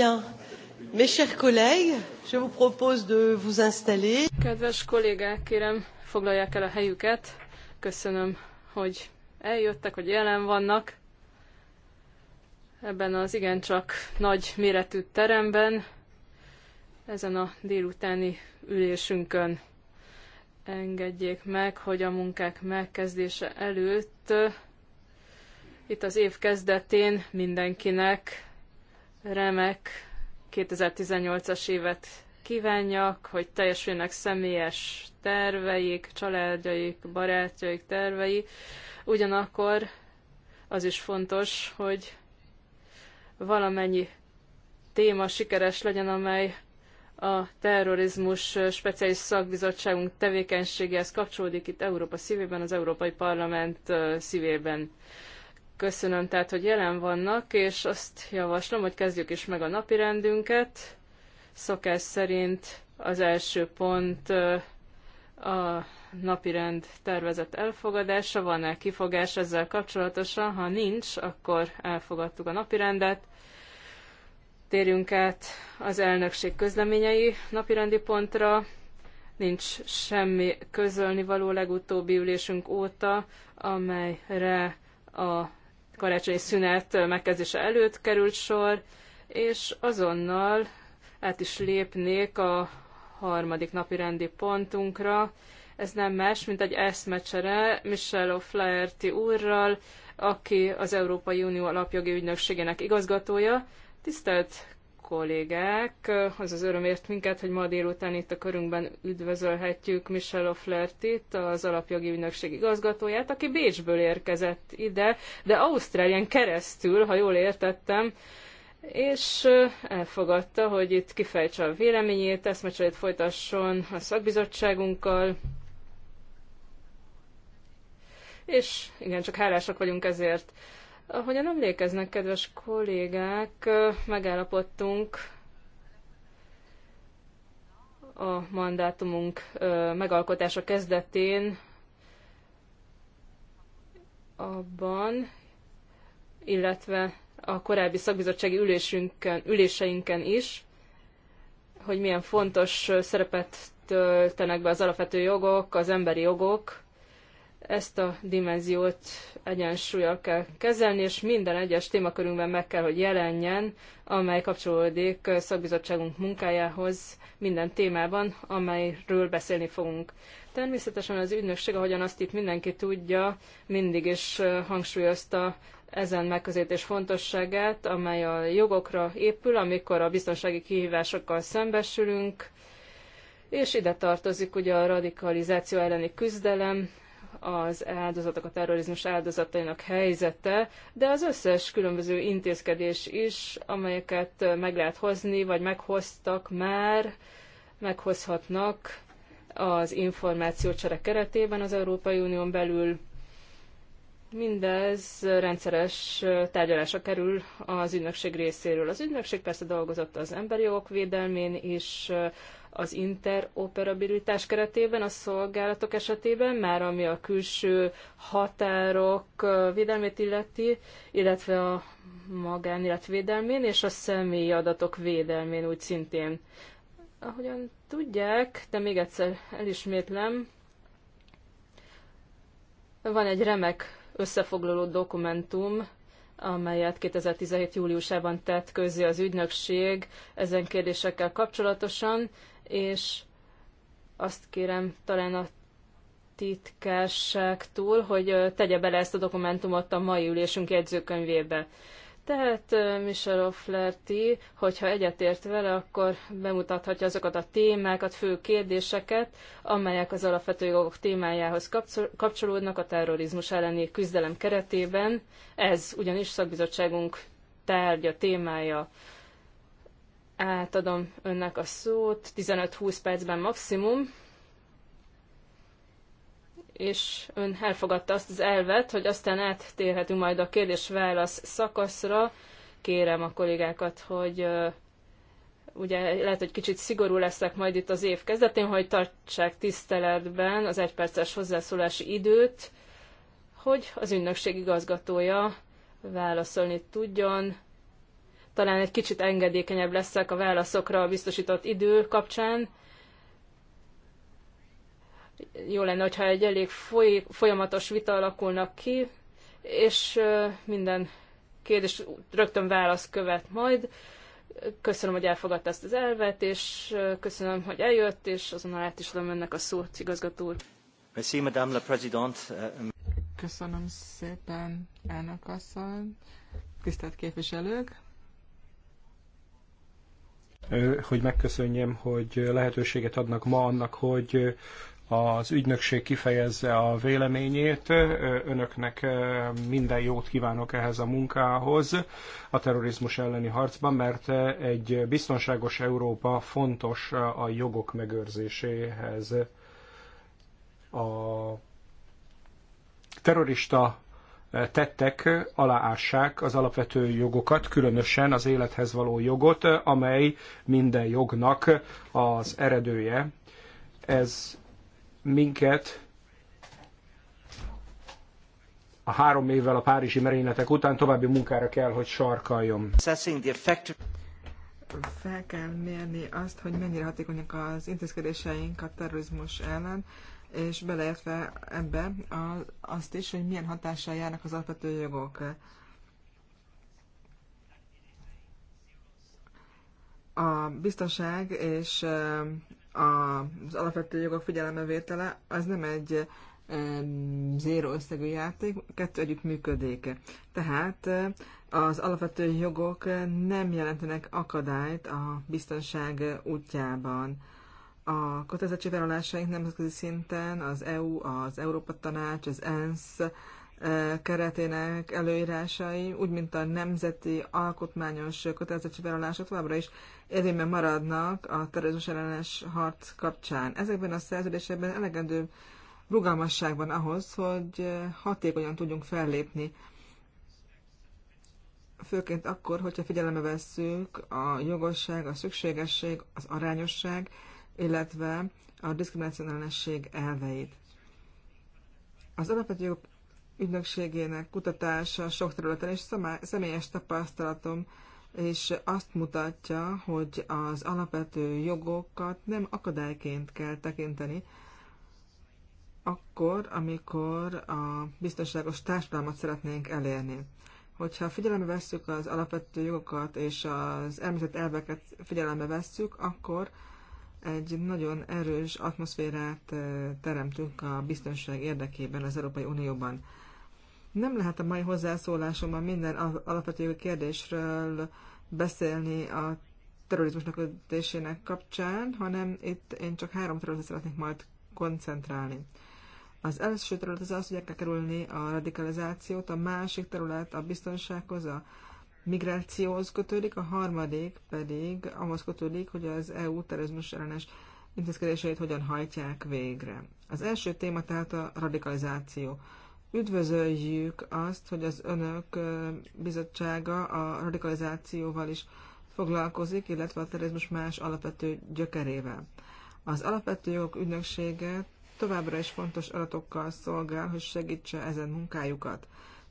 Bien. Mes chers collègues, je vous propose de vous installer. Kedves kollégák, kérem, foglalják el a helyüket. Köszönöm, hogy eljöttek, hogy jelen vannak ebben az igencsak nagy méretű teremben, ezen a délutáni ülésünkön. Engedjék meg, hogy a munkák megkezdése előtt itt az év kezdetén mindenkinek remek 2018-as évet kívánjak, hogy teljesüljenek személyes terveik, családjaik, barátjaik tervei. Ugyanakkor az is fontos, hogy valamennyi téma sikeres legyen, amely a terrorizmus speciális szakbizottságunk tevékenységéhez kapcsolódik itt Európa szívében, az Európai Parlament szívében. Köszönöm tehát, hogy jelen vannak, és azt javaslom, hogy kezdjük is meg a napi rendünket. Szokás szerint az első pont a napirend tervezett elfogadása. Van-e kifogás ezzel kapcsolatosan? Ha nincs, akkor elfogadtuk a napirendet. Térjünk át az elnökség közleményei napirendi pontra nincs semmi való legutóbbi ülésünk óta, amelyre a karácsonyi szünet megkezdése előtt került sor, és azonnal át is lépnék a harmadik napi rendi pontunkra. Ez nem más, mint egy eszmecsere Michel O'Flaherty úrral, aki az Európai Unió alapjogi ügynökségének igazgatója. Tisztelt kollégák! Az az örömért minket, hogy ma délután itt a körünkben üdvözölhetjük Michel Oflertit, az alapjogi ügynökség igazgatóját, aki Bécsből érkezett ide, de Ausztrálián keresztül, ha jól értettem, és elfogadta, hogy itt kifejtse a véleményét, eszmecserét folytasson a szakbizottságunkkal, és igen, csak hálásak vagyunk ezért. Ahogyan emlékeznek, kedves kollégák, megállapodtunk a mandátumunk megalkotása kezdetén abban, illetve a korábbi szakbizottsági ülésünken, üléseinken is, hogy milyen fontos szerepet töltenek be az alapvető jogok, az emberi jogok, ezt a dimenziót egyensúlyjal kell kezelni, és minden egyes témakörünkben meg kell, hogy jelenjen, amely kapcsolódik szakbizottságunk munkájához minden témában, amelyről beszélni fogunk. Természetesen az ügynökség, ahogyan azt itt mindenki tudja, mindig is hangsúlyozta ezen megközelítés fontosságát, amely a jogokra épül, amikor a biztonsági kihívásokkal szembesülünk, és ide tartozik ugye a radikalizáció elleni küzdelem, az áldozatok, a terrorizmus áldozatainak helyzete, de az összes különböző intézkedés is, amelyeket meg lehet hozni, vagy meghoztak már, meghozhatnak az információcsere keretében az Európai Unión belül. Mindez rendszeres tárgyalásra kerül az ügynökség részéről. Az ügynökség persze dolgozott az emberi jogok védelmén is, az interoperabilitás keretében, a szolgálatok esetében, már ami a külső határok védelmét illeti, illetve a magánélet védelmén és a személyi adatok védelmén úgy szintén. Ahogyan tudják, de még egyszer elismétlem, van egy remek összefoglaló dokumentum, amelyet 2017. júliusában tett közzé az ügynökség ezen kérdésekkel kapcsolatosan, és azt kérem talán a titkárságtól, hogy tegye bele ezt a dokumentumot a mai ülésünk jegyzőkönyvébe. Tehát Michel O'Flaherty, hogyha egyetért vele, akkor bemutathatja azokat a témákat, fő kérdéseket, amelyek az alapvető jogok témájához kapcsolódnak a terrorizmus elleni küzdelem keretében. Ez ugyanis szakbizottságunk tárgya, témája. Átadom önnek a szót, 15-20 percben maximum, és ön elfogadta azt az elvet, hogy aztán áttérhetünk majd a kérdés-válasz szakaszra. Kérem a kollégákat, hogy ugye lehet, hogy kicsit szigorú leszek majd itt az év kezdetén, hogy tartsák tiszteletben az egyperces hozzászólási időt, hogy az ünnökség igazgatója válaszolni tudjon talán egy kicsit engedékenyebb leszek a válaszokra a biztosított idő kapcsán. Jó lenne, hogyha egy elég foly, folyamatos vita alakulnak ki, és minden kérdés rögtön válasz követ majd. Köszönöm, hogy elfogadta ezt az elvet, és köszönöm, hogy eljött, és azonnal át is adom önnek a szót, igazgató úr. Madame la Présidente. Köszönöm szépen, elnök asszony, tisztelt képviselők hogy megköszönjem, hogy lehetőséget adnak ma annak, hogy az ügynökség kifejezze a véleményét. Önöknek minden jót kívánok ehhez a munkához a terrorizmus elleni harcban, mert egy biztonságos Európa fontos a jogok megőrzéséhez. A terrorista tettek aláássák az alapvető jogokat, különösen az élethez való jogot, amely minden jognak az eredője. Ez minket a három évvel a párizsi merényletek után további munkára kell, hogy sarkaljon. Fel kell mérni azt, hogy mennyire hatékonyak az intézkedéseink a terrorizmus ellen, és beleértve ebbe azt is, hogy milyen hatással járnak az alapvető jogok. A biztonság és eh, az alapvető jogok figyelembevétele az nem egy eh, zéró összegű játék, kettő együtt működik. Tehát eh, az alapvető jogok nem jelentenek akadályt a biztonság útjában a kötelezettségvállalásaink nemzetközi szinten az EU, az Európa Tanács, az ENSZ eh, keretének előírásai, úgy mint a nemzeti alkotmányos kötelezettségvállalások továbbra is érvényben maradnak a terrorizmus ellenes harc kapcsán. Ezekben a szerződésekben elegendő rugalmasság van ahhoz, hogy eh, hatékonyan tudjunk fellépni. Főként akkor, hogyha figyelembe vesszük a jogosság, a szükségesség, az arányosság, illetve a diszkriminációellenesség elveit. Az alapvető jogok ügynökségének kutatása sok területen és személyes tapasztalatom és azt mutatja, hogy az alapvető jogokat nem akadályként kell tekinteni, akkor, amikor a biztonságos társadalmat szeretnénk elérni. Hogyha figyelembe vesszük az alapvető jogokat és az elmézett elveket figyelembe vesszük, akkor egy nagyon erős atmoszférát teremtünk a biztonság érdekében az Európai Unióban. Nem lehet a mai hozzászólásomban minden alapvető kérdésről beszélni a terrorizmusnak ötésének kapcsán, hanem itt én csak három területre szeretnék majd koncentrálni. Az első terület az az, hogy el kell kerülni a radikalizációt, a másik terület a biztonsághoz, a migrációhoz kötődik, a harmadik pedig ahhoz kötődik, hogy az EU terrorizmus ellenes intézkedéseit hogyan hajtják végre. Az első téma tehát a radikalizáció. Üdvözöljük azt, hogy az önök bizottsága a radikalizációval is foglalkozik, illetve a terrorizmus más alapvető gyökerével. Az alapvető jogok ügynöksége továbbra is fontos adatokkal szolgál, hogy segítse ezen munkájukat.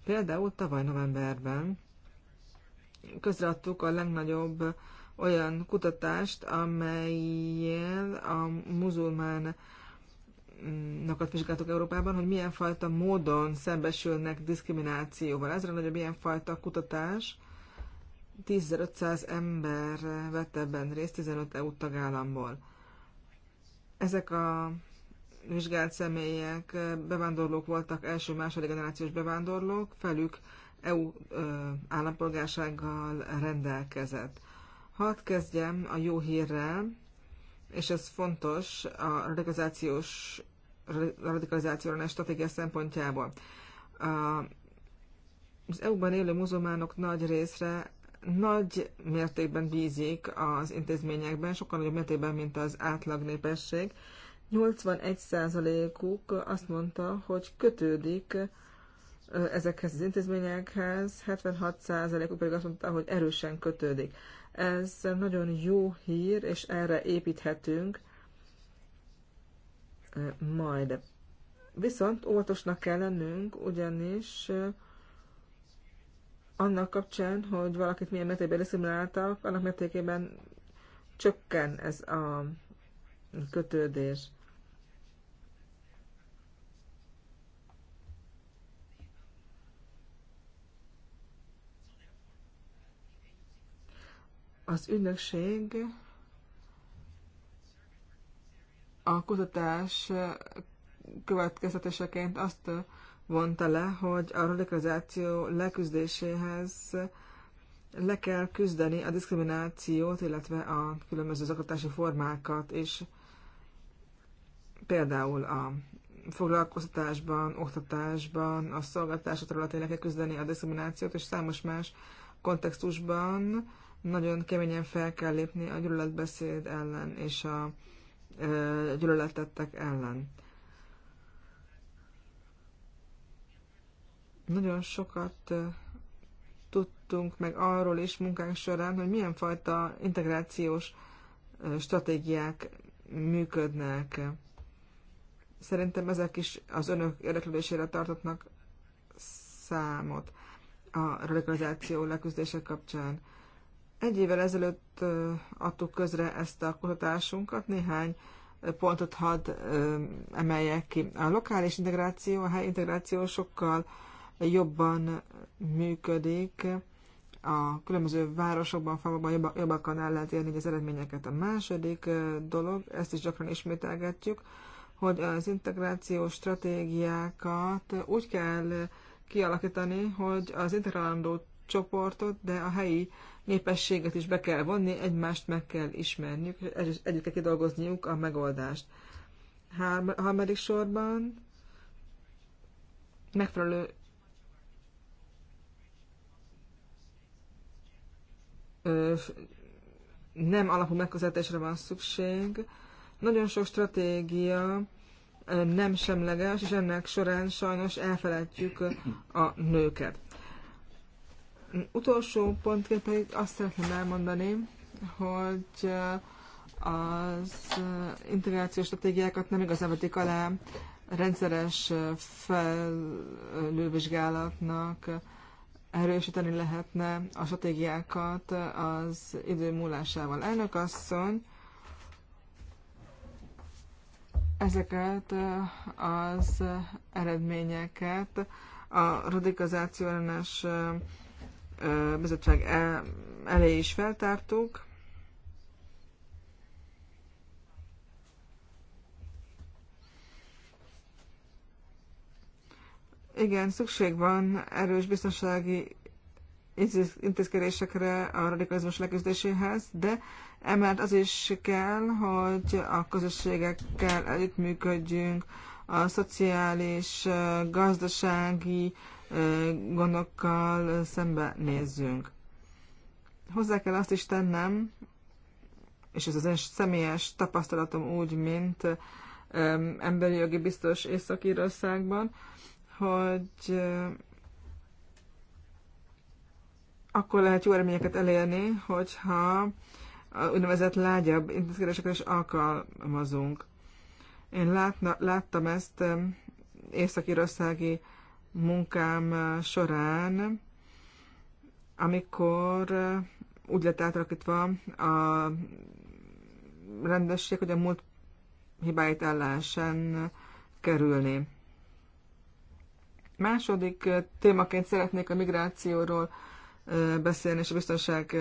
Például tavaly novemberben közreadtuk a legnagyobb olyan kutatást, amelyel a muzulmán nakat vizsgáltuk Európában, hogy milyen fajta módon szembesülnek diszkriminációval. Ezre nagyobb ilyen fajta kutatás. 10.500 ember vett ebben részt 15 EU tagállamból. Ezek a vizsgált személyek bevándorlók voltak, első-második generációs bevándorlók, felük EU állampolgársággal rendelkezett. Hadd kezdjem a jó hírrel, és ez fontos a radikalizációs radikalizációra stratégia szempontjából. Az EU-ban élő muzulmánok nagy részre nagy mértékben bízik az intézményekben, sokkal nagyobb mértékben, mint az átlag népesség. 81%-uk azt mondta, hogy kötődik ezekhez az intézményekhez, 76%-uk pedig azt mondta, hogy erősen kötődik. Ez nagyon jó hír, és erre építhetünk majd. Viszont óvatosnak kell lennünk, ugyanis annak kapcsán, hogy valakit milyen mértékben diszimuláltak, annak mértékében csökken ez a kötődés. Az ügynökség a kutatás következtetéseként azt vonta le, hogy a radikalizáció leküzdéséhez le kell küzdeni a diszkriminációt, illetve a különböző zaklatási formákat, és például a foglalkoztatásban, oktatásban, a szolgáltatások területén le kell küzdeni a diszkriminációt, és számos más kontextusban nagyon keményen fel kell lépni a gyűlöletbeszéd ellen és a gyűlöletettek ellen. Nagyon sokat tudtunk meg arról is munkánk során, hogy milyen fajta integrációs stratégiák működnek. Szerintem ezek is az önök érdeklődésére tartotnak számot a radikalizáció leküzdése kapcsán. Egy évvel ezelőtt adtuk közre ezt a kutatásunkat, néhány pontot hadd emeljek ki. A lokális integráció, a helyi integráció sokkal jobban működik, a különböző városokban, falvakban jobb, jobbakan el lehet érni az eredményeket. A második dolog, ezt is gyakran ismételgetjük, hogy az integrációs stratégiákat úgy kell kialakítani, hogy az integrálandó csoportot, de a helyi népességet is be kell vonni, egymást meg kell ismerniük, és együtt kell kidolgozniuk a megoldást. Harmadik sorban megfelelő ö, nem alapú megközelítésre van szükség. Nagyon sok stratégia nem semleges, és ennek során sajnos elfelejtjük a nőket utolsó pontként pedig azt szeretném elmondani, hogy az integrációs stratégiákat nem igazán vetik alá rendszeres felülvizsgálatnak, erősíteni lehetne a stratégiákat az idő múlásával. Elnök asszony, ezeket az eredményeket a radikalizáció ellenes bizottság e, elé is feltártuk. Igen, szükség van erős biztonsági intézkedésekre a radikalizmus leküzdéséhez, de emellett az is kell, hogy a közösségekkel együttműködjünk, a szociális, gazdasági, gondokkal szembe nézzünk. Hozzá kell azt is tennem, és ez az én személyes tapasztalatom úgy, mint emberi jogi biztos Észak-Írországban, hogy akkor lehet jó eredményeket elérni, hogyha úgynevezett lágyabb intézkedéseket is alkalmazunk. Én látna, láttam ezt északi írországi munkám eh, során, amikor eh, úgy lett átalakítva a rendesség, hogy a múlt hibáit el lehessen kerülni. Második eh, témaként szeretnék a migrációról beszélni, és a biztonság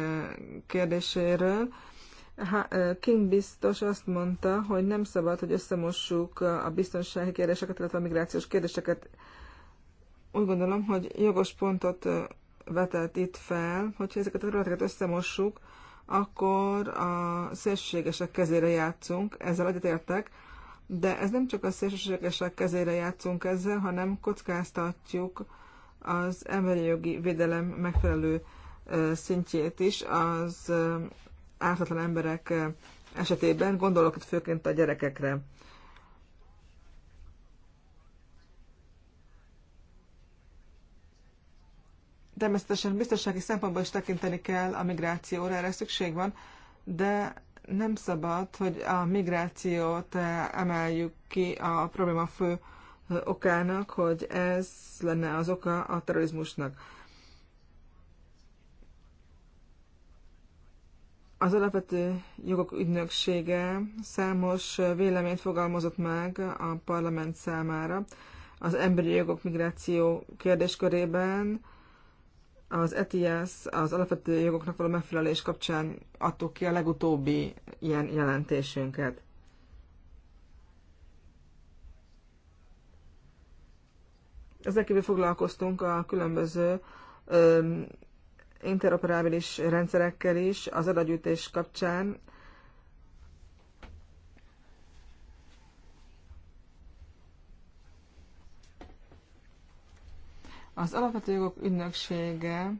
kérdéséről. King biztos azt mondta, hogy nem szabad, hogy összemossuk a biztonsági kérdéseket, illetve a migrációs kérdéseket úgy gondolom, hogy jogos pontot vetett itt fel, hogyha ezeket a területeket összemossuk, akkor a szélsőségesek kezére játszunk, ezzel egyetértek, de ez nem csak a szélsőségesek kezére játszunk ezzel, hanem kockáztatjuk az emberi jogi védelem megfelelő szintjét is az ártatlan emberek esetében, gondolok itt főként a gyerekekre. Természetesen biztonsági szempontból is tekinteni kell a migrációra, erre szükség van, de nem szabad, hogy a migrációt eh, emeljük ki a probléma fő eh, okának, hogy ez lenne az oka a terrorizmusnak. Az alapvető jogok ügynöksége számos eh, véleményt fogalmazott meg a parlament számára az emberi jogok migráció kérdéskörében, az ETS az alapvető jogoknak való megfelelés kapcsán adtuk ki a legutóbbi ilyen jelentésünket. Ezzel kívül foglalkoztunk a különböző interoperábilis rendszerekkel is az adatgyűjtés kapcsán, Az alapvető jogok ügynöksége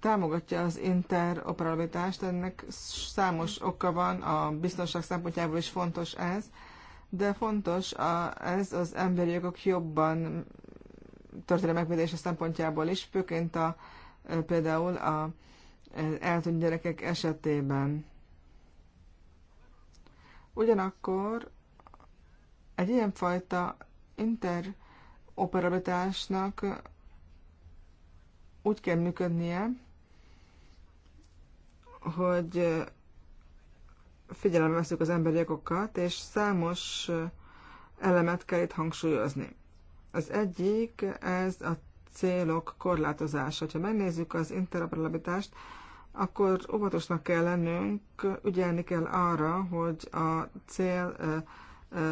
támogatja az interoperabilitást, ennek számos oka van, a biztonság szempontjából is fontos ez, de fontos a, ez az emberi jogok jobban történelmi megvédése szempontjából is, főként a, például a eltűnt gyerekek esetében. Ugyanakkor egy ilyenfajta inter operabilitásnak úgy kell működnie, hogy figyelembe veszük az emberi jogokat, és számos elemet kell itt hangsúlyozni. Az egyik, ez a célok korlátozása. Ha megnézzük az interoperabilitást, akkor óvatosnak kell lennünk, ügyelni kell arra, hogy a cél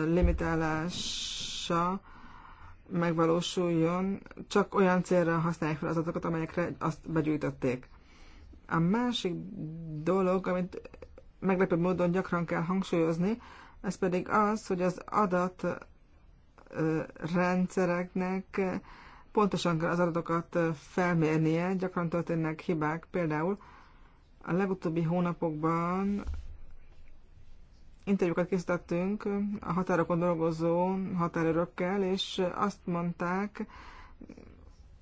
limitálása megvalósuljon, csak olyan célra használják fel az adatokat, amelyekre azt begyűjtötték. A másik dolog, amit meglepő módon gyakran kell hangsúlyozni, ez pedig az, hogy az adat rendszereknek pontosan kell az adatokat felmérnie, gyakran történnek hibák, például a legutóbbi hónapokban interjúkat készítettünk a határokon dolgozó határőrökkel, és azt mondták,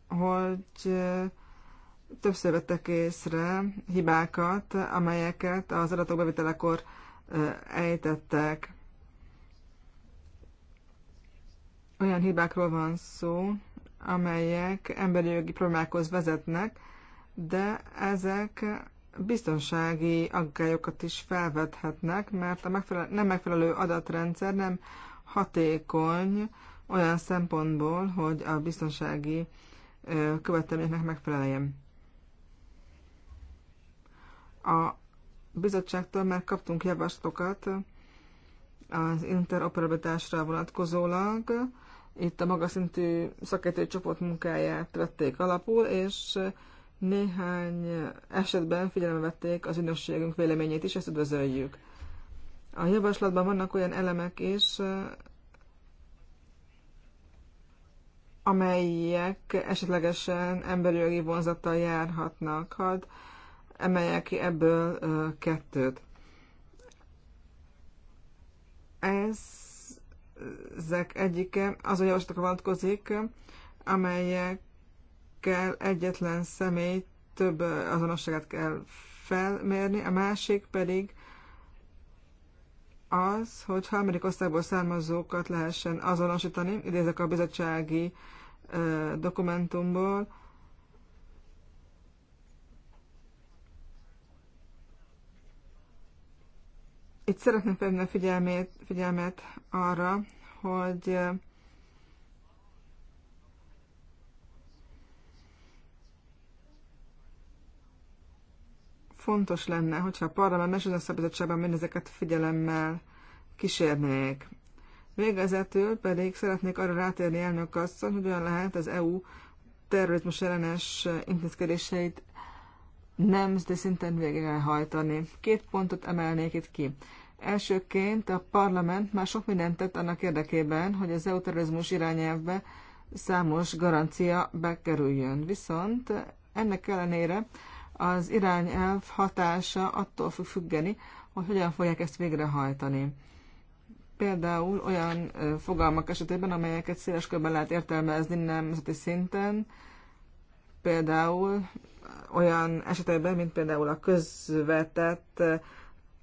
hogy többször vettek észre hibákat, amelyeket az adatok bevitelekor ejtettek. Olyan hibákról van szó, amelyek emberi jogi problémákhoz vezetnek, de ezek biztonsági aggályokat is felvethetnek, mert a megfelelő, nem megfelelő adatrendszer nem hatékony olyan szempontból, hogy a biztonsági követelményeknek megfeleljen. A bizottságtól már kaptunk javaslatokat az interoperabilitásra vonatkozólag. Itt a magaszintű szakértői csoport munkáját vették alapul, és néhány esetben figyelembe vették az ügynökségünk véleményét is, ezt üdvözöljük. A javaslatban vannak olyan elemek is, amelyek esetlegesen emberi jogi vonzattal járhatnak. Hadd emeljek ki ebből kettőt. Ez, ezek egyike azon javaslatokra vonatkozik, amelyek kell egyetlen személy több azonosságát kell felmérni, a másik pedig az, hogy harmadik országból származókat lehessen azonosítani, idézek a bizottsági ö, dokumentumból, Itt szeretném felhívni a figyelmet arra, hogy fontos lenne, hogyha a parlament és szabadságban mindezeket figyelemmel kísérnék. Végezetül pedig szeretnék arra rátérni elnök asszony, hogy olyan lehet az EU terrorizmus ellenes intézkedéseit nemzeti szinten végrehajtani. Két pontot emelnék itt ki. Elsőként a parlament már sok mindent tett annak érdekében, hogy az EU terrorizmus irányelvbe számos garancia bekerüljön. Viszont ennek ellenére az irányelv hatása attól fog függeni, hogy hogyan fogják ezt végrehajtani. Például olyan fogalmak esetében, amelyeket széles körben lehet értelmezni nemzeti szinten, például olyan esetekben, mint például a közvetett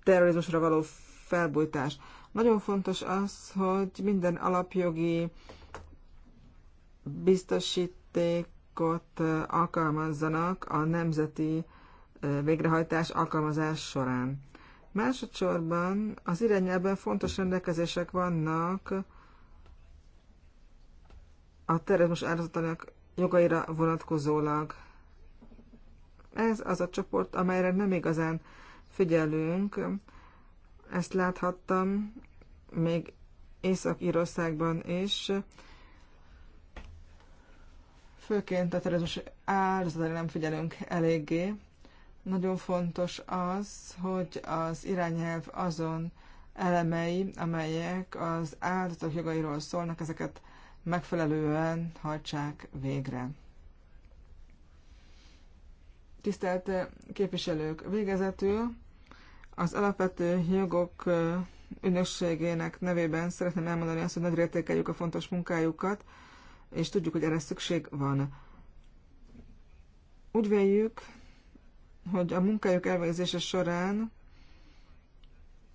terrorizmusra való felbújtás. Nagyon fontos az, hogy minden alapjogi biztosíték százalékot alkalmazzanak a nemzeti végrehajtás alkalmazás során. Másodszorban az irányelben fontos rendelkezések vannak a terrorizmus áldozatának jogaira vonatkozólag. Ez az a csoport, amelyre nem igazán figyelünk. Ezt láthattam még Észak-Írországban is. És főként a terrorizmus áldozataira nem figyelünk eléggé. Nagyon fontos az, hogy az irányelv azon elemei, amelyek az áldozatok jogairól szólnak, ezeket megfelelően hajtsák végre. Tisztelt képviselők, végezetül az alapvető jogok ügynökségének nevében szeretném elmondani azt, hogy nagyra értékeljük a fontos munkájukat, és tudjuk, hogy erre szükség van. Úgy véljük, hogy a munkájuk elvégzése során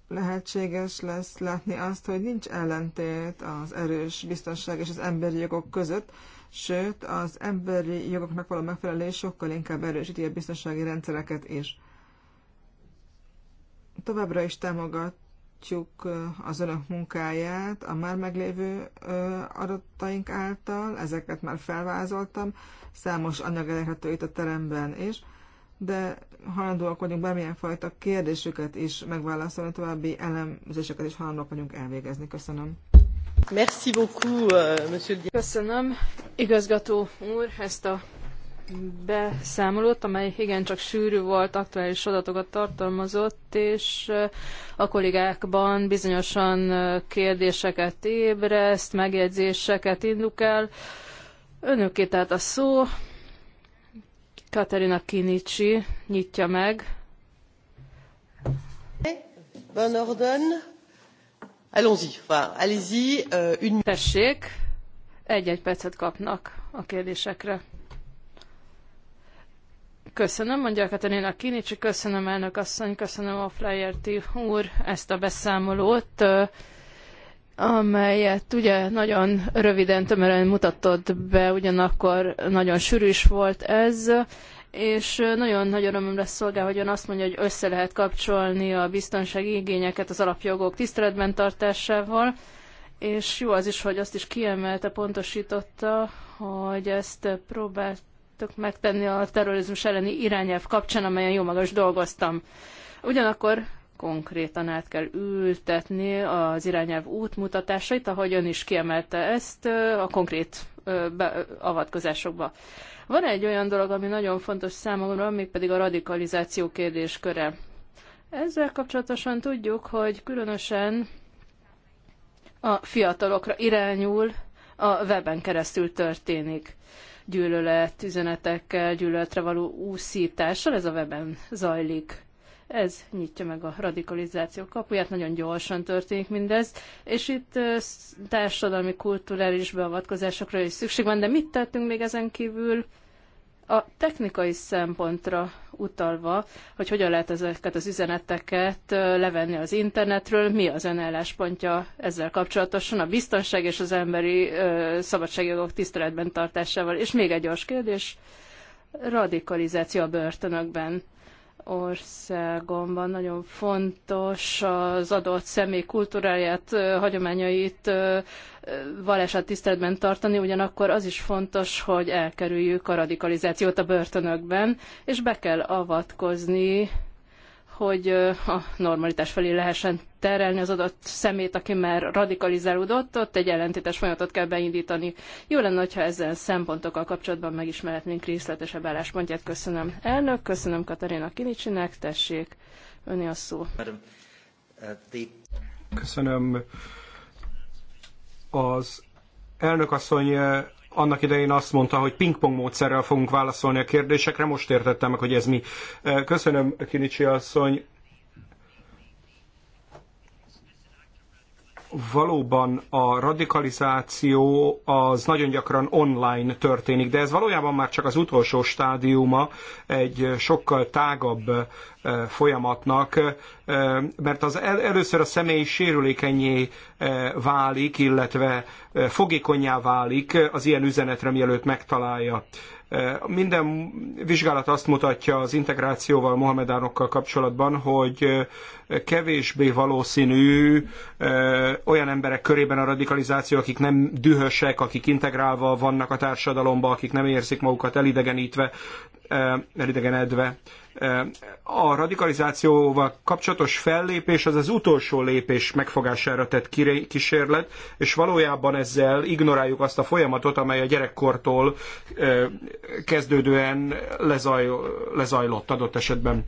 lehetséges lesz látni azt, hogy nincs ellentét az erős biztonság és az emberi jogok között, sőt, az emberi jogoknak való megfelelés sokkal inkább erősíti a biztonsági rendszereket is. Továbbra is támogat támogatjuk az önök munkáját a már meglévő adataink által, ezeket már felvázoltam, számos anyag elérhető itt a teremben is, de hajlandóak vagyunk bármilyen fajta kérdésüket is megválaszolni, további elemzéseket is hajlandóak vagyunk elvégezni. Köszönöm. Merci beaucoup, euh, monsieur... Köszönöm, igazgató úr, ezt a beszámolót, amely igencsak sűrű volt, aktuális adatokat tartalmazott, és eh, a kollégákban bizonyosan eh, kérdéseket ébreszt, megjegyzéseket indukál. Önöké tehát a szó, Katerina Kinicsi nyitja meg. Van Orden, allons-y, allez-y, euh, une... Tessék, egy-egy percet kapnak a kérdésekre. Köszönöm, mondja Katarina Kinicsi, köszönöm elnök asszony, köszönöm a Flyerti úr ezt a beszámolót, amelyet ugye nagyon röviden, tömören mutatott be, ugyanakkor nagyon sűrű is volt ez, és nagyon nagy örömömre szolgál, hogy ön azt mondja, hogy össze lehet kapcsolni a biztonsági igényeket az alapjogok tiszteletben tartásával, és jó az is, hogy azt is kiemelte, pontosította, hogy ezt próbált tudok megtenni a terrorizmus elleni irányelv kapcsán, amelyen jó magas dolgoztam. Ugyanakkor konkrétan át kell ültetni az irányelv útmutatásait, ahogy ön is kiemelte ezt a konkrét avatkozásokba. Van egy olyan dolog, ami nagyon fontos számomra, mégpedig a radikalizáció kérdésköre. Ezzel kapcsolatosan tudjuk, hogy különösen a fiatalokra irányul, a weben keresztül történik gyűlölet üzenetekkel, gyűlöletre való úszítással, ez a weben zajlik. Ez nyitja meg a radikalizáció kapuját, nagyon gyorsan történik mindez, és itt társadalmi, kulturális beavatkozásokra is szükség van, de mit tettünk még ezen kívül? A technikai szempontra utalva, hogy hogyan lehet ezeket az üzeneteket levenni az internetről, mi az ön álláspontja ezzel kapcsolatosan a biztonság és az emberi szabadságjogok tiszteletben tartásával. És még egy gyors kérdés, radikalizáció a börtönökben országomban nagyon fontos az adott személy kultúráját, hagyományait, vallását tiszteletben tartani, ugyanakkor az is fontos, hogy elkerüljük a radikalizációt a börtönökben, és be kell avatkozni hogy a normalitás felé lehessen terelni az adott szemét, aki már radikalizálódott, ott egy ellentétes folyamatot kell beindítani. Jó lenne, ha ezzel szempontokkal kapcsolatban megismerhetnénk részletesebb álláspontját. Köszönöm elnök, köszönöm Katarina Kinicsinek, tessék, öné a szó. Uh, köszönöm. Az elnök asszony annak idején azt mondta, hogy pingpong módszerrel fogunk válaszolni a kérdésekre, most értettem meg, hogy ez mi. Köszönöm, Kinicsi asszony. valóban a radikalizáció az nagyon gyakran online történik, de ez valójában már csak az utolsó stádiuma egy sokkal tágabb eh, folyamatnak, eh, mert az el, először a személy sérülékenyé eh, válik, illetve fogékonyá válik az ilyen üzenetre, mielőtt megtalálja minden vizsgálat azt mutatja az integrációval, mohamedánokkal kapcsolatban, hogy kevésbé valószínű olyan emberek körében a radikalizáció, akik nem dühösek, akik integrálva vannak a társadalomba, akik nem érzik magukat elidegenítve elidegenedve. A radikalizációval kapcsolatos fellépés az az utolsó lépés megfogására tett kísérlet, és valójában ezzel ignoráljuk azt a folyamatot, amely a gyerekkortól kezdődően lezajlott adott esetben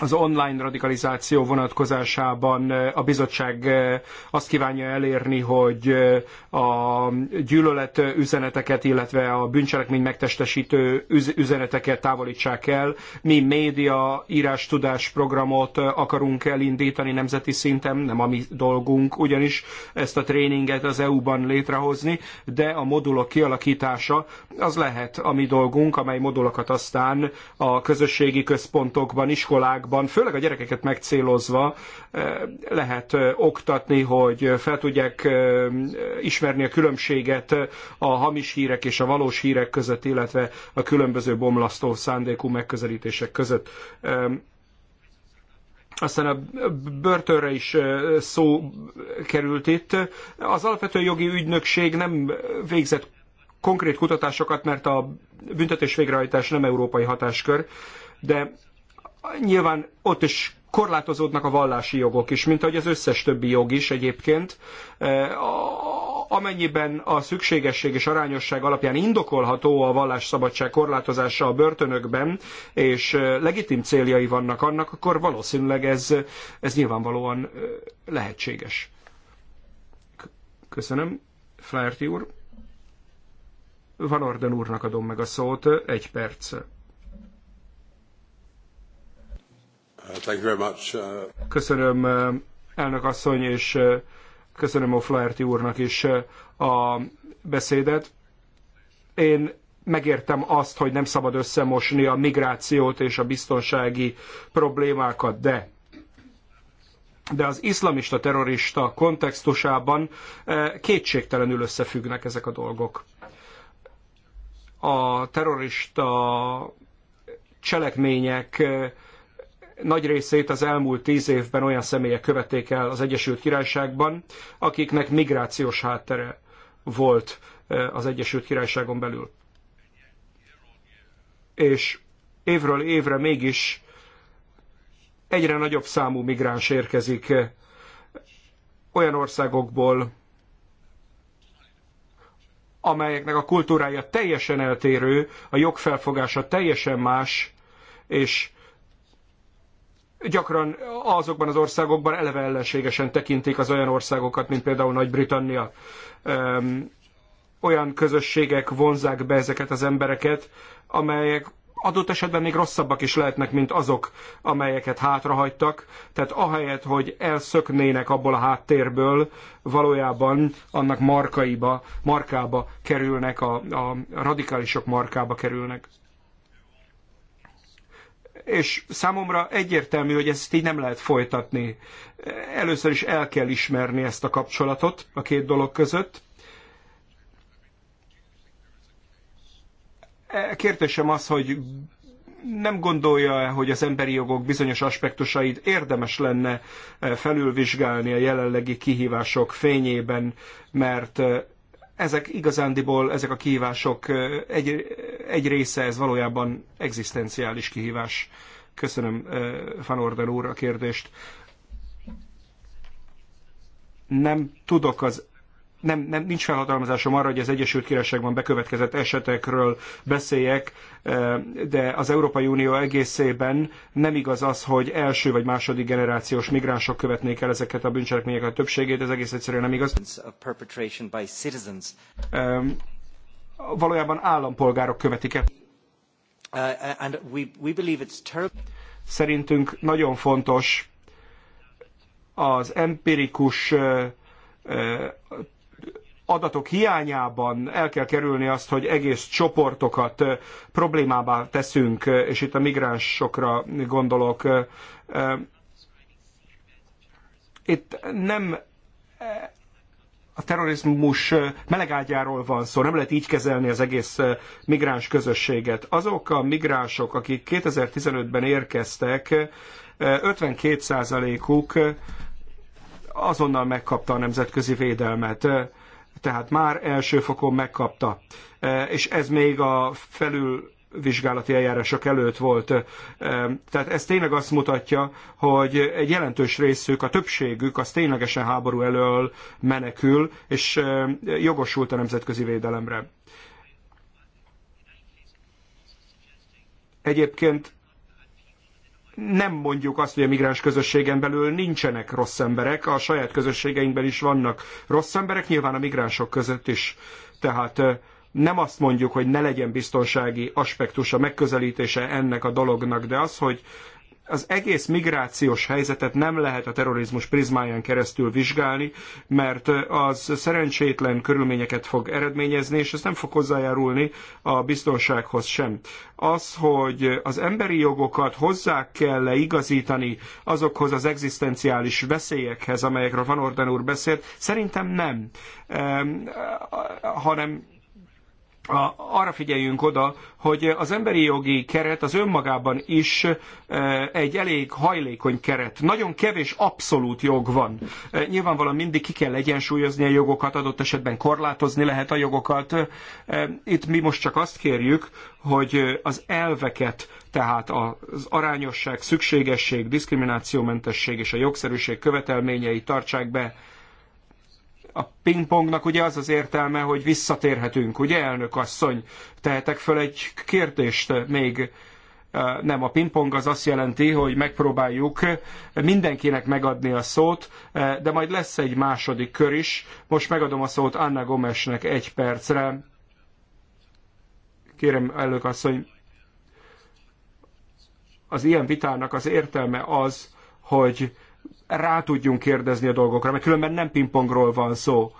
az online radikalizáció vonatkozásában eh, a bizottság eh, azt kívánja elérni, hogy eh, a gyűlölet üzeneteket, illetve a bűncselekmény megtestesítő üzeneteket távolítsák el. Mi média, tudás programot akarunk elindítani nemzeti szinten, nem a mi dolgunk, ugyanis ezt a tréninget az EU-ban létrehozni, de a modulok kialakítása az lehet a mi dolgunk, amely modulokat aztán a közösségi központokban, iskolákban, iskolákban, főleg a gyerekeket megcélozva eh, lehet eh, oktatni, hogy fel tudják eh, ismerni a különbséget a hamis hírek és a valós hírek között, illetve a különböző bomlasztó szándékú megközelítések között ehm, aztán a börtönre is szó került itt. Az alapvető jogi ügynökség nem végzett konkrét kutatásokat, mert a büntetés végrehajtás nem európai hatáskör, de nyilván ott is korlátozódnak a vallási jogok is, mint ahogy az összes többi jog is egyébként. E, amennyiben a szükségesség és arányosság alapján indokolható a vallásszabadság korlátozása a börtönökben, és e, legitim céljai vannak annak, akkor valószínűleg ez, ez nyilvánvalóan e, lehetséges. Köszönöm, Flaherty úr. Van Orden úrnak adom meg a szót, egy perc. Uh, uh, köszönöm uh, elnök asszony, és köszönöm a Flaherty úrnak is a beszédet. Én megértem azt, hogy nem szabad összemosni a migrációt és a biztonsági problémákat, de de az iszlamista terrorista kontextusában kétségtelenül összefüggnek ezek a dolgok. A terrorista cselekmények nagy részét az elmúlt tíz évben olyan személyek követték el az Egyesült Királyságban, akiknek migrációs háttere volt e, az Egyesült Királyságon belül. És évről évre mégis egyre nagyobb számú migráns érkezik e, olyan országokból, amelyeknek a kultúrája teljesen eltérő, a jogfelfogása teljesen más, és gyakran azokban az országokban eleve ellenségesen tekintik az olyan országokat, mint például Nagy-Britannia. Olyan közösségek vonzák be ezeket az embereket, amelyek adott esetben még rosszabbak is lehetnek, mint azok, amelyeket hátrahagytak. Tehát ahelyett, hogy elszöknének abból a háttérből, valójában annak markaiba, markába kerülnek, a, a radikálisok markába kerülnek és számomra egyértelmű, hogy ezt így nem lehet folytatni. Először is el kell ismerni ezt a kapcsolatot a két dolog között. E, kérdésem az, hogy nem gondolja-e, hogy az emberi jogok bizonyos aspektusait érdemes lenne e, felülvizsgálni a jelenlegi kihívások fényében, mert e, ezek igazándiból, ezek a kihívások egy, egy része, ez valójában egzisztenciális kihívás. Köszönöm Van Orden úr a kérdést. Nem tudok az nem, nem, nincs felhatalmazásom arra, hogy az Egyesült Királyságban bekövetkezett esetekről beszéljek, eh, de az Európai Unió egészében nem igaz az, hogy első vagy második generációs migránsok követnék el ezeket a bűncselekményeket a többségét, ez egész egyszerűen nem igaz. Valójában állampolgárok követik el. Uh, Szerintünk nagyon fontos az empirikus eh, eh, adatok hiányában el kell kerülni azt, hogy egész csoportokat problémába teszünk, és itt a migránsokra gondolok. Itt nem a terrorizmus melegágyáról van szó, nem lehet így kezelni az egész migráns közösséget. Azok a migránsok, akik 2015-ben érkeztek, 52%-uk azonnal megkapta a nemzetközi védelmet tehát már első fokon megkapta. E, és ez még a felül vizsgálati eljárások előtt volt. E, tehát ez tényleg azt mutatja, hogy egy jelentős részük, a többségük az ténylegesen háború elől menekül, és e, jogosult a nemzetközi védelemre. Egyébként nem mondjuk azt, hogy a migráns közösségen belül nincsenek rossz emberek, a saját közösségeinkben is vannak rossz emberek, nyilván a migránsok között is. Tehát nem azt mondjuk, hogy ne legyen biztonsági aspektusa, megközelítése ennek a dolognak, de az, hogy az egész migrációs helyzetet nem lehet a terrorizmus prizmáján keresztül vizsgálni, mert az szerencsétlen körülményeket fog eredményezni, és ez nem fog hozzájárulni a biztonsághoz sem. Az, hogy az emberi jogokat hozzá kell -e azokhoz az egzisztenciális veszélyekhez, amelyekről Van Orden úr beszélt, szerintem nem, ehm, hanem arra figyeljünk oda, hogy az emberi jogi keret az önmagában is e, egy elég hajlékony keret. Nagyon kevés abszolút jog van. E, nyilvánvalóan mindig ki kell egyensúlyozni a jogokat, adott esetben korlátozni lehet a jogokat. E, itt mi most csak azt kérjük, hogy az elveket, tehát az arányosság, szükségesség, diszkriminációmentesség és a jogszerűség követelményei tartsák be a pingpongnak ugye az az értelme, hogy visszatérhetünk, ugye elnök asszony? Tehetek föl egy kérdést még. Nem, a pingpong az azt jelenti, hogy megpróbáljuk mindenkinek megadni a szót, de majd lesz egy második kör is. Most megadom a szót Anna Gomesnek egy percre. Kérem, elnök asszony, az ilyen vitának az értelme az, hogy rá tudjunk kérdezni a dolgokra, mert különben nem pingpongról van szó.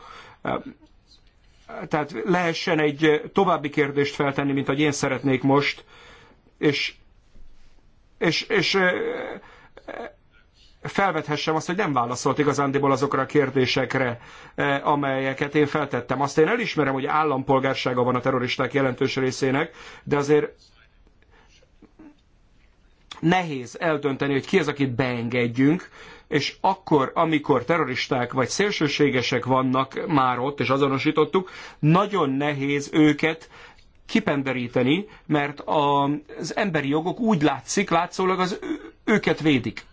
Tehát lehessen egy további kérdést feltenni, mint hogy én szeretnék most, és, és, és felvethessem azt, hogy nem válaszolt igazándiból azokra a kérdésekre, amelyeket én feltettem. Azt én elismerem, hogy állampolgársága van a terroristák jelentős részének, de azért nehéz eldönteni, hogy ki az, akit beengedjünk, és akkor, amikor terroristák vagy szélsőségesek vannak már ott, és azonosítottuk, nagyon nehéz őket kipenderíteni, mert az emberi jogok úgy látszik, látszólag az őket védik.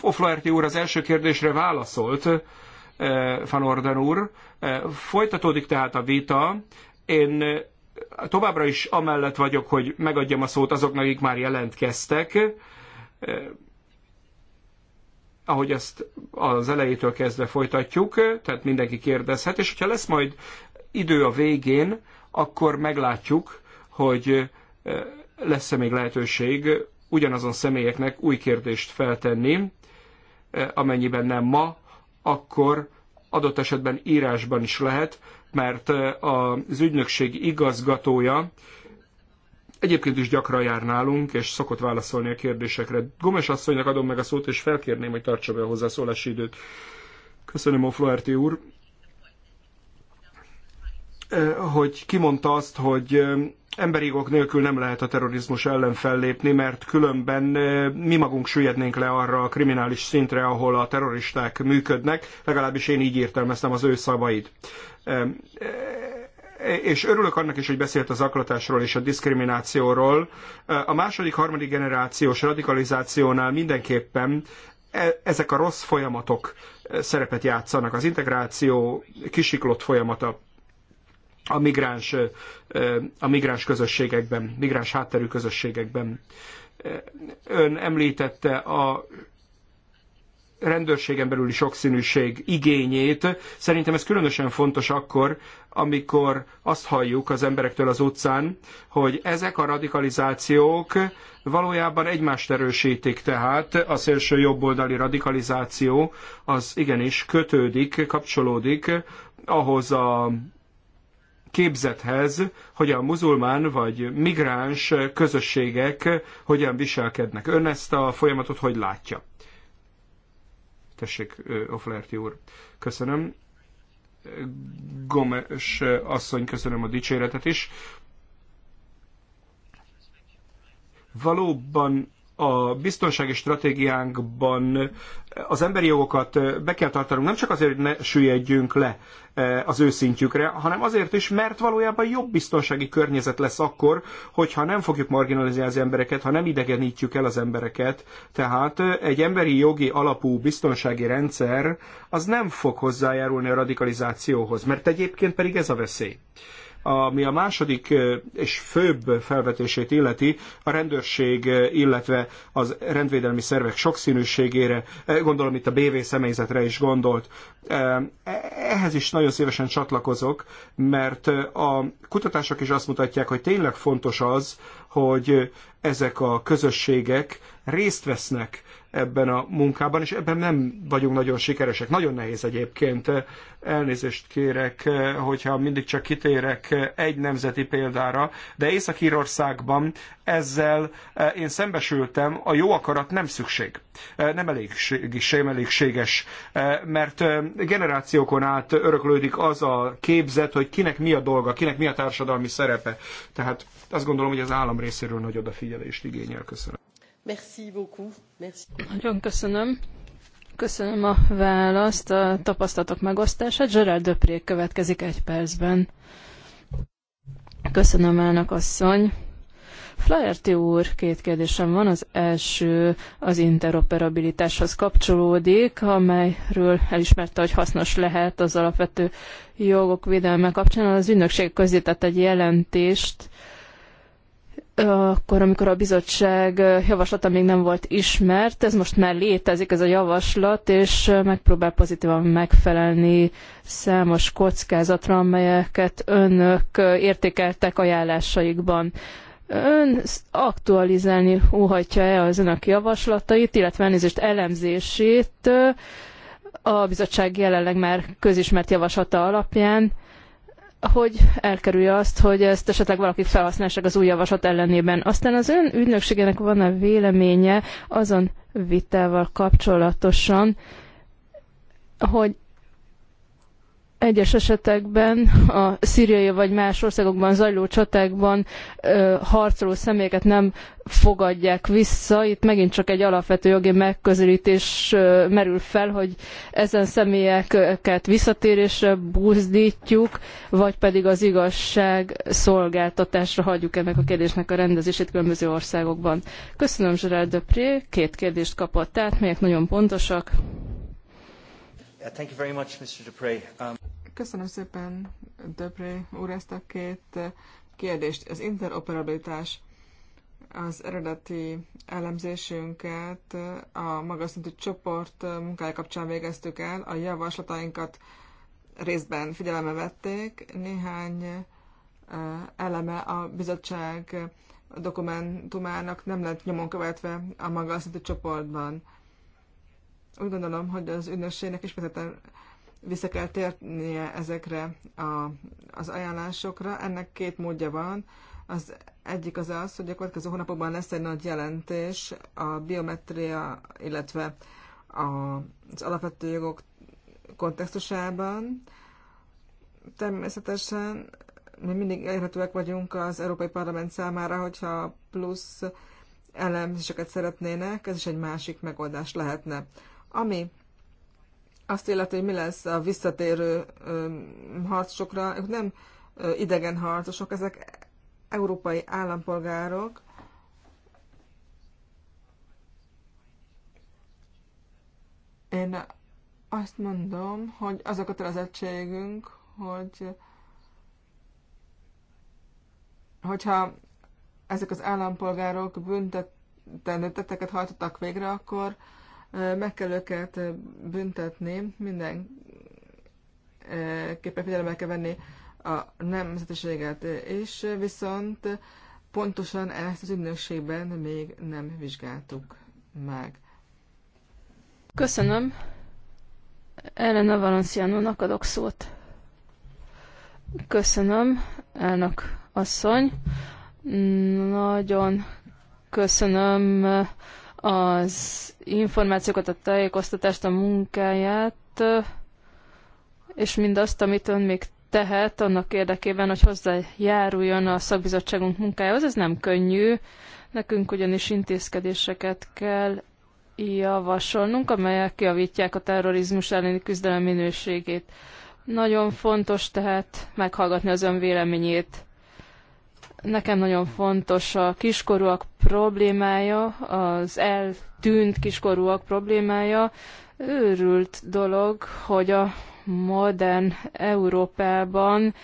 Oflaherty úr az első kérdésre válaszolt, eh, Van Orden úr. Eh, folytatódik tehát a vita. Én eh, továbbra is amellett vagyok, hogy megadjam a szót azoknak, akik már jelentkeztek ahogy ezt az elejétől kezdve folytatjuk, tehát mindenki kérdezhet, és hogyha lesz majd idő a végén, akkor meglátjuk, hogy eh, lesz-e még lehetőség ugyanazon személyeknek új kérdést feltenni, eh, amennyiben nem ma, akkor adott esetben írásban is lehet, mert eh, az ügynökség igazgatója Egyébként is gyakran jár nálunk, és szokott válaszolni a kérdésekre. Gomes asszonynak adom meg a szót, és felkérném, hogy tartsa be a hozzászólási időt. Köszönöm, Ofloerti úr, eh, hogy kimondta azt, hogy eh, emberi jogok nélkül nem lehet a terrorizmus ellen fellépni, mert különben eh, mi magunk süllyednénk le arra a kriminális szintre, ahol a terroristák működnek, legalábbis én így értelmeztem az ő szavait és örülök annak is, hogy beszélt a zaklatásról és a diszkriminációról. A második, harmadik generációs radikalizációnál mindenképpen e, ezek a rossz folyamatok szerepet játszanak. Az integráció kisiklott folyamata a migráns, e, a migráns közösségekben, migráns hátterű közösségekben. E, ön említette a rendőrségen belüli sokszínűség igényét. Szerintem ez különösen fontos akkor, amikor azt halljuk az emberektől az utcán, hogy ezek a radikalizációk valójában egymást erősítik, tehát a szélső jobboldali radikalizáció az igenis kötődik, kapcsolódik ahhoz a képzethez, hogy a muzulmán vagy migráns közösségek hogyan viselkednek. Ön ezt a folyamatot hogy látja? Tessék, Oflerti úr. Köszönöm. Gomes asszony, köszönöm a dicséretet is. Valóban a biztonsági stratégiánkban az emberi jogokat be kell tartanunk nem csak azért, hogy ne süllyedjünk le e, az ő szintjükre, hanem azért is, mert valójában jobb biztonsági környezet lesz akkor, hogyha nem fogjuk marginalizálni az embereket, ha nem idegenítjük el az embereket. Tehát egy emberi jogi alapú biztonsági rendszer az nem fog hozzájárulni a radikalizációhoz, mert egyébként pedig ez a veszély. Ami a második és főbb felvetését illeti, a rendőrség, illetve az rendvédelmi szervek sokszínűségére, gondolom itt a BV személyzetre is gondolt. E, ehhez is nagyon szívesen csatlakozok, mert a kutatások is azt mutatják, hogy tényleg fontos az, hogy ezek a közösségek részt vesznek ebben a munkában, és ebben nem vagyunk nagyon sikeresek. Nagyon nehéz egyébként. Elnézést kérek, hogyha mindig csak kitérek egy nemzeti példára, de Észak-Írországban ezzel eh, én szembesültem, a jó akarat nem szükség. Eh, nem elégséges, sem elégséges, eh, mert generációkon át öröklődik az a képzet, hogy kinek mi a dolga, kinek mi a társadalmi szerepe. Tehát azt gondolom, hogy az állam részéről nagy odafigyelést igényel. Köszönöm. Nagyon köszönöm. Köszönöm a választ, a tapasztalatok megosztását. Gerard Döpré következik egy percben. Köszönöm, elnök asszony. Flaherty úr, két kérdésem van. Az első az interoperabilitáshoz kapcsolódik, amelyről elismerte, hogy hasznos lehet az alapvető jogok védelme kapcsán. Az ügynökség közé tett egy jelentést, akkor, amikor a bizottság javaslata még nem volt ismert, ez most már létezik, ez a javaslat, és megpróbál pozitívan megfelelni számos kockázatra, amelyeket önök értékeltek ajánlásaikban. Ön aktualizálni óhatja-e az önök javaslatait, illetve elnézést elemzését a bizottság jelenleg már közismert javaslata alapján, hogy elkerülje azt, hogy ezt esetleg valaki felhasználság az új javaslat ellenében. Aztán az ön ügynökségének van-e véleménye azon vitával kapcsolatosan, hogy egyes esetekben a szíriai vagy más országokban zajló csatákban ö, harcoló személyeket nem fogadják vissza. Itt megint csak egy alapvető jogi megközelítés ö, merül fel, hogy ezen személyeket visszatérésre buzdítjuk, vagy pedig az igazság szolgáltatásra hagyjuk ennek a kérdésnek a rendezését különböző országokban. Köszönöm Gerard Depré, két kérdést kapott át, melyek nagyon pontosak. Thank you very much, Mr. Dupré. Um... Köszönöm szépen, Dupré úr, ezt a két kérdést. Az interoperabilitás az eredeti elemzésünket a magas szintű csoport munkája kapcsán végeztük el. A javaslatainkat részben figyelembe vették. Néhány eh, eleme a bizottság dokumentumának nem lett nyomon követve a magas szintű csoportban. Úgy gondolom, hogy az ügynökségnek is vissza kell térnie ezekre a, az ajánlásokra. Ennek két módja van. Az egyik az az, hogy a következő hónapokban lesz egy nagy jelentés a biometria, illetve a, az alapvető jogok kontextusában. Természetesen mi mindig elérhetőek vagyunk az Európai Parlament számára, hogyha plusz elemzéseket szeretnének, ez is egy másik megoldás lehetne. Ami azt illeti, hogy mi lesz a visszatérő harcosokra, ők nem idegen harcosok, ezek európai állampolgárok, Én azt mondom, hogy az a kötelezettségünk, hogy hogyha ezek az állampolgárok büntetendő tetteket hajtottak végre, akkor meg kell őket büntetni, mindenképpen figyelembe kell venni a nemzetiséget, és viszont pontosan ezt az ügynökségben még nem vizsgáltuk meg. Köszönöm. Elena Valenciano, adok szót. Köszönöm, elnök asszony. Nagyon köszönöm az információkat, a tájékoztatást, a munkáját, és mindazt, amit ön még tehet annak érdekében, hogy hozzájáruljon a szakbizottságunk munkájához. Ez nem könnyű, nekünk ugyanis intézkedéseket kell javasolnunk, amelyek javítják a terrorizmus elleni küzdelem minőségét. Nagyon fontos tehát meghallgatni az ön véleményét. Nekem nagyon fontos a kiskorúak problémája, az eltűnt kiskorúak problémája. Őrült dolog, hogy a modern Európában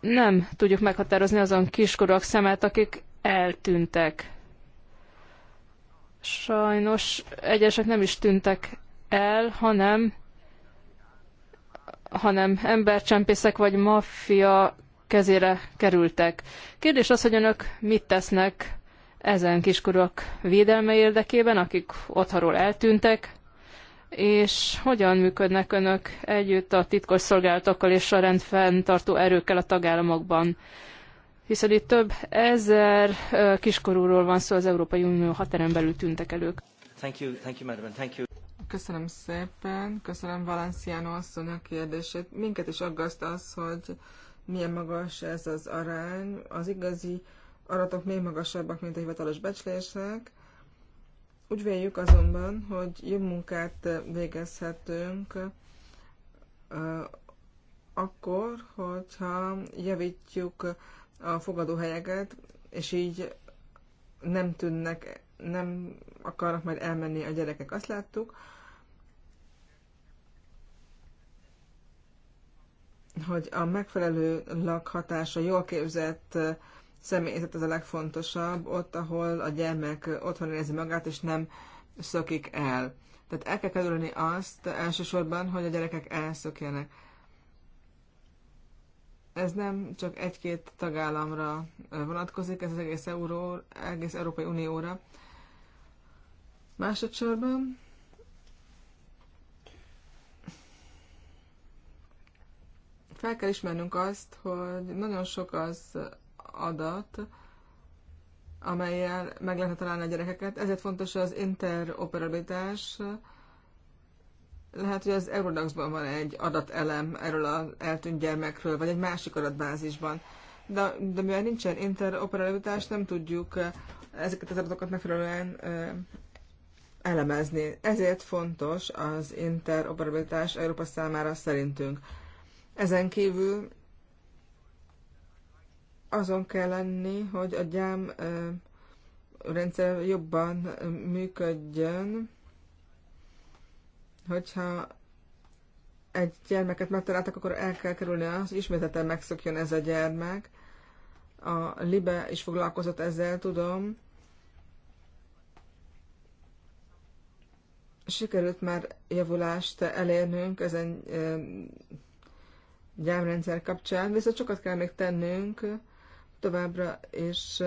nem tudjuk meghatározni azon kiskorúak szemet, akik eltűntek. Sajnos egyesek nem is tűntek el, hanem hanem embercsempészek vagy maffia kezére kerültek. Kérdés az, hogy önök mit tesznek ezen kiskorúak védelme érdekében, akik otthonról eltűntek, és hogyan működnek önök együtt a titkos szolgálatokkal és a rendfenntartó erőkkel a tagállamokban? Hiszen itt több ezer kiskorúról van szó az Európai Unió határán belül tűntek elők. Thank you, thank you, madam, thank you. Köszönöm szépen, köszönöm Valenciano asszony a kérdését. Minket is aggaszt az, hogy milyen magas ez az arány. Az igazi aratok még magasabbak, mint a hivatalos becslések. Úgy véljük azonban, hogy jobb munkát végezhetünk akkor, hogyha javítjuk a fogadóhelyeket, és így nem tűnnek, nem akarnak majd elmenni a gyerekek. Azt láttuk, hogy a megfelelő lakhatása, jól képzett személyzet az a legfontosabb, ott, ahol a gyermek otthon érzi magát, és nem szökik el. Tehát el kell kerülni azt elsősorban, hogy a gyerekek elszökjenek. Ez nem csak egy-két tagállamra vonatkozik, ez az egész, Euró, egész Európai Unióra. Másodszorban fel kell ismernünk azt, hogy nagyon sok az adat, amelyel meg lehet találni a gyerekeket. Ezért fontos az interoperabilitás. Lehet, hogy az Eurodaxban van egy adatelem erről az eltűnt gyermekről, vagy egy másik adatbázisban. De, de mivel nincsen interoperabilitás, nem tudjuk eh, ezeket az adatokat megfelelően eh, elemezni. Ezért fontos az interoperabilitás Európa számára szerintünk. Ezen kívül azon kell lenni, hogy a gyám rendszer jobban működjön, hogyha egy gyermeket megtaláltak, akkor el kell kerülni azt, hogy ismételten megszökjön ez a gyermek. A Libe is foglalkozott ezzel, tudom. Sikerült már javulást elérnünk ezen gyámrendszer kapcsán, viszont sokat kell még tennünk továbbra, és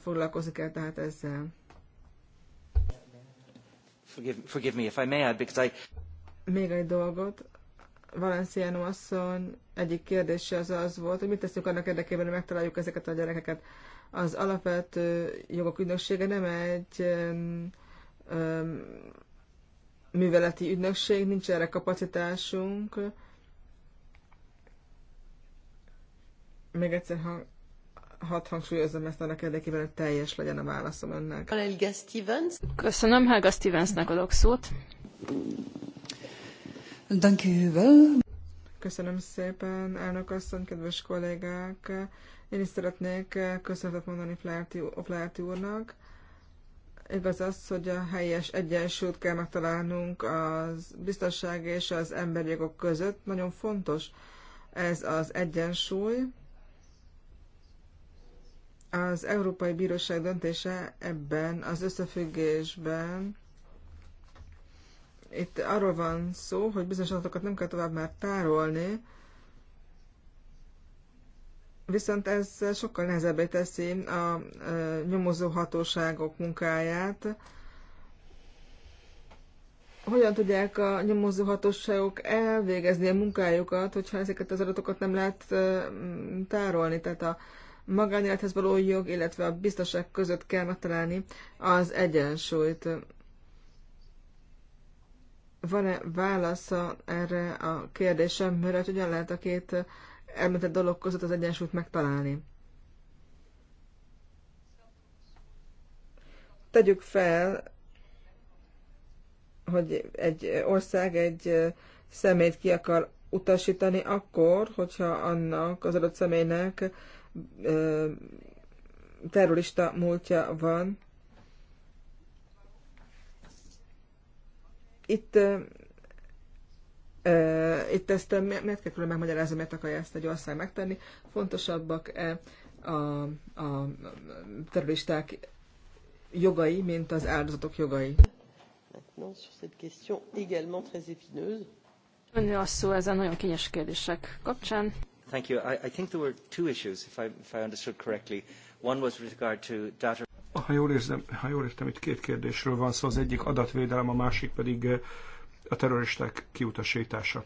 foglalkozni kell tehát ezzel. Forgive, forgive me if I may because I... Még egy dolgot. Valenciano asszony egyik kérdése az az volt, hogy mit teszünk annak érdekében, hogy megtaláljuk ezeket a gyerekeket. Az alapvető jogok ügynöksége nem egy um, um, műveleti ügynökség, nincs erre kapacitásunk, Még egyszer hang, hadd hangsúlyozom ezt annak érdekében, hogy teljes legyen a válaszom önnek. Helga Stevens. Köszönöm, Helga Stevensnek adok szót. Thank you well. Köszönöm szépen, elnök asszony, kedves kollégák. Én is szeretnék köszönetet mondani Flaherty úrnak. Igaz az, hogy a helyes egyensúlyt kell megtalálnunk az biztonság és az emberjogok között. Nagyon fontos ez az egyensúly az Európai Bíróság döntése ebben az összefüggésben itt arról van szó, hogy bizonyos adatokat nem kell tovább már tárolni, viszont ez sokkal nehezebbé teszi a nyomozó hatóságok munkáját. Hogyan tudják a nyomozó hatóságok elvégezni a munkájukat, hogyha ezeket az adatokat nem lehet tárolni? Tehát a magánélethez való jog, illetve a biztonság között kell megtalálni az egyensúlyt. Van-e válasza erre a kérdésre, mert hogyan lehet a két említett dolog között az egyensúlyt megtalálni? Tegyük fel, hogy egy ország egy szemét ki akar utasítani akkor, hogyha annak az adott személynek terrorista múltja van. Itt, itt ezt miért kell külön megmagyarázni, miért akarja ezt egy ország megtenni? Fontosabbak-e a, a terroristák jogai, mint az áldozatok jogai? Maintenant, sur cette question également très épineuse. a szó ezen nagyon kényes kérdések kapcsán. Thank you. I, I think there were two issues, if I, if I understood correctly. One was with regard to data... Ha jól, érzem, ha jól értem, itt két kérdésről van szó, az egyik adatvédelem, a másik pedig a terroristák kiutasítása.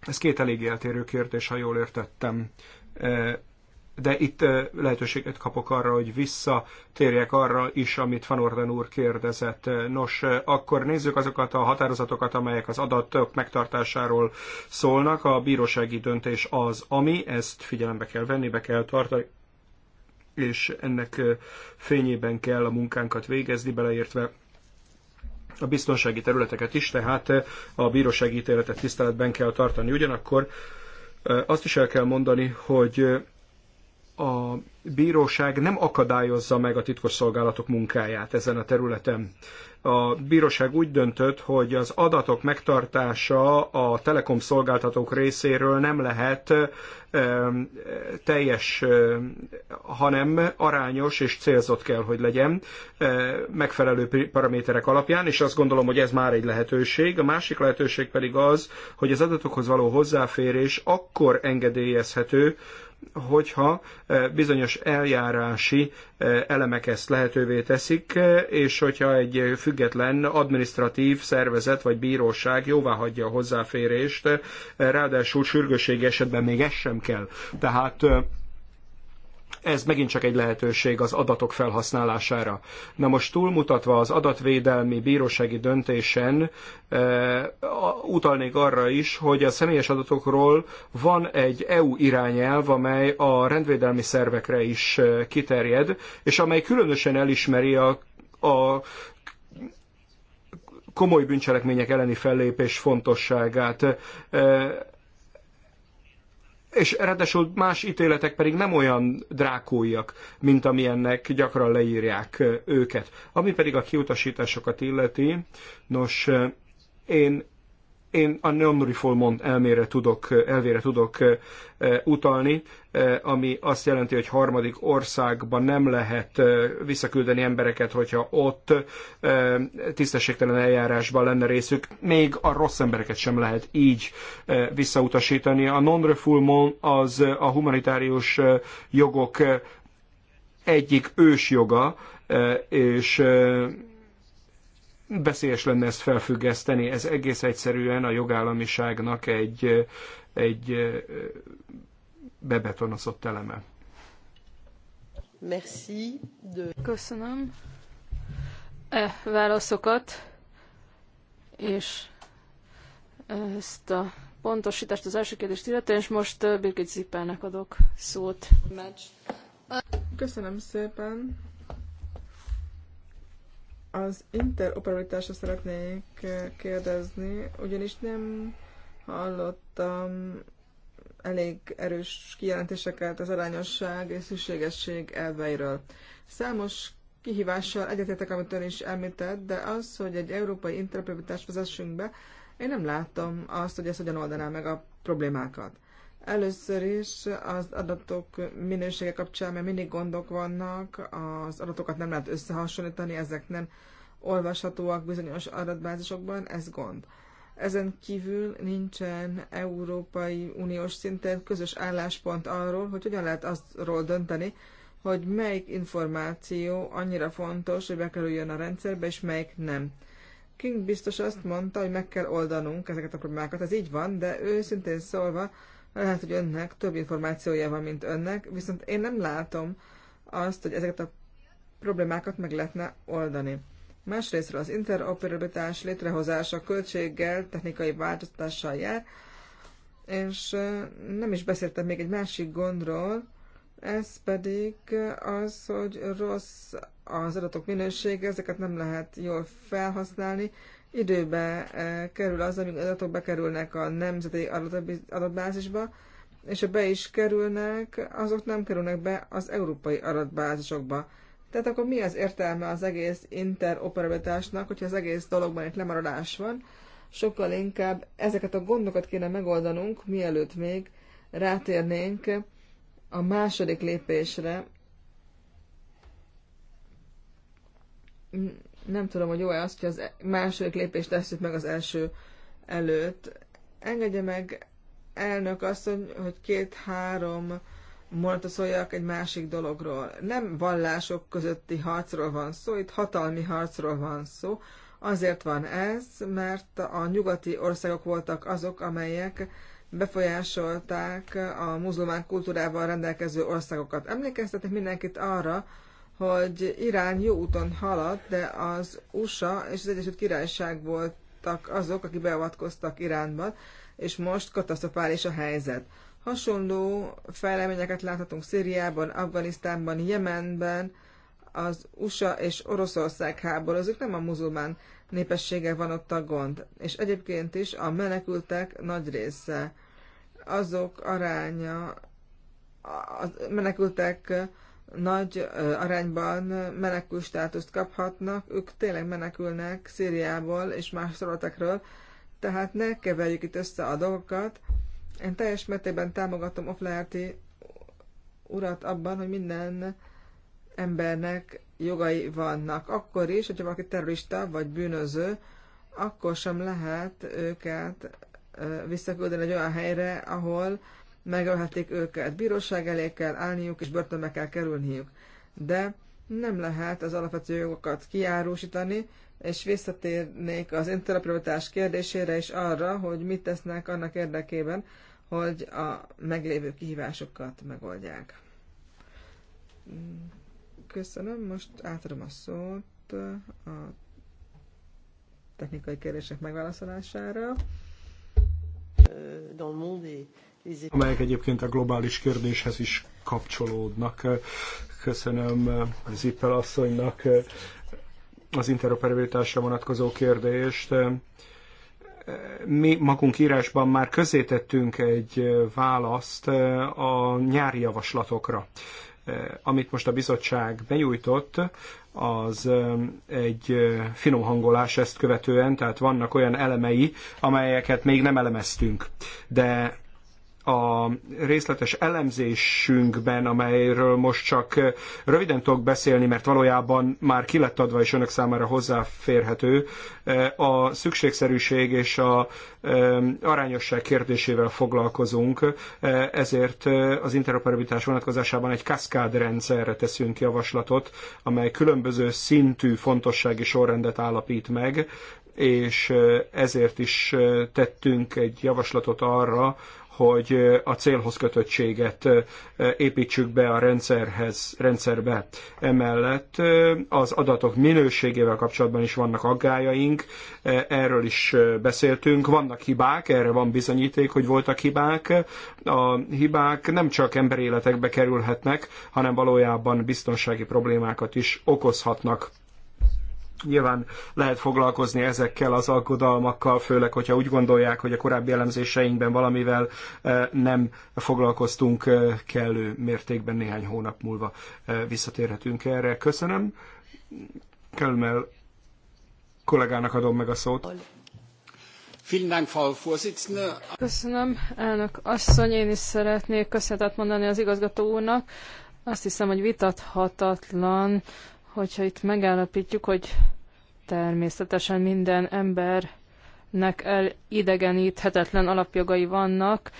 Ez két elég eltérő kérdés, ha jól értettem de itt lehetőséget kapok arra, hogy visszatérjek arra is, amit Van Orden úr kérdezett. Nos, akkor nézzük azokat a határozatokat, amelyek az adatok megtartásáról szólnak. A bírósági döntés az, ami, ezt figyelembe kell venni, be kell tartani, és ennek fényében kell a munkánkat végezni, beleértve a biztonsági területeket is, tehát a bírósági ítéletet tiszteletben kell tartani. Ugyanakkor azt is el kell mondani, hogy a bíróság nem akadályozza meg a titkosszolgálatok munkáját ezen a területen. A bíróság úgy döntött, hogy az adatok megtartása a telekom szolgáltatók részéről nem lehet teljes, hanem arányos és célzott kell, hogy legyen megfelelő paraméterek alapján, és azt gondolom, hogy ez már egy lehetőség. A másik lehetőség pedig az, hogy az adatokhoz való hozzáférés akkor engedélyezhető, hogyha eh, bizonyos eljárási eh, elemek ezt lehetővé teszik, eh, és hogyha egy független administratív szervezet vagy bíróság jóvá hagyja a hozzáférést, ráadásul sürgősségi esetben még ez sem kell. Tehát ez megint csak egy lehetőség az adatok felhasználására. Na most túlmutatva az adatvédelmi bírósági döntésen e, utalnék arra is, hogy a személyes adatokról van egy EU irányelv, amely a rendvédelmi szervekre is e, kiterjed, és amely különösen elismeri a, a komoly bűncselekmények elleni fellépés fontosságát. E, és ráadásul más ítéletek pedig nem olyan drákóiak, mint amilyennek gyakran leírják őket. Ami pedig a kiutasításokat illeti, nos, én én a non-reformon elmére tudok, elvére tudok eh, eh, utalni, eh, ami azt jelenti, hogy harmadik országban nem lehet visszaküldeni embereket, hogyha ott tisztességtelen eljárásban lenne részük. Még a rossz embereket sem lehet így visszautasítani. A non-refoulement az a humanitárius jogok egyik ősjoga, és veszélyes lenne ezt felfüggeszteni. Ez egész egyszerűen a jogállamiságnak egy, egy bebetonozott eleme. Merci de... Köszönöm e válaszokat, és ezt a pontosítást az első kérdést illetően, és most Birgit Zippelnek adok szót. Köszönöm szépen. Az interoperabilitásra szeretnék eh, kérdezni, ugyanis nem hallottam elég erős kijelentéseket az arányosság és szükségesség elveiről. Számos kihívással egyetértek, amit ön is említett, de az, hogy egy európai interoperabilitást vezessünk be, én nem látom azt, hogy ez hogyan oldaná meg a problémákat. Először is az adatok minősége kapcsán, mert mindig gondok vannak, az adatokat nem lehet összehasonlítani, ezek nem olvashatóak bizonyos adatbázisokban, ez gond. Ezen kívül nincsen Európai Uniós szinten közös álláspont arról, hogy hogyan lehet azról dönteni, hogy melyik információ annyira fontos, hogy bekerüljön a rendszerbe, és melyik nem. King biztos azt mondta, hogy meg kell oldanunk ezeket a problémákat. Ez így van, de őszintén szólva, lehet, hogy önnek több információja van, mint önnek, viszont én nem látom azt, hogy ezeket a problémákat meg lehetne oldani. Másrésztről az interoperabilitás létrehozása költséggel, technikai változtatással jár, és nem is beszéltem még egy másik gondról, ez pedig az, hogy rossz az adatok minősége, ezeket nem lehet jól felhasználni, időbe eh, kerül az, amíg adatok bekerülnek a nemzeti adatbázisba, és ha be is kerülnek, azok nem kerülnek be az európai adatbázisokba. Tehát akkor mi az értelme az egész interoperabilitásnak, hogyha az egész dologban egy lemaradás van? Sokkal inkább ezeket a gondokat kéne megoldanunk, mielőtt még rátérnénk a második lépésre, nem tudom, hogy jó-e az, hogy az második lépést tesszük meg az első előtt. Engedje meg elnök azt, hogy két-három mondatot szóljak egy másik dologról. Nem vallások közötti harcról van szó, itt hatalmi harcról van szó. Azért van ez, mert a nyugati országok voltak azok, amelyek befolyásolták a muzulmán kultúrával rendelkező országokat. Emlékeztetek mindenkit arra, hogy Irán jó úton halad, de az USA és az Egyesült Királyság voltak azok, akik beavatkoztak Iránban, és most katasztrofális a helyzet. Hasonló fejleményeket láthatunk Szíriában, Afganisztánban, Jemenben, az USA és Oroszország háborúzik, nem a muzulmán népessége van ott a gond. És egyébként is a menekültek nagy része, azok aránya, a menekültek nagy arányban menekül státuszt kaphatnak, ők tényleg menekülnek Szíriából és más területekről, tehát ne keverjük itt össze a dolgokat. Én teljes mértékben támogatom Oflaherty urat abban, hogy minden embernek jogai vannak. Akkor is, hogyha valaki terrorista vagy bűnöző, akkor sem lehet őket visszaküldeni egy olyan helyre, ahol megölhetik őket, bíróság elé kell állniuk és börtönbe kell kerülniük. De nem lehet az alapvető jogokat kiárusítani, és visszatérnék az interoperabilitás kérdésére is arra, hogy mit tesznek annak érdekében, hogy a meglévő kihívásokat megoldják. Köszönöm, most átadom a szót a technikai kérdések megválaszolására. Dans le monde et amelyek egyébként a globális kérdéshez is kapcsolódnak. Köszönöm Zippel asszonynak az interoperabilitásra vonatkozó kérdést. Mi magunk írásban már közzétettünk egy választ a nyári javaslatokra. Amit most a bizottság benyújtott, az egy finom hangolás ezt követően, tehát vannak olyan elemei, amelyeket még nem elemeztünk. De a részletes elemzésünkben, amelyről most csak eh, röviden tudok beszélni, mert valójában már ki lett adva és önök számára hozzáférhető, eh, a szükségszerűség és a eh, arányosság kérdésével foglalkozunk, ezért az interoperabilitás vonatkozásában egy rendszerre teszünk javaslatot, amely különböző szintű fontossági sorrendet állapít meg, és ezért is tettünk egy javaslatot arra, hogy a célhoz kötöttséget építsük be a rendszerhez, rendszerbe. Emellett az adatok minőségével kapcsolatban is vannak aggájaink, erről is beszéltünk, vannak hibák, erre van bizonyíték, hogy voltak hibák. A hibák nem csak emberéletekbe kerülhetnek, hanem valójában biztonsági problémákat is okozhatnak. Nyilván lehet foglalkozni ezekkel az aggodalmakkal, főleg, hogyha úgy gondolják, hogy a korábbi elemzéseinkben valamivel eh, nem foglalkoztunk eh, kellő mértékben néhány hónap múlva. Eh, visszatérhetünk erre. Köszönöm. Kölmel kollégának adom meg a szót. Köszönöm, elnök asszony, én is szeretnék köszönetet mondani az igazgató úrnak. Azt hiszem, hogy vitathatatlan, hogyha itt megállapítjuk, hogy természetesen minden embernek elidegeníthetetlen alapjogai vannak,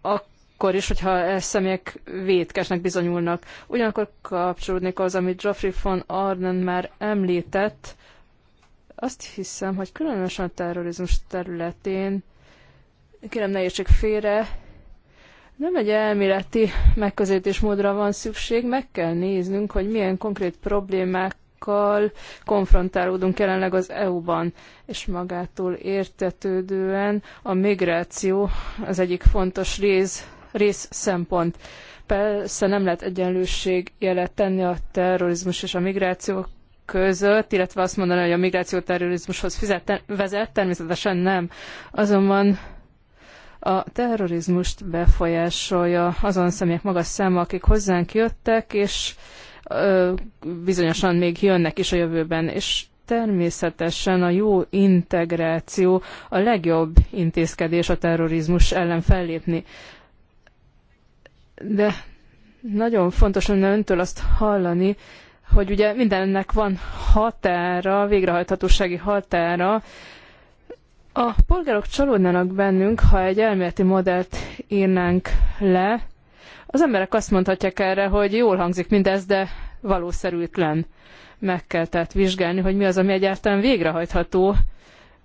akkor is, hogyha e személyek vétkesnek bizonyulnak. Ugyanakkor kapcsolódnék az, amit Geoffrey von Arnen már említett, azt hiszem, hogy különösen a terrorizmus területén, kérem ne értsék félre, nem egy elméleti megközelítésmódra van szükség, meg kell néznünk, hogy milyen konkrét problémákkal konfrontálódunk jelenleg az EU-ban, és magától értetődően a migráció az egyik fontos rész, rész szempont. Persze nem lehet egyenlőség jelet tenni a terrorizmus és a migráció között, illetve azt mondani, hogy a migráció terrorizmushoz fizet, vezet, természetesen nem. Azonban a terrorizmust befolyásolja azon személyek magas száma, akik hozzánk jöttek, és ö, bizonyosan még jönnek is a jövőben. És természetesen a jó integráció a legjobb intézkedés a terrorizmus ellen fellépni. De nagyon fontos lenne öntől azt hallani, hogy ugye mindennek van határa, végrehajthatósági határa, a polgárok csalódnának bennünk, ha egy elméleti modellt írnánk le. Az emberek azt mondhatják erre, hogy jól hangzik mindez, de valószerűtlen. Meg kell tehát vizsgálni, hogy mi az, ami egyáltalán végrehajtható,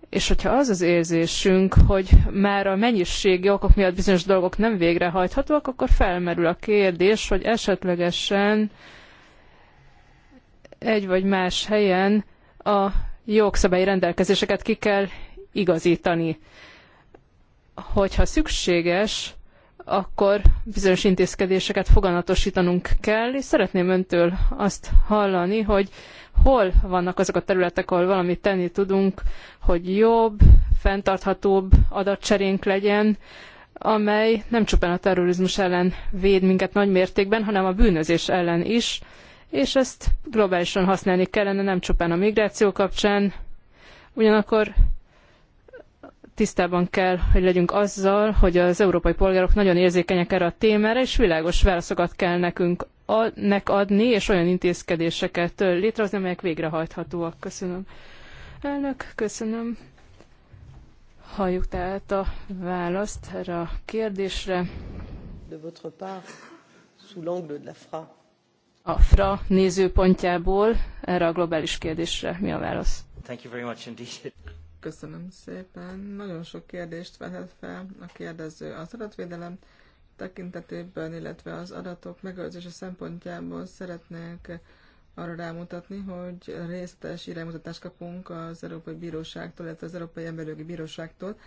és hogyha az az érzésünk, hogy már a mennyiségi okok miatt bizonyos dolgok nem végrehajthatóak, akkor felmerül a kérdés, hogy esetlegesen egy vagy más helyen a jogszabályi rendelkezéseket ki kell igazítani. Hogyha szükséges, akkor bizonyos intézkedéseket foganatosítanunk kell, és szeretném öntől azt hallani, hogy hol vannak azok a területek, ahol valamit tenni tudunk, hogy jobb, fenntarthatóbb adatcserénk legyen, amely nem csupán a terrorizmus ellen véd minket nagy mértékben, hanem a bűnözés ellen is, és ezt globálisan használni kellene, nem csupán a migráció kapcsán. Ugyanakkor tisztában kell, hogy legyünk azzal, hogy az európai polgárok nagyon érzékenyek erre a témára, és világos válaszokat kell nekünk nek adni, és olyan intézkedéseket létrehozni, amelyek végrehajthatóak. Köszönöm. Elnök, köszönöm. Halljuk tehát a választ erre a kérdésre. De votre part, sous l'angle de la FRA. A FRA nézőpontjából erre a globális kérdésre mi a válasz? Thank you very much indeed. Köszönöm szépen. Nagyon sok kérdést vehet fel a kérdező az adatvédelem tekintetében, illetve az adatok megőrzése szempontjából szeretnék arra rámutatni, hogy részletes iránymutatást kapunk az Európai Bíróságtól, illetve az Európai Emberjogi Bíróságtól,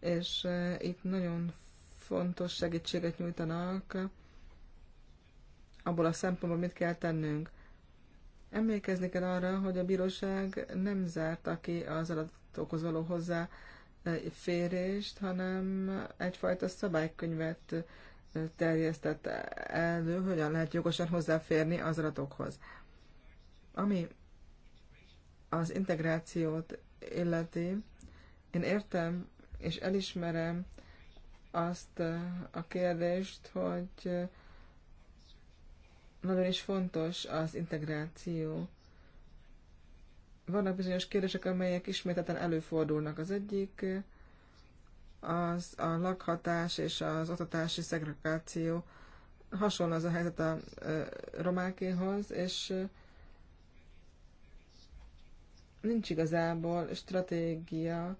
és e, itt nagyon fontos segítséget nyújtanak abból a szempontból, mit kell tennünk. Emlékezni kell arra, hogy a bíróság nem zárta ki az adat fogyasztókhoz való férést, hanem egyfajta szabálykönyvet terjesztett elő, hogyan lehet jogosan hozzáférni az adatokhoz. Ami az integrációt illeti, én értem és elismerem azt a kérdést, hogy nagyon is fontos az integráció vannak bizonyos kérdések, amelyek ismételten előfordulnak. Az egyik az a lakhatás és az oktatási szegregáció. Hasonló az a helyzet a romákéhoz, és nincs igazából stratégia.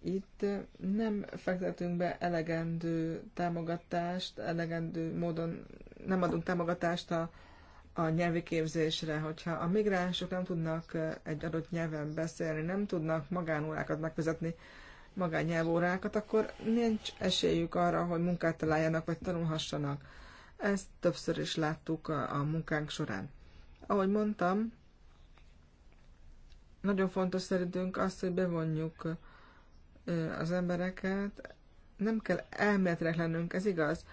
Itt nem fektetünk be elegendő támogatást, elegendő módon nem adunk támogatást a a nyelvi képzésre, hogyha a migránsok nem tudnak egy adott nyelven beszélni, nem tudnak magánórákat megvezetni, magánnyelvórákat, akkor nincs esélyük arra, hogy munkát találjanak, vagy tanulhassanak. Ezt többször is láttuk a, a munkánk során. Ahogy mondtam, nagyon fontos szerintünk azt, hogy bevonjuk az embereket. Nem kell elméletileg lennünk, ez igaz.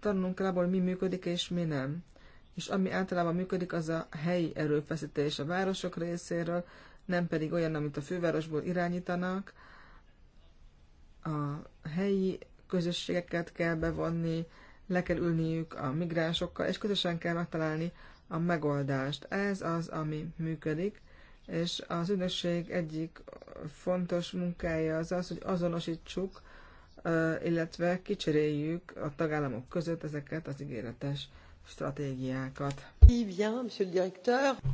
Tanulnunk kell abból, mi működik és mi nem és ami általában működik, az a helyi erőfeszítés a városok részéről, nem pedig olyan, amit a fővárosból irányítanak. A helyi közösségeket kell bevonni, le kell ülniük a migránsokkal, és közösen kell megtalálni a megoldást. Ez az, ami működik, és az ügynökség egyik fontos munkája az az, hogy azonosítsuk, illetve kicseréljük a tagállamok között ezeket az ígéretes stratégiákat.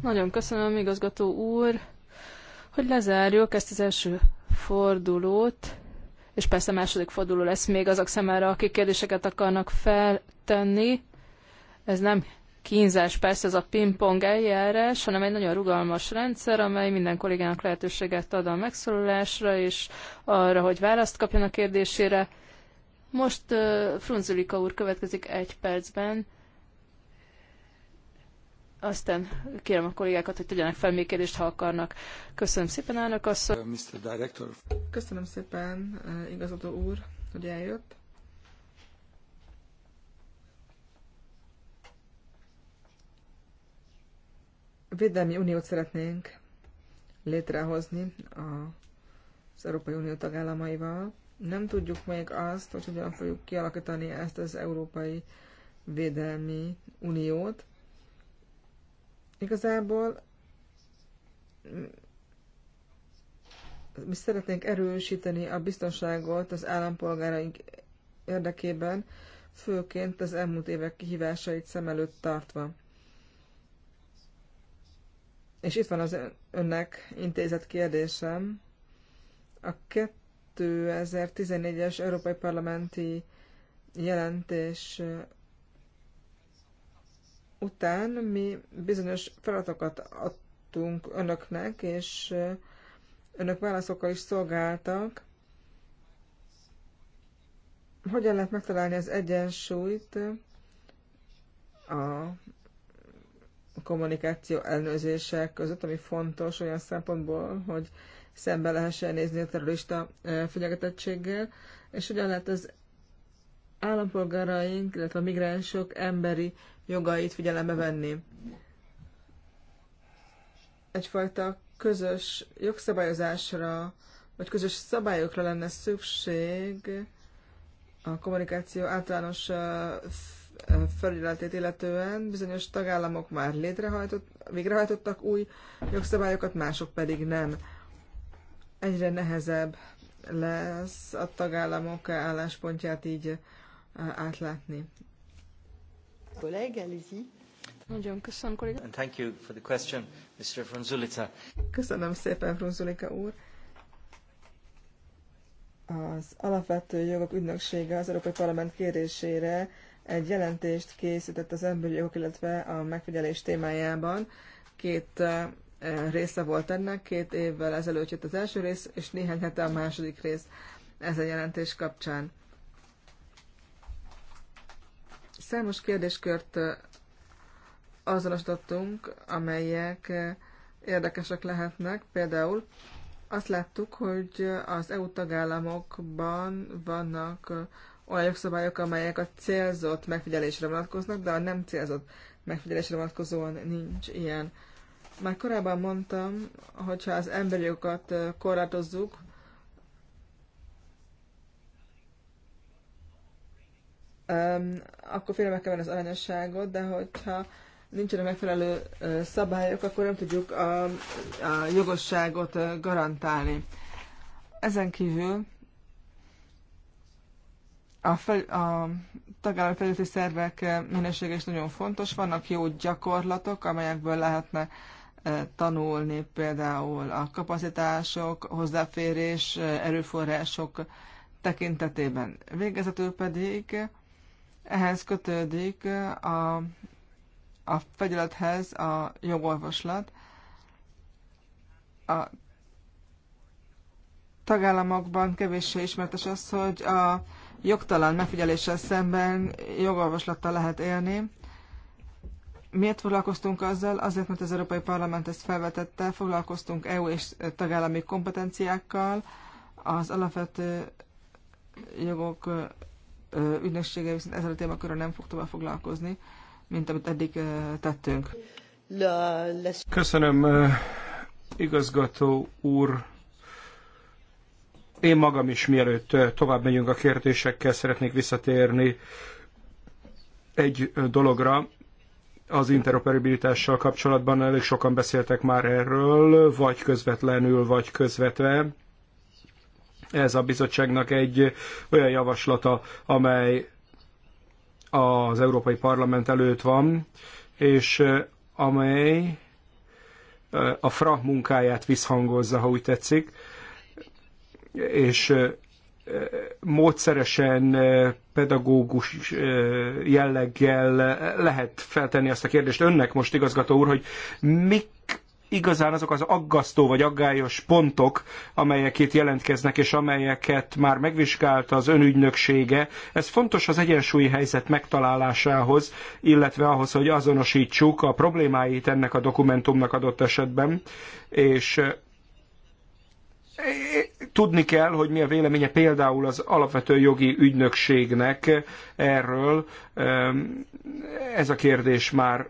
Nagyon köszönöm, igazgató úr, hogy lezárjuk ezt az első fordulót, és persze második forduló lesz még azok szemére, akik kérdéseket akarnak feltenni. Ez nem kínzás persze ez a pingpong eljárás, hanem egy nagyon rugalmas rendszer, amely minden kollégának lehetőséget ad a megszólalásra és arra, hogy választ kapjon a kérdésére. Most uh, Frunzulika úr következik egy percben aztán kérem a kollégákat, hogy tegyenek fel még kérdést, ha akarnak. Köszönöm szépen, elnök asszony. Uh, Mr. Director. Köszönöm szépen, uh, igazadó úr, hogy eljött. Védelmi uniót szeretnénk létrehozni az Európai Unió tagállamaival. Nem tudjuk még azt, hogy hogyan fogjuk kialakítani ezt az Európai Védelmi Uniót. Igazából mi szeretnénk erősíteni a biztonságot az állampolgáraink érdekében, főként az elmúlt évek kihívásait szem előtt tartva. És itt van az önnek intézett kérdésem. A 2014-es Európai Parlamenti jelentés után mi bizonyos feladatokat adtunk önöknek, és eh, önök válaszokkal is szolgáltak. Hogyan lehet megtalálni az egyensúlyt a kommunikáció elnőzések között, ami fontos olyan szempontból, hogy szembe lehessen nézni a terrorista eh, fenyegetettséggel, és hogyan lehet az állampolgáraink, illetve a migránsok emberi jogait figyelembe venni. Egyfajta közös jogszabályozásra, vagy közös szabályokra lenne szükség a kommunikáció általános felületét illetően. Bizonyos tagállamok már létrehajtott, végrehajtottak új jogszabályokat, mások pedig nem. Egyre nehezebb lesz a tagállamok álláspontját így átlátni. Nagyon köszönöm, kolléga. And thank you for the question, Mr. Frunzulita. Köszönöm szépen, Frunzulika úr. Az Alapvető Jogok Ügynöksége az Európai Parlament kérésére egy jelentést készített az emberi jogok, illetve a megfigyelés témájában. Két eh, része volt ennek, két évvel ezelőtt jött az első rész, és néhány hete a második rész ez a jelentés kapcsán. Számos kérdéskört azonosítottunk, amelyek érdekesek lehetnek. Például azt láttuk, hogy az EU tagállamokban vannak olyan jogszabályok, amelyek a célzott megfigyelésre vonatkoznak, de a nem célzott megfigyelésre vonatkozóan nincs ilyen. Már korábban mondtam, hogyha az emberi jogokat korlátozzuk, akkor félre kell venni az aranyosságot, de hogyha nincsenek megfelelő szabályok, akkor nem tudjuk a, a jogosságot garantálni. Ezen kívül a, fel, a tagállami felületi szervek minősége is nagyon fontos. Vannak jó gyakorlatok, amelyekből lehetne tanulni, például a kapacitások, hozzáférés, erőforrások tekintetében. Végezetül pedig ehhez kötődik a, a fegyelethez a jogorvoslat. A tagállamokban kevéssé ismertes az, hogy a jogtalan megfigyeléssel szemben jogorvoslattal lehet élni. Miért foglalkoztunk azzal? Azért, mert az Európai Parlament ezt felvetette, foglalkoztunk EU és tagállami kompetenciákkal, az alapvető jogok ügynöksége viszont ezzel a témakörrel nem fog tovább foglalkozni, mint amit eddig tettünk. Köszönöm, igazgató úr. Én magam is, mielőtt tovább megyünk a kérdésekkel, szeretnék visszatérni egy dologra, az interoperabilitással kapcsolatban elég sokan beszéltek már erről, vagy közvetlenül, vagy közvetve ez a bizottságnak egy olyan javaslata, amely az Európai Parlament előtt van, és amely a FRA munkáját visszhangozza, ha úgy tetszik, és módszeresen, pedagógus jelleggel lehet feltenni azt a kérdést önnek most, igazgató úr, hogy mik igazán azok az aggasztó vagy aggályos pontok, amelyek itt jelentkeznek, és amelyeket már megvizsgálta az önügynöksége. Ez fontos az egyensúlyi helyzet megtalálásához, illetve ahhoz, hogy azonosítsuk a problémáit ennek a dokumentumnak adott esetben, és eh, eh, tudni kell, hogy mi a véleménye például az alapvető jogi ügynökségnek erről. Eh, ez a kérdés már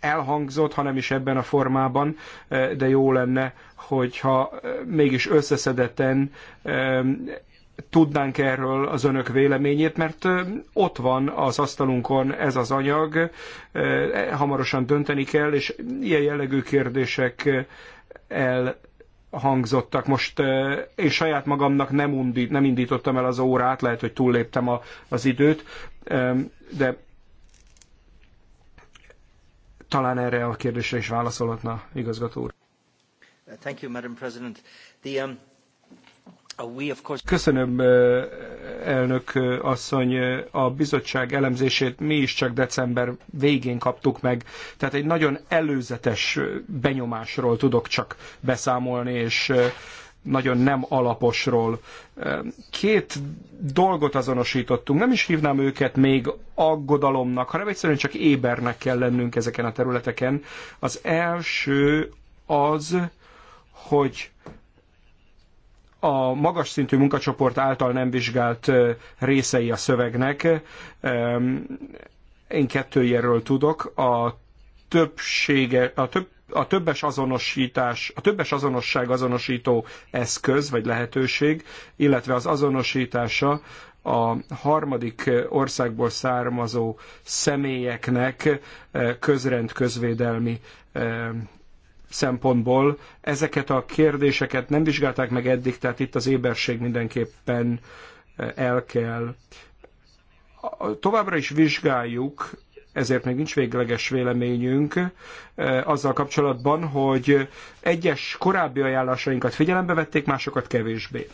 elhangzott, hanem is ebben a formában, e, de jó lenne, hogyha e, mégis összeszedetten e, tudnánk erről az önök véleményét, mert ott van az asztalunkon ez az anyag, hamarosan dönteni kell, és ilyen jellegű kérdések el hangzottak. Most én saját magamnak nem, undi, nem indítottam el az órát, lehet, hogy túlléptem a, az időt, de talán erre a kérdésre is válaszolhatna, igazgató úr. Thank you, Madam President. The, um... Uh, Köszönöm, uh, elnök uh, asszony. A bizottság elemzését mi is csak december végén kaptuk meg, tehát egy nagyon előzetes benyomásról tudok csak beszámolni, és nagyon nem alaposról. Két dolgot azonosítottunk, nem is hívnám őket még aggodalomnak, hanem egyszerűen csak ébernek kell lennünk ezeken a területeken. Az első az, hogy a magas szintű munkacsoport által nem vizsgált részei a szövegnek, én kettőjéről tudok, a többsége, a több a többes azonosítás, a többes azonosság azonosító eszköz vagy lehetőség, illetve az azonosítása a harmadik országból származó személyeknek eh, közrend közvédelmi eh, szempontból. Ezeket a kérdéseket nem vizsgálták meg eddig, tehát itt az éberség mindenképpen eh, el kell. Továbbra is vizsgáljuk ezért még nincs végleges véleményünk eh, azzal kapcsolatban, hogy egyes korábbi ajánlásainkat figyelembe vették, másokat kevésbé.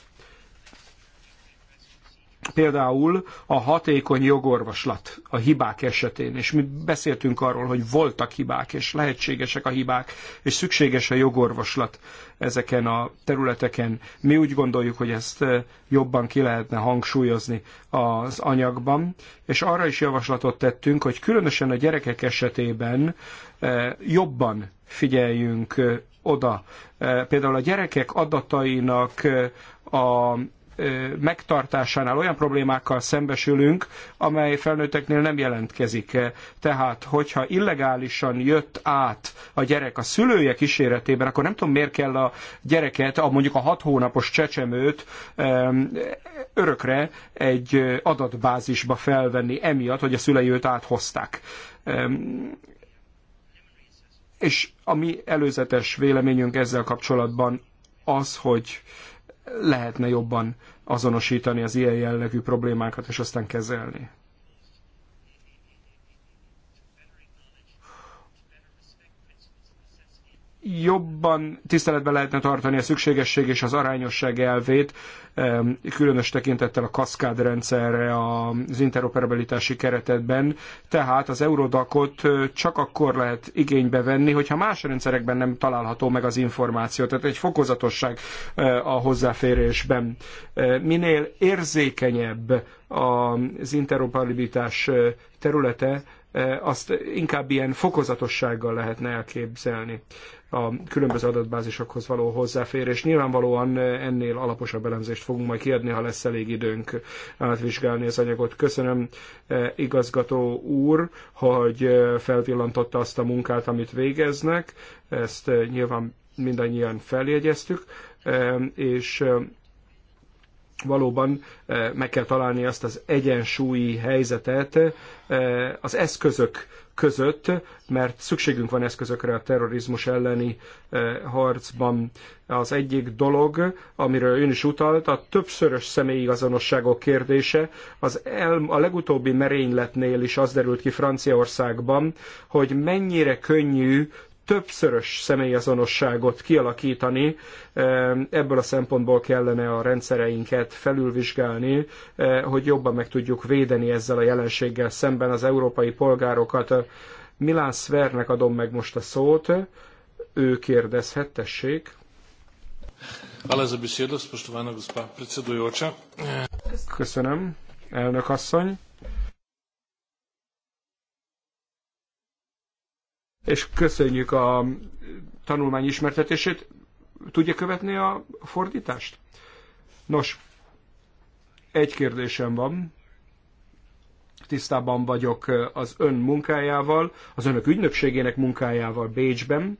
Például a hatékony jogorvoslat a hibák esetén, és mi beszéltünk arról, hogy voltak hibák, és lehetségesek a hibák, és szükséges a jogorvoslat ezeken a területeken. Mi úgy gondoljuk, hogy ezt eh, jobban ki lehetne hangsúlyozni az anyagban, és arra is javaslatot tettünk, hogy különösen a gyerekek esetében eh, jobban figyeljünk eh, oda. Például a gyerekek adatainak a megtartásánál olyan problémákkal szembesülünk, amely felnőtteknél nem jelentkezik. Tehát, hogyha illegálisan jött át a gyerek a szülője kíséretében, akkor nem tudom, miért kell a gyereket, a mondjuk a hat hónapos csecsemőt örökre egy adatbázisba felvenni, emiatt, hogy a szülei őt áthozták és a mi előzetes véleményünk ezzel kapcsolatban az, hogy lehetne jobban azonosítani az ilyen jellegű problémákat, és aztán kezelni. jobban tiszteletben lehetne tartani a szükségesség és az arányosság elvét, különös tekintettel a kaszkád rendszerre az interoperabilitási keretetben. Tehát az eurodakot csak akkor lehet igénybe venni, hogyha más rendszerekben nem található meg az információ. Tehát egy fokozatosság a hozzáférésben. Minél érzékenyebb az interoperabilitás területe, azt inkább ilyen fokozatossággal lehetne elképzelni a különböző adatbázisokhoz való hozzáférés. Nyilvánvalóan eh, ennél alaposabb elemzést fogunk majd kiadni, ha lesz elég időnk átvizsgálni az anyagot. Köszönöm eh, igazgató úr, hogy eh, felvillantotta azt a munkát, amit végeznek. Ezt nyilván mindannyian feljegyeztük, és valóban meg kell találni azt az egyensúlyi helyzetet az eszközök között, mert szükségünk van eszközökre a terrorizmus elleni eh, harcban. Az egyik dolog, amiről ön is utalt, a többszörös személyi azonosságok kérdése. Az el, a legutóbbi merényletnél is az derült ki Franciaországban, hogy mennyire könnyű többszörös személyazonosságot kialakítani, e, ebből a szempontból kellene a rendszereinket felülvizsgálni, e, hogy jobban meg tudjuk védeni ezzel a jelenséggel szemben az európai polgárokat. Milán Svernek adom meg most a szót, ő kérdezhet, tessék. Köszönöm, elnök asszony. és köszönjük a tanulmány ismertetését. Tudja követni a fordítást? Nos, egy kérdésem van. Tisztában vagyok az ön munkájával, az önök ügynökségének munkájával Bécsben.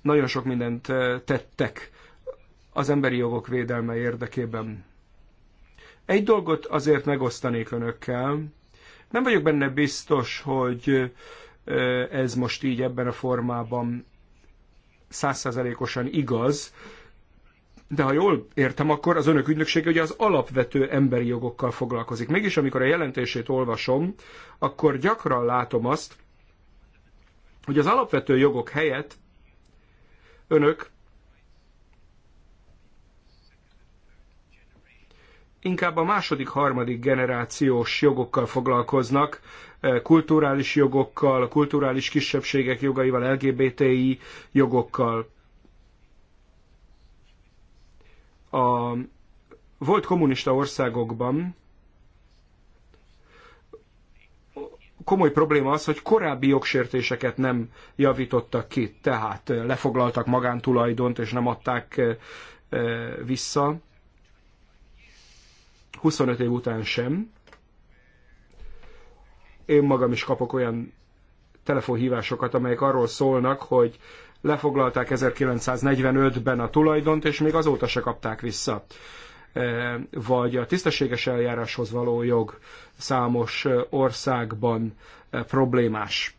Nagyon sok mindent tettek az emberi jogok védelme érdekében. Egy dolgot azért megosztanék önökkel, nem vagyok benne biztos, hogy ez most így ebben a formában százszerzelékosan igaz, de ha jól értem, akkor az önök ügynöksége ugye az alapvető emberi jogokkal foglalkozik. Mégis, amikor a jelentését olvasom, akkor gyakran látom azt, hogy az alapvető jogok helyett önök inkább a második, harmadik generációs jogokkal foglalkoznak, eh, kulturális jogokkal, kulturális kisebbségek jogaival, LGBTI jogokkal. A volt kommunista országokban komoly probléma az, hogy korábbi jogsértéseket nem javítottak ki, tehát eh, lefoglaltak magántulajdont és nem adták eh, vissza. 25 év után sem. Én magam is kapok olyan telefonhívásokat, amelyek arról szólnak, hogy lefoglalták 1945-ben a tulajdont, és még azóta se kapták vissza. E, vagy a tisztességes eljáráshoz való jog számos e, országban e, problémás.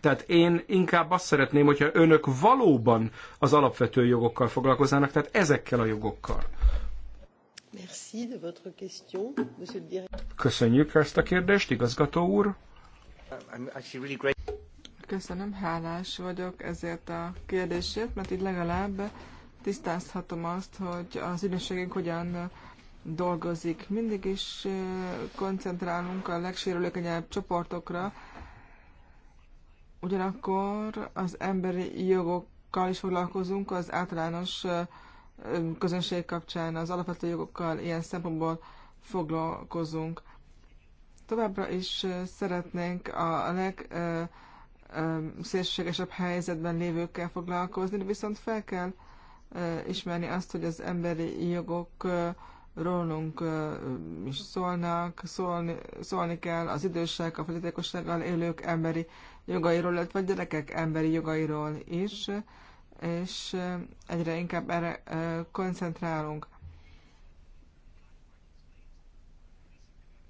Tehát én inkább azt szeretném, hogyha önök valóban az alapvető jogokkal foglalkoznának, tehát ezekkel a jogokkal. Köszönjük ezt a kérdést, igazgató úr. Köszönöm, hálás vagyok ezért a kérdésért, mert így legalább tisztázhatom azt, hogy az ügynökségünk hogyan dolgozik. Mindig is koncentrálunk a legsérülékenyebb csoportokra, ugyanakkor az emberi jogokkal is foglalkozunk az általános közönség kapcsán az alapvető jogokkal ilyen szempontból foglalkozunk. Továbbra is szeretnénk a legszélsőségesebb helyzetben lévőkkel foglalkozni, de viszont fel kell ismerni azt, hogy az emberi jogok rólunk is szólnak, szólni, szólni kell az idősek, a fogyatékossággal élők emberi jogairól, illetve a gyerekek emberi jogairól is és egyre inkább erre koncentrálunk.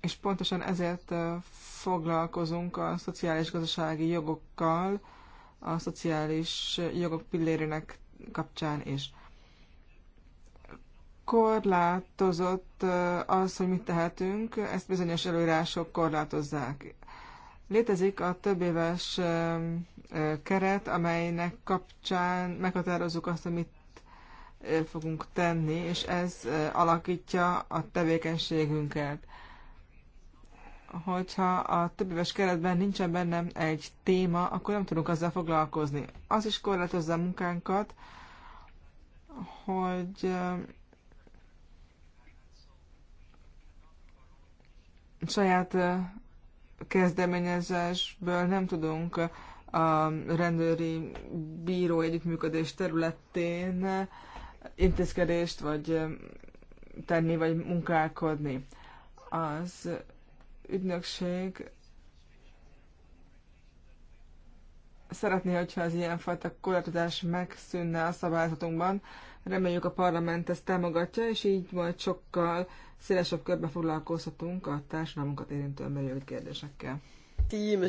És pontosan ezért foglalkozunk a szociális-gazdasági jogokkal, a szociális jogok pillérének kapcsán is. Korlátozott az, hogy mit tehetünk, ezt bizonyos előírások korlátozzák. Létezik a több éves keret, amelynek kapcsán meghatározzuk azt, amit fogunk tenni, és ez alakítja a tevékenységünket. Hogyha a több éves keretben nincsen benne egy téma, akkor nem tudunk azzal foglalkozni. Az is korlátozza a munkánkat, hogy saját kezdeményezésből nem tudunk a rendőri bíró együttműködés területén intézkedést vagy tenni, vagy munkálkodni. Az ügynökség szeretné, hogyha az ilyenfajta korlátozás megszűnne a szabályzatunkban. Reméljük a parlament ezt támogatja, és így majd sokkal szélesebb körbe foglalkozhatunk a társadalmunkat érintő emberi jogi kérdésekkel. Euh,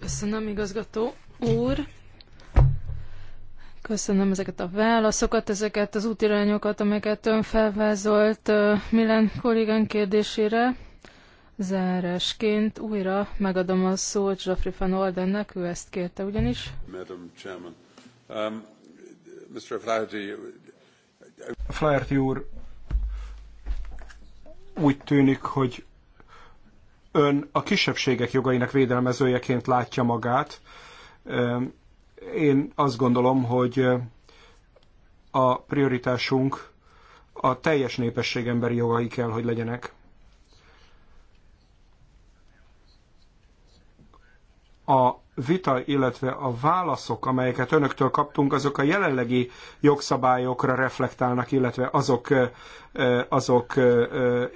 Köszönöm, igazgató úr. Köszönöm ezeket a válaszokat, ezeket az útirányokat, amelyeket ön felvázolt Milán kollégán kérdésére. Zárásként újra megadom a szót Geoffrey van Oldennek, ő ezt kérte ugyanis. Madam Chairman, um, Mr. Flaherty, uh, uh, Flaherty úr, úgy tűnik, hogy ön a kisebbségek jogainak védelmezőjeként látja magát. Én azt gondolom, hogy a prioritásunk a teljes népesség emberi jogai kell, hogy legyenek. A vita, illetve a válaszok, amelyeket önöktől kaptunk, azok a jelenlegi jogszabályokra reflektálnak, illetve azok, azok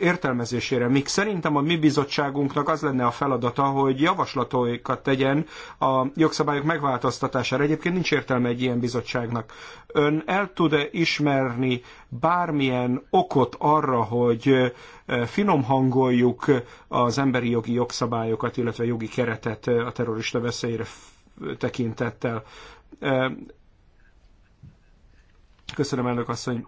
értelmezésére. Míg szerintem a mi bizottságunknak az lenne a feladata, hogy javaslatokat tegyen a jogszabályok megváltoztatására. Egyébként nincs értelme egy ilyen bizottságnak. Ön el tud-e ismerni bármilyen okot arra, hogy finom hangoljuk az emberi jogi jogszabályokat, illetve jogi keretet a terrorista veszély részleteire tekintettel. Köszönöm, elnök asszony.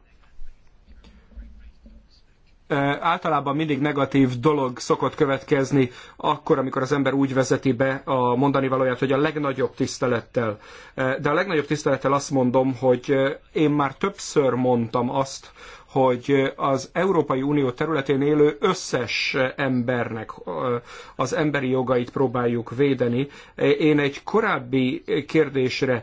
Általában mindig negatív dolog szokott következni akkor, amikor az ember úgy vezeti be a mondani valóját, hogy a legnagyobb tisztelettel. De a legnagyobb tisztelettel azt mondom, hogy én már többször mondtam azt, hogy az Európai Unió területén élő összes embernek az emberi jogait próbáljuk védeni. Én egy korábbi kérdésre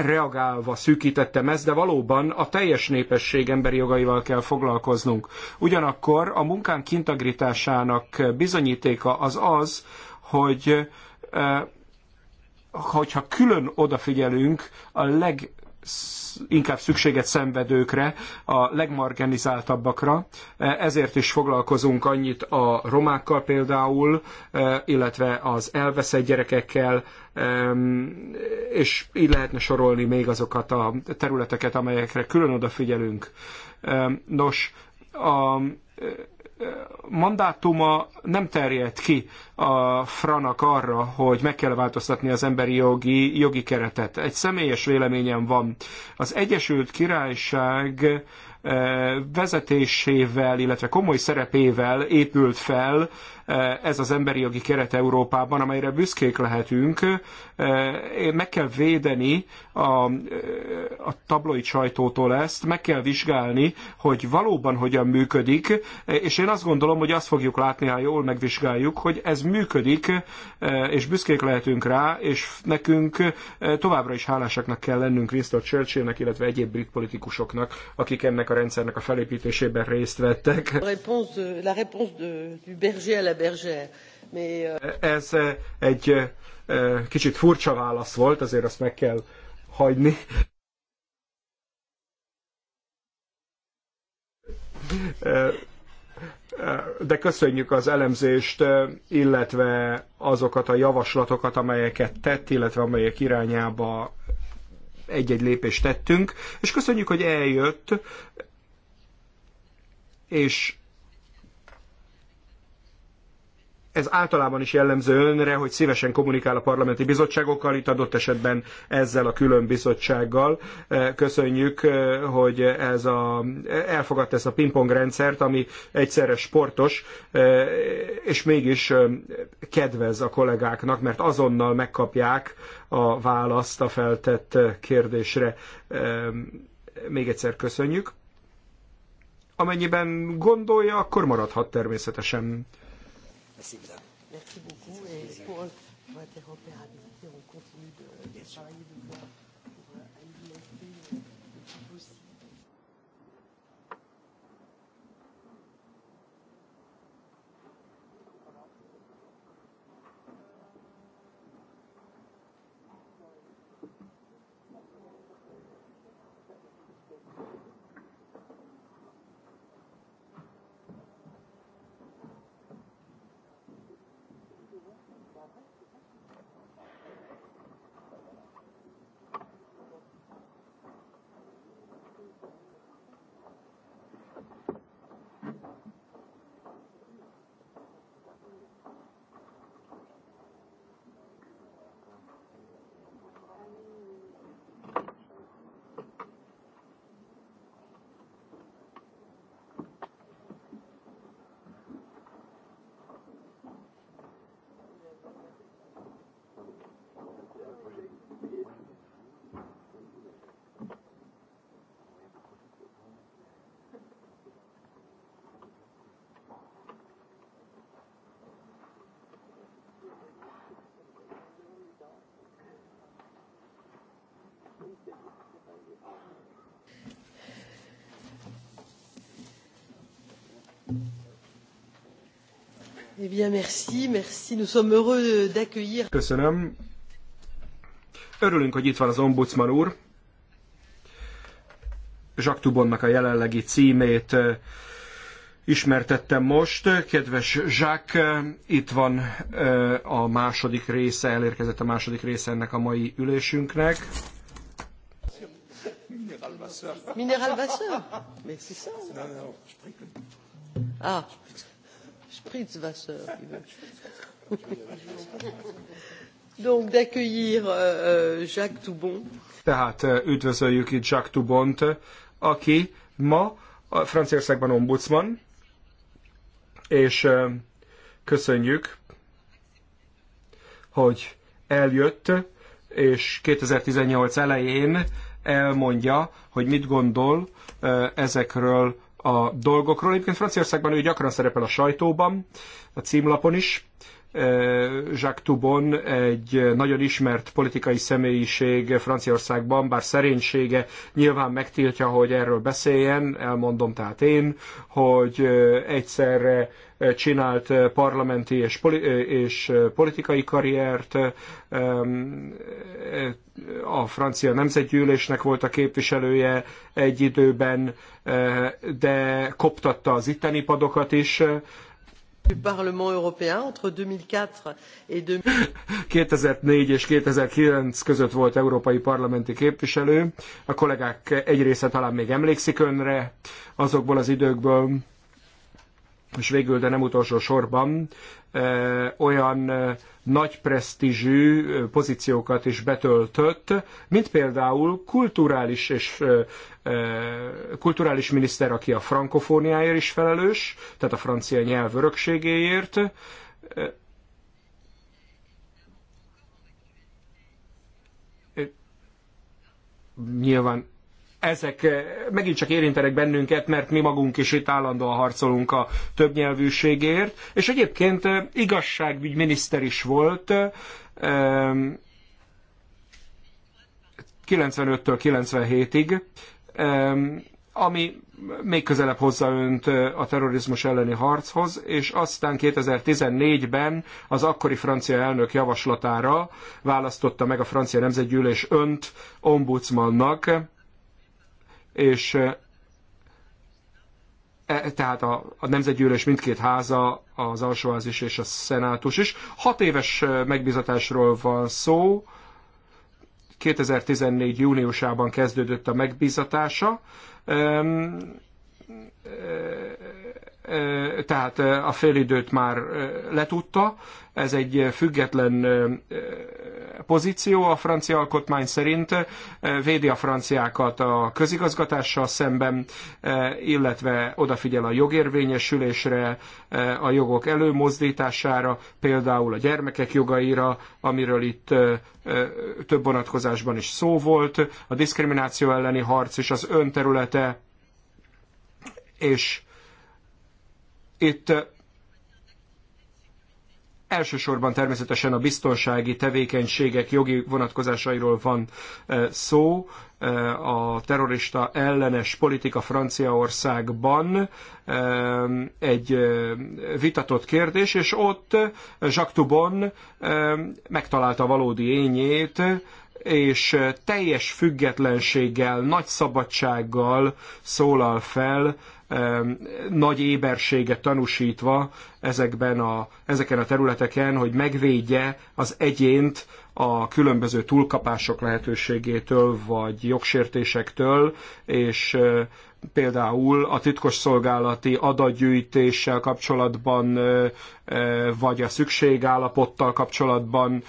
reagálva szűkítettem ezt, de valóban a teljes népesség emberi jogaival kell foglalkoznunk. Ugyanakkor a munkánk integritásának bizonyítéka az az, hogy hogyha külön odafigyelünk a leg inkább szükséget szenvedőkre, a legmarginalizáltabbakra. Ezért is foglalkozunk annyit a romákkal például, illetve az elveszett gyerekekkel, és így lehetne sorolni még azokat a területeket, amelyekre külön odafigyelünk. Nos, a mandátuma nem terjed ki a franak arra, hogy meg kell változtatni az emberi jogi, jogi keretet. Egy személyes véleményem van. Az Egyesült Királyság eh, vezetésével, illetve komoly szerepével épült fel Eh, ez az emberi jogi keret Európában, amelyre büszkék lehetünk. Eh, meg kell védeni a, eh, a tabloid sajtótól ezt, meg kell vizsgálni, hogy valóban hogyan működik, és én azt gondolom, hogy azt fogjuk látni, ha jól megvizsgáljuk, hogy ez működik, és büszkék lehetünk rá, és nekünk továbbra is hálásaknak kell lennünk Winston Churchillnek, illetve egyéb brit politikusoknak, akik ennek a rendszernek a felépítésében részt vettek. La réponse de, la réponse de, du berger à la Euh, Ez egy kicsit furcsa válasz volt, azért azt meg kell hagyni. De köszönjük az elemzést, illetve azokat a javaslatokat, amelyeket tett, illetve amelyek irányába egy-egy lépést tettünk, és köszönjük, hogy eljött, és ez általában is jellemző önre, hogy szívesen kommunikál a parlamenti bizottságokkal, itt adott esetben ezzel a külön bizottsággal. E, köszönjük, e, hogy ez a, elfogadta ezt a pingpong rendszert, ami egyszerre sportos, e, és mégis kedvez a kollégáknak, mert azonnal megkapják a választ a feltett kérdésre. Még egyszer köszönjük. Amennyiben gondolja, akkor maradhat természetesen. Merci, madame. Merci beaucoup et pour votre repérage. Eh bien, merci, merci. Nous sommes heureux d'accueillir. Köszönöm. Örülünk, hogy itt van az ombudsman úr. Jacques Toubonnak a jelenlegi címét eh, ismertettem most. Kedves Jacques, eh, itt van eh, a második része, elérkezett a második része ennek a mai ülésünknek. Minéral Vasseur. Mais c'est ça. Non, non, je prie que... Ah. Spritzwasser. Donc d'accueillir uh, Jacques Toubon. Tehát euh, üdvözöljük itt Jacques Toubont, aki ma a Franciaországban ombudsman, és euh, köszönjük, hogy eljött, és 2018 elején elmondja, hogy mit gondol ezekről a dolgokról. Egyébként Franciaországban ő gyakran szerepel a sajtóban, a címlapon is, Eh, Jacques Toubon egy nagyon ismert politikai személyiség Franciaországban, bár szerénysége nyilván megtiltja, hogy erről beszéljen, elmondom tehát én, hogy eh, egyszerre eh, csinált parlamenti és, és politikai karriert, ehm, a francia nemzetgyűlésnek volt a képviselője egy időben, de koptatta az itteni padokat is, 2004 és 2009 között volt európai parlamenti képviselő. A kollégák egy része talán még emlékszik önre azokból az időkből és végül, de nem utolsó sorban olyan nagy presztízsű pozíciókat is betöltött, mint például kulturális és kulturális miniszter, aki a frankofóniáért is felelős, tehát a francia nyelv örökségéért, nyilván ezek eh, megint csak érintenek bennünket, mert mi magunk is itt állandóan harcolunk a többnyelvűségért, és egyébként eh, igazságügyminiszter is volt, 95-től eh, 97-ig, ami még közelebb hozza önt a terrorizmus elleni harchoz, és aztán 2014-ben az akkori francia elnök javaslatára választotta meg a francia nemzetgyűlés önt ombudsmannak, és e, tehát a, a nemzetgyűlés mindkét háza, az alsóház is és a szenátus is. Hat éves megbizatásról van szó, 2014. júniusában kezdődött a megbizatása tehát a félidőt már letudta, ez egy független pozíció a francia alkotmány szerint, védi a franciákat a közigazgatással szemben, illetve odafigyel a jogérvényesülésre, a jogok előmozdítására, például a gyermekek jogaira, amiről itt több vonatkozásban is szó volt, a diszkrimináció elleni harc és az önterülete, és itt elsősorban természetesen a biztonsági tevékenységek jogi vonatkozásairól van szó. A terrorista ellenes politika Franciaországban egy vitatott kérdés, és ott Jacques Toubon megtalálta valódi ényét, és teljes függetlenséggel, nagy szabadsággal szólal fel nagy éberséget tanúsítva ezekben a, ezeken a területeken, hogy megvédje az egyént a különböző túlkapások lehetőségétől, vagy jogsértésektől, és például a titkos szolgálati adatgyűjtéssel kapcsolatban, vagy a szükségállapottal kapcsolatban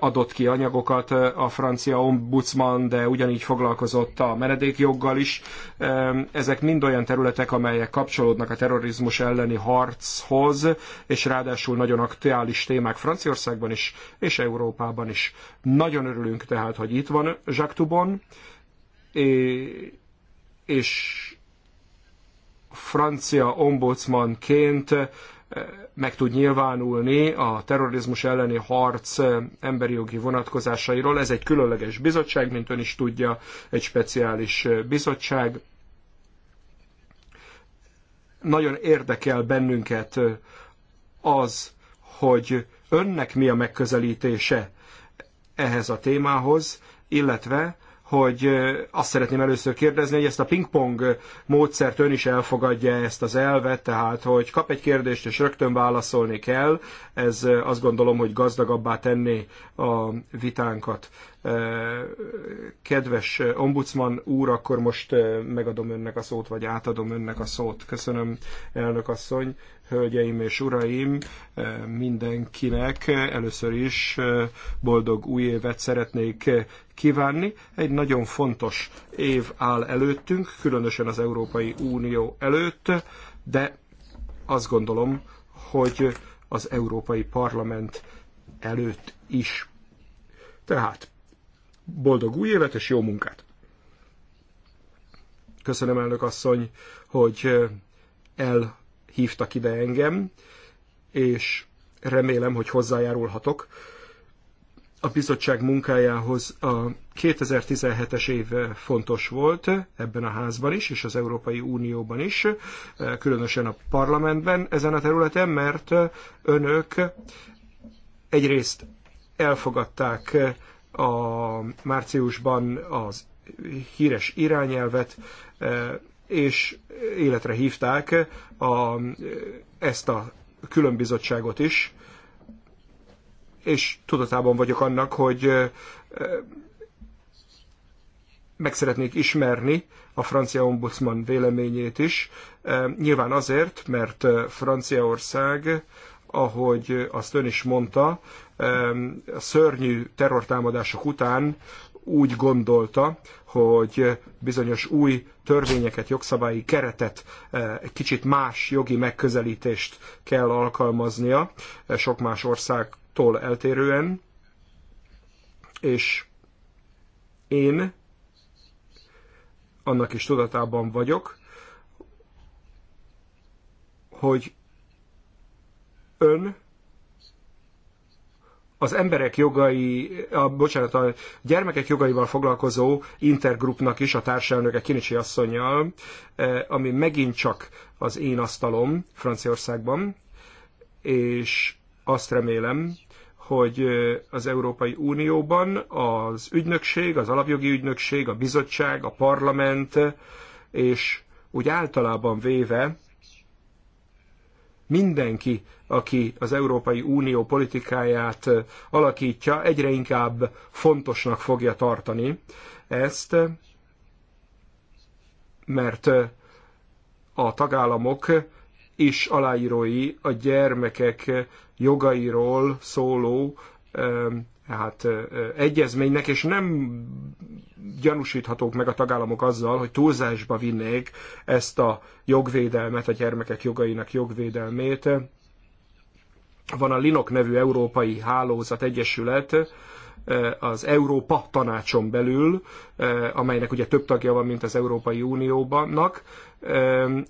adott ki anyagokat a francia ombudsman, de ugyanígy foglalkozott a menedékjoggal is. Ezek mind olyan területek, amelyek kapcsolódnak a terrorizmus elleni harchoz, és ráadásul nagyon aktuális témák Franciaországban is, és Európában is. Nagyon örülünk tehát, hogy itt van Jacques Toubon, és francia ombudsmanként eh, meg tud nyilvánulni a terrorizmus elleni harc eh, emberi jogi vonatkozásairól. Ez egy különleges bizottság, mint ön is tudja, egy speciális eh, bizottság. Nagyon érdekel bennünket az, hogy önnek mi a megközelítése ehhez a témához, illetve hogy azt szeretném először kérdezni, hogy ezt a pingpong módszert ön is elfogadja ezt az elvet, tehát hogy kap egy kérdést és rögtön válaszolni kell, ez azt gondolom, hogy gazdagabbá tenné a vitánkat. Kedves ombudsman úr, akkor most megadom önnek a szót, vagy átadom önnek a szót. Köszönöm, elnök asszony, hölgyeim és uraim, mindenkinek először is boldog új évet szeretnék kívánni. Egy nagyon fontos év áll előttünk, különösen az Európai Unió előtt, de azt gondolom, hogy az Európai Parlament előtt is. Tehát boldog új évet és jó munkát! Köszönöm, elnök asszony, hogy elhívtak ide engem, és remélem, hogy hozzájárulhatok a bizottság munkájához a 2017-es év fontos volt ebben a házban is, és az Európai Unióban is, különösen a parlamentben ezen a területen, mert önök egyrészt elfogadták a márciusban az híres irányelvet, e, és életre hívták a, ezt a különbizottságot is, és tudatában vagyok annak, hogy e, meg szeretnék ismerni a francia ombudsman véleményét is. E, nyilván azért, mert Franciaország, ahogy azt ön is mondta, a szörnyű terrortámadások után úgy gondolta, hogy bizonyos új törvényeket, jogszabályi keretet, eh, egy kicsit más jogi megközelítést kell alkalmaznia eh, sok más országtól eltérően, és én annak is tudatában vagyok, hogy ön az emberek jogai, a, bocsánat, a gyermekek jogaival foglalkozó intergrupnak is, a társelnöke Kinicsi asszonyjal, e, ami megint csak az én asztalom Franciaországban, és azt remélem, hogy e, az Európai Unióban az ügynökség, az alapjogi ügynökség, a bizottság, a parlament, és úgy általában véve mindenki, aki az Európai Unió politikáját alakítja, egyre inkább fontosnak fogja tartani ezt, mert a tagállamok is aláírói a gyermekek jogairól szóló hát egyezménynek, és nem gyanúsíthatók meg a tagállamok azzal, hogy túlzásba vinnék ezt a jogvédelmet, a gyermekek jogainak jogvédelmét. Van a Linok nevű Európai Hálózat Egyesület, az Európa tanácson belül, amelynek ugye több tagja van, mint az Európai Unióbannak,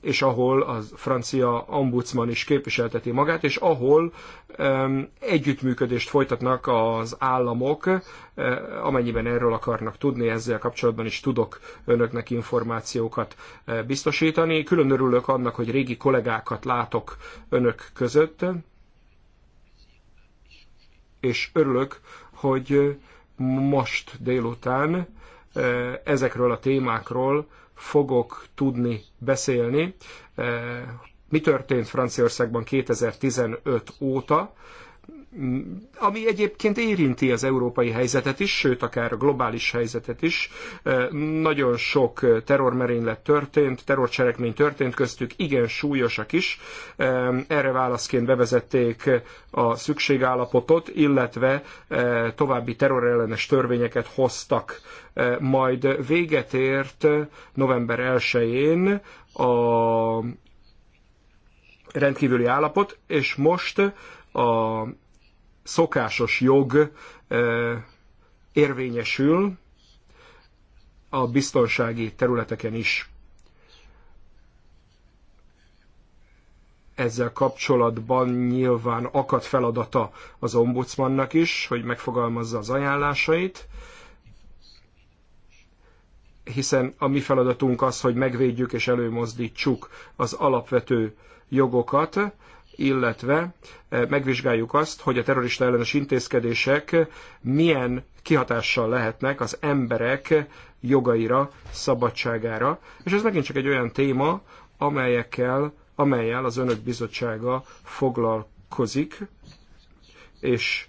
és ahol a francia ombudsman is képviselteti magát, és ahol együttműködést folytatnak az államok, amennyiben erről akarnak tudni, ezzel kapcsolatban is tudok önöknek információkat eh, biztosítani. Külön örülök annak, hogy régi kollégákat látok önök között, és örülök, hogy most délután eh, ezekről a témákról fogok tudni beszélni. Eh, mi történt Franciaországban 2015 óta? ami egyébként érinti az európai helyzetet is, sőt, akár a globális helyzetet is. Nagyon sok terrormerénylet történt, terrorcselekmény történt köztük, igen súlyosak is. Erre válaszként bevezették a szükségállapotot, illetve további terrorellenes törvényeket hoztak. Majd véget ért november 1-én a rendkívüli állapot, és most a szokásos jog érvényesül a biztonsági területeken is. Ezzel kapcsolatban nyilván akad feladata az ombudsmannak is, hogy megfogalmazza az ajánlásait, hiszen a mi feladatunk az, hogy megvédjük és előmozdítsuk az alapvető jogokat, illetve eh, megvizsgáljuk azt, hogy a terrorista ellenes intézkedések milyen kihatással lehetnek az emberek jogaira, szabadságára. És ez megint csak egy olyan téma, amelyekkel, amelyel az Önök Bizottsága foglalkozik, és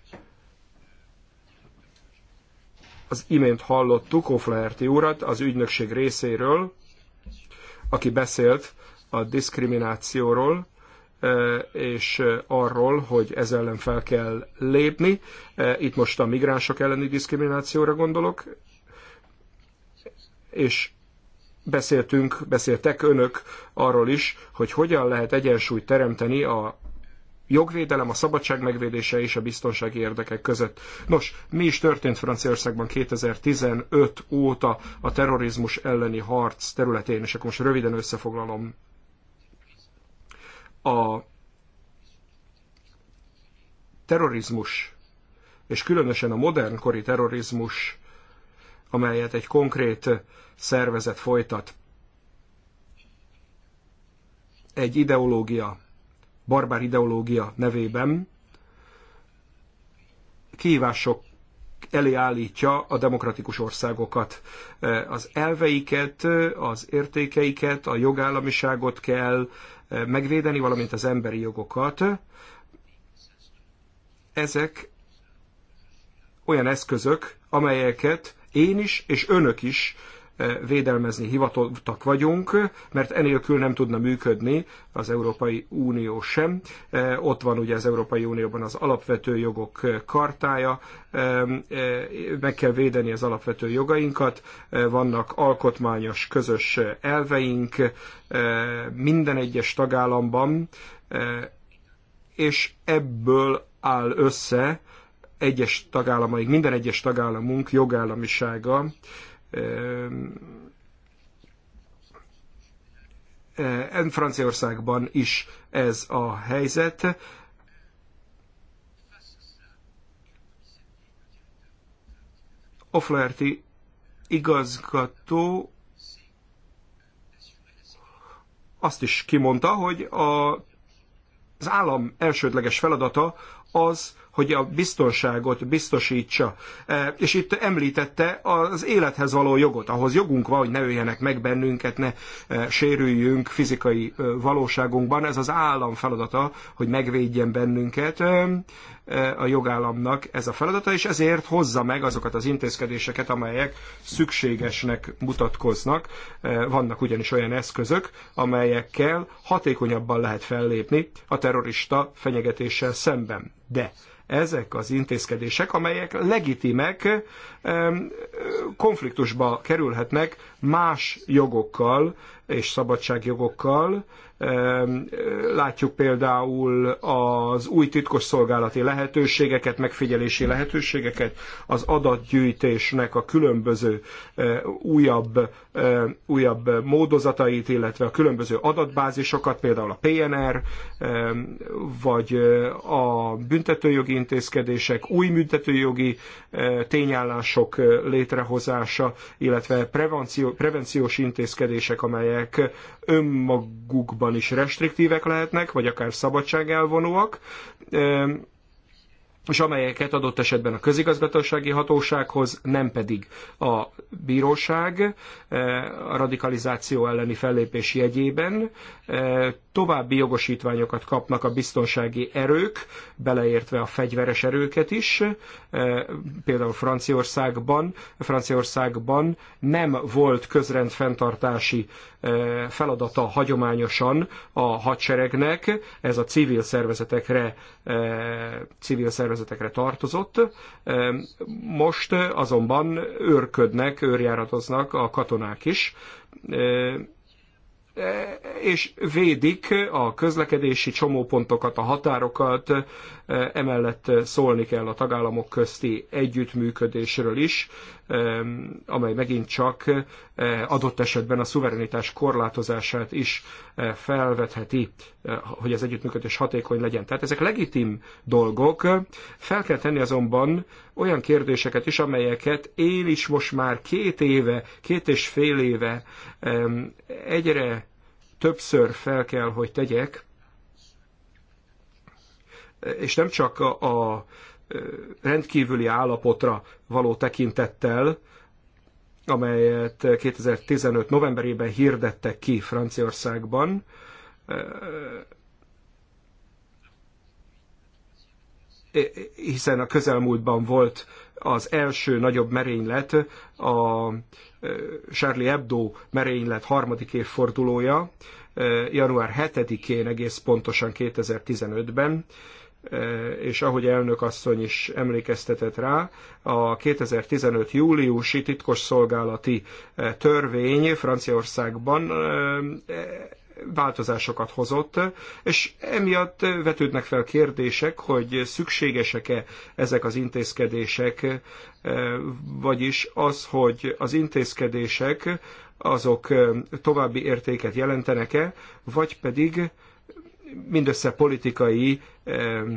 az imént hallottuk O'Flaherty urat az ügynökség részéről, aki beszélt a diszkriminációról, és arról, hogy ez ellen fel kell lépni. Itt most a migránsok elleni diszkriminációra gondolok, és beszéltünk, beszéltek önök arról is, hogy hogyan lehet egyensúlyt teremteni a jogvédelem, a szabadság megvédése és a biztonsági érdekek között. Nos, mi is történt Franciaországban 2015 óta a terrorizmus elleni harc területén, és akkor most röviden összefoglalom a terrorizmus, és különösen a modernkori terrorizmus, amelyet egy konkrét szervezet folytat, egy ideológia, barbár ideológia nevében kihívások elé állítja a demokratikus országokat. E, az elveiket, e, az értékeiket, a jogállamiságot kell e, megvédeni, valamint az emberi jogokat. Ezek olyan eszközök, amelyeket én is és önök is védelmezni hivatottak vagyunk, mert enélkül nem tudna működni az Európai Unió sem. Ott van ugye az Európai Unióban az alapvető jogok kartája, meg kell védeni az alapvető jogainkat, vannak alkotmányos közös elveink minden egyes tagállamban, és ebből áll össze egyes tagállamaik, minden egyes tagállamunk jogállamisága, En Franciaországban is ez a helyzet. Offlerti igazgató azt is kimondta, hogy a, az állam elsődleges feladata az, hogy a biztonságot biztosítsa. E, és itt említette az élethez való jogot, ahhoz jogunk van, hogy ne öljenek meg bennünket, ne e, sérüljünk fizikai e, valóságunkban. Ez az állam feladata, hogy megvédjen bennünket a jogállamnak ez a feladata, és ezért hozza meg azokat az intézkedéseket, amelyek szükségesnek mutatkoznak. Vannak ugyanis olyan eszközök, amelyekkel hatékonyabban lehet fellépni a terrorista fenyegetéssel szemben de ezek az intézkedések, amelyek legitimek, konfliktusba kerülhetnek más jogokkal és szabadságjogokkal, Látjuk például az új titkosszolgálati lehetőségeket, megfigyelési lehetőségeket, az adatgyűjtésnek a különböző eh, újabb, eh, újabb módozatait, illetve a különböző adatbázisokat, például a PNR, vagy eh, a büntetőjogi intézkedések, új büntetőjogi tényállások létrehozása, illetve prevenció, prevenciós intézkedések, amelyek önmagukban jobban is restriktívek lehetnek, vagy akár szabadságelvonóak, és amelyeket adott esetben a közigazgatósági hatósághoz, nem pedig a bíróság eh, a radikalizáció elleni fellépés jegyében. Eh, további jogosítványokat kapnak a biztonsági erők, beleértve a fegyveres erőket is. Eh, például Franciaországban, Franciaországban nem volt közrendfenntartási feladata hagyományosan a hadseregnek, ez a civil szervezetekre, civil szervezetekre tartozott. Most azonban őrködnek, őrjáratoznak a katonák is, e, és védik a közlekedési csomópontokat, a határokat, Emellett eh, szólni kell a tagállamok közti együttműködésről is, amely megint csak eh, adott esetben a szuverenitás korlátozását is eh, felvetheti, hogy az együttműködés hatékony legyen. Tehát ezek legitim dolgok, fel kell tenni azonban olyan kérdéseket is, amelyeket én is most már két éve, két és fél éve egyre többször fel kell, hogy tegyek, és nem csak a rendkívüli állapotra való tekintettel, amelyet 2015. novemberében hirdettek ki Franciaországban, hiszen a közelmúltban volt az első nagyobb merénylet, a Charlie Hebdo merénylet harmadik évfordulója, január 7-én egész pontosan 2015-ben, és ahogy elnök asszony is emlékeztetett rá, a 2015. júliusi titkos szolgálati törvény Franciaországban e, változásokat hozott, és emiatt vetődnek fel kérdések, hogy szükségesek-e ezek az intézkedések, vagyis az, hogy az intézkedések azok további értéket jelentenek-e, vagy pedig mindössze politikai eh, eh,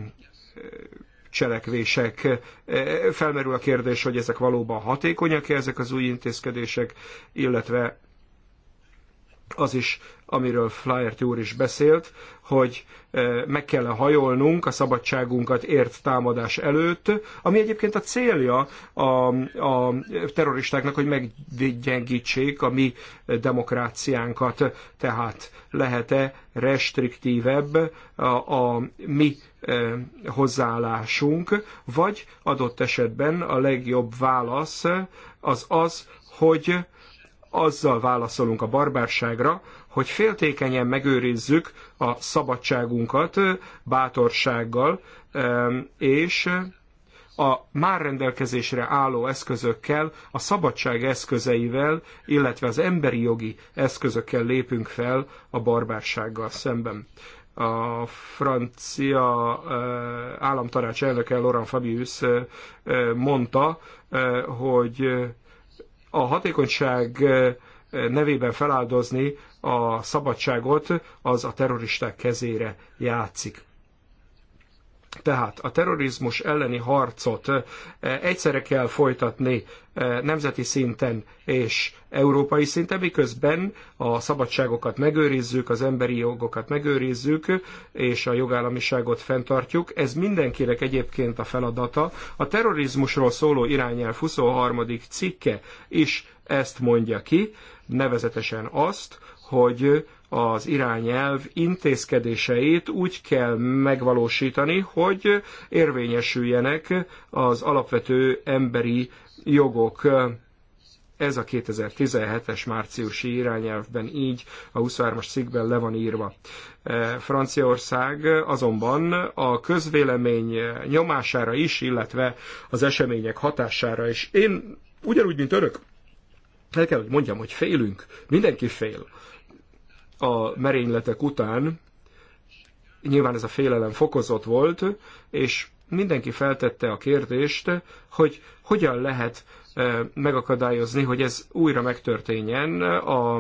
cselekvések. Eh, felmerül a kérdés, hogy ezek valóban hatékonyak-e ezek az új intézkedések, illetve az is, amiről Flyert úr is beszélt, hogy eh, meg kell hajolnunk a szabadságunkat ért támadás előtt, ami egyébként a célja a, a terroristáknak, hogy meggyengítsék a mi demokráciánkat, tehát lehet-e restriktívebb a, a mi eh, hozzáállásunk, vagy adott esetben a legjobb válasz az az, hogy azzal válaszolunk a barbárságra, hogy féltékenyen megőrizzük a szabadságunkat bátorsággal, és a már rendelkezésre álló eszközökkel, a szabadság eszközeivel, illetve az emberi jogi eszközökkel lépünk fel a barbársággal szemben. A francia államtanács elnöke Laurent Fabius mondta, hogy a hatékonyság eh, eh, nevében feláldozni a szabadságot, az a terroristák kezére játszik. Tehát a terrorizmus elleni harcot eh, egyszerre kell folytatni eh, nemzeti szinten és európai szinten, miközben a szabadságokat megőrizzük, az emberi jogokat megőrizzük, és a jogállamiságot fenntartjuk. Ez mindenkinek egyébként a feladata. A terrorizmusról szóló irányelv 23. cikke is ezt mondja ki, nevezetesen azt, hogy az irányelv intézkedéseit úgy kell megvalósítani, hogy érvényesüljenek az alapvető emberi jogok. Ez a 2017-es márciusi irányelvben így a 23-as cikkben le van írva. E, Franciaország azonban a közvélemény nyomására is, illetve az események hatására is. Én ugyanúgy, mint örök, el kell, hogy mondjam, hogy félünk, mindenki fél a merényletek után, nyilván ez a félelem fokozott volt, és mindenki feltette a kérdést, hogy hogyan lehet e, megakadályozni, hogy ez újra megtörténjen. A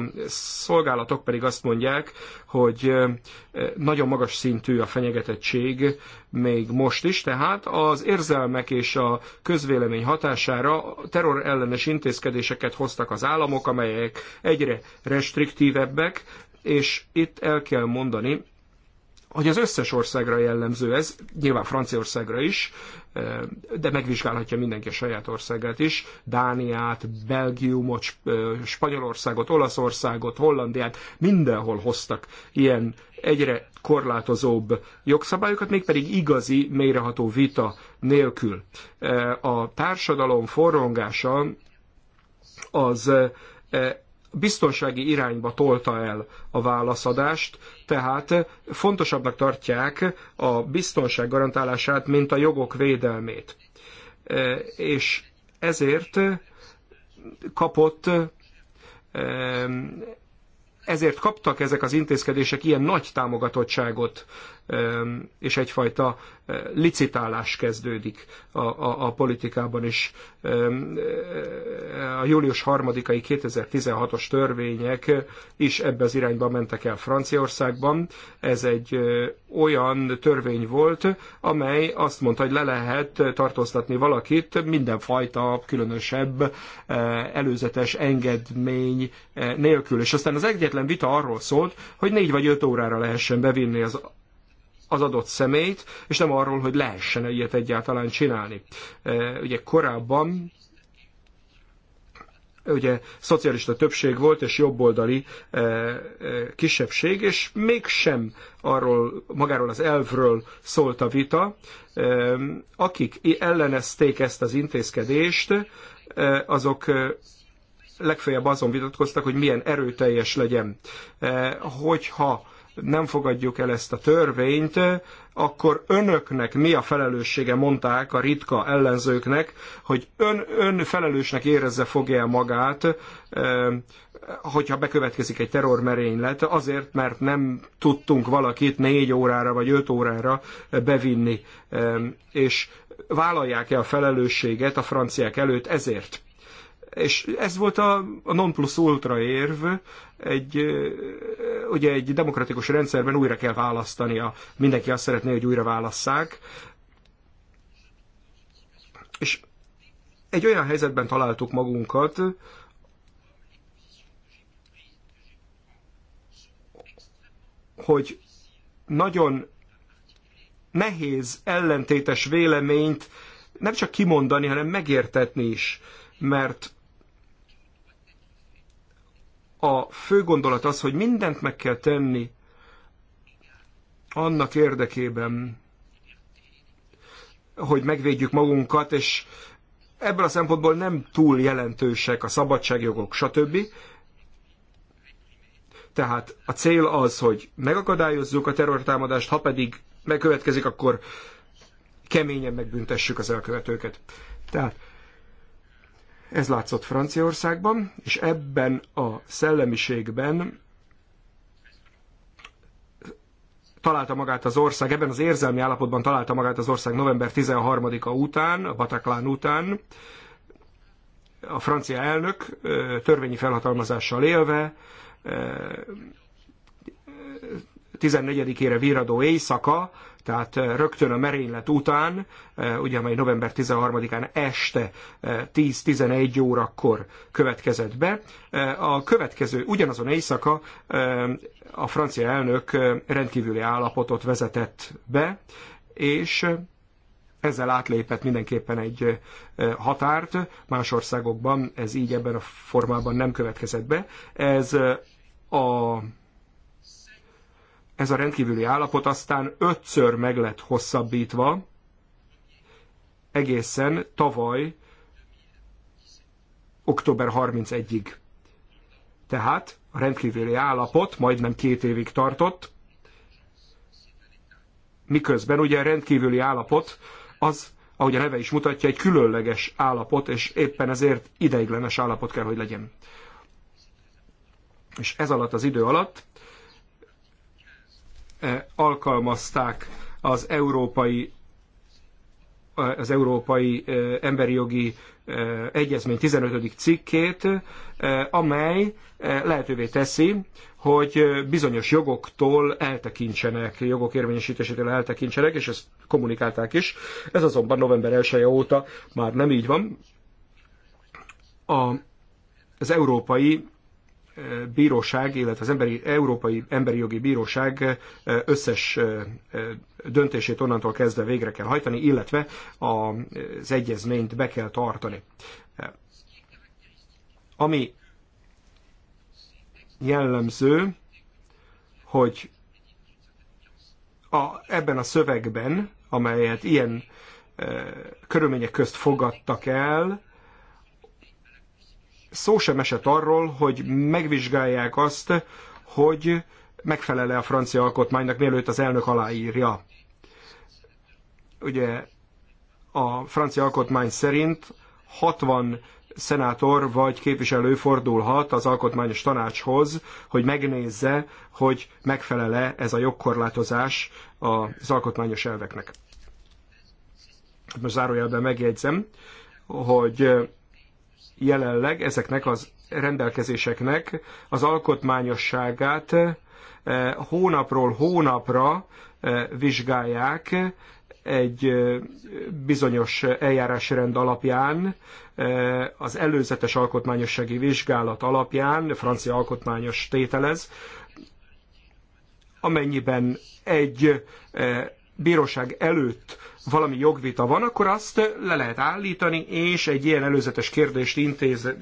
szolgálatok pedig azt mondják, hogy e, nagyon magas szintű a fenyegetettség még most is, tehát az érzelmek és a közvélemény hatására terrorellenes intézkedéseket hoztak az államok, amelyek egyre restriktívebbek, és itt el kell mondani, hogy az összes országra jellemző ez, nyilván Franciaországra is, eh, de megvizsgálhatja mindenki a saját országát is, Dániát, Belgiumot, eh, Spanyolországot, Olaszországot, Hollandiát, mindenhol hoztak ilyen egyre korlátozóbb jogszabályokat, mégpedig igazi, mélyreható vita nélkül. Eh, a társadalom forrongása az biztonsági irányba tolta el a válaszadást, tehát fontosabbnak tartják a biztonság garantálását, mint a jogok védelmét. E, és ezért kapott e, ezért kaptak ezek az intézkedések ilyen nagy támogatottságot és egyfajta licitálás kezdődik a, a, a politikában is. A július 3-ai 2016-os törvények is ebbe az irányba mentek el Franciaországban. Ez egy olyan törvény volt, amely azt mondta, hogy le lehet tartóztatni valakit mindenfajta különösebb előzetes engedmény nélkül. És aztán az egyetlen vita arról szólt, hogy négy vagy öt órára lehessen bevinni az az adott személyt, és nem arról, hogy lehessen -e ilyet egyáltalán csinálni. E, ugye korábban ugye szocialista többség volt, és jobboldali e, e, kisebbség, és mégsem arról, magáról az elvről szólt a vita. E, akik ellenezték ezt az intézkedést, e, azok e, legfeljebb azon vitatkoztak, hogy milyen erőteljes legyen. E, hogyha nem fogadjuk el ezt a törvényt, akkor önöknek mi a felelőssége, mondták a ritka ellenzőknek, hogy ön, ön felelősnek érezze fogja magát, hogyha bekövetkezik egy terrormerénylet, azért, mert nem tudtunk valakit négy órára vagy öt órára bevinni. És vállalják-e a felelősséget a franciák előtt ezért? És ez volt a, a non plus ultra érv, egy, ugye egy demokratikus rendszerben újra kell választani a mindenki azt szeretné, hogy újra válasszák. És egy olyan helyzetben találtuk magunkat, hogy nagyon nehéz ellentétes véleményt nem csak kimondani, hanem megértetni is, mert a fő gondolat az, hogy mindent meg kell tenni annak érdekében, hogy megvédjük magunkat, és ebből a szempontból nem túl jelentősek a szabadságjogok, stb. Tehát a cél az, hogy megakadályozzuk a terrortámadást, ha pedig megkövetkezik, akkor keményen megbüntessük az elkövetőket. Tehát ez látszott Franciaországban, és ebben a szellemiségben találta magát az ország, ebben az érzelmi állapotban találta magát az ország november 13-a után, a Bataclan után, a francia elnök törvényi felhatalmazással élve 14-ére viradó éjszaka tehát eh, rögtön a merénylet után, eh, ugye amely november 13-án este 10-11 eh, órakor következett be. A következő, ugyanazon éjszaka a francia elnök rendkívüli állapotot vezetett be, és ezzel átlépett mindenképpen egy határt, más országokban ez így ebben a formában nem következett be. Ez a ez a rendkívüli állapot aztán ötször meg lett hosszabbítva, egészen tavaly október 31-ig. Tehát a rendkívüli állapot majdnem két évig tartott, miközben ugye a rendkívüli állapot az, ahogy a neve is mutatja, egy különleges állapot, és éppen ezért ideiglenes állapot kell, hogy legyen. És ez alatt az idő alatt alkalmazták az európai az Európai Emberi Jogi Egyezmény 15. cikkét, amely lehetővé teszi, hogy bizonyos jogoktól eltekintsenek, jogok érvényesítésétől eltekintsenek, és ezt kommunikálták is. Ez azonban november 1 -e óta már nem így van. A, az európai bíróság, illetve az emberi, Európai Emberi Jogi Bíróság összes döntését onnantól kezdve végre kell hajtani, illetve az egyezményt be kell tartani. Ami jellemző, hogy a, ebben a szövegben, amelyet ilyen e, körülmények közt fogadtak el, szó sem esett arról, hogy megvizsgálják azt, hogy megfelele a francia alkotmánynak, mielőtt az elnök aláírja. Ugye a francia alkotmány szerint 60 szenátor vagy képviselő fordulhat az alkotmányos tanácshoz, hogy megnézze, hogy megfelele ez a jogkorlátozás az alkotmányos elveknek. Most zárójelben megjegyzem, hogy jelenleg ezeknek az rendelkezéseknek az alkotmányosságát eh, hónapról hónapra eh, vizsgálják eh, egy bizonyos eljárásrend alapján, az előzetes alkotmányossági vizsgálat alapján, francia alkotmányos tételez, amennyiben egy bíróság előtt valami jogvita van, akkor azt le lehet állítani, és egy ilyen előzetes kérdést intéz,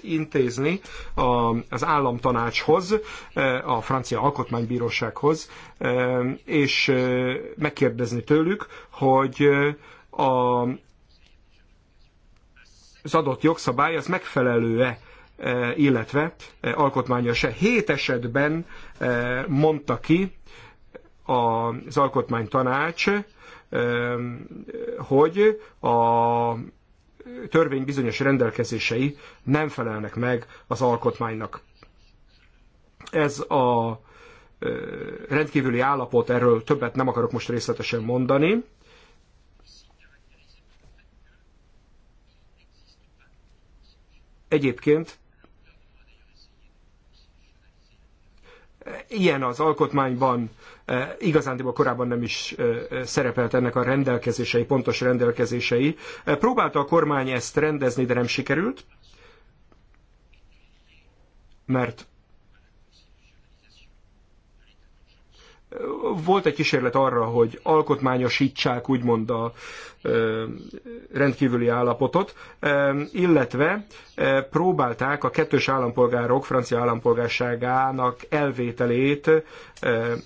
intézni az államtanácshoz, eh, a francia alkotmánybírósághoz, eh, és eh, megkérdezni tőlük, hogy a, az adott jogszabály az megfelelő-e illetve alkotmányos-e. Hét esetben mondta ki az alkotmánytanács, hogy a törvény bizonyos rendelkezései nem felelnek meg az alkotmánynak. Ez a rendkívüli állapot, erről többet nem akarok most részletesen mondani. Egyébként ilyen az alkotmányban, e, igazándiból korábban nem is e, szerepelt ennek a rendelkezései, pontos rendelkezései. E, próbálta a kormány ezt rendezni, de nem sikerült, mert volt egy kísérlet arra, hogy alkotmányosítsák úgymond a rendkívüli állapotot, illetve próbálták a kettős állampolgárok francia állampolgárságának elvételét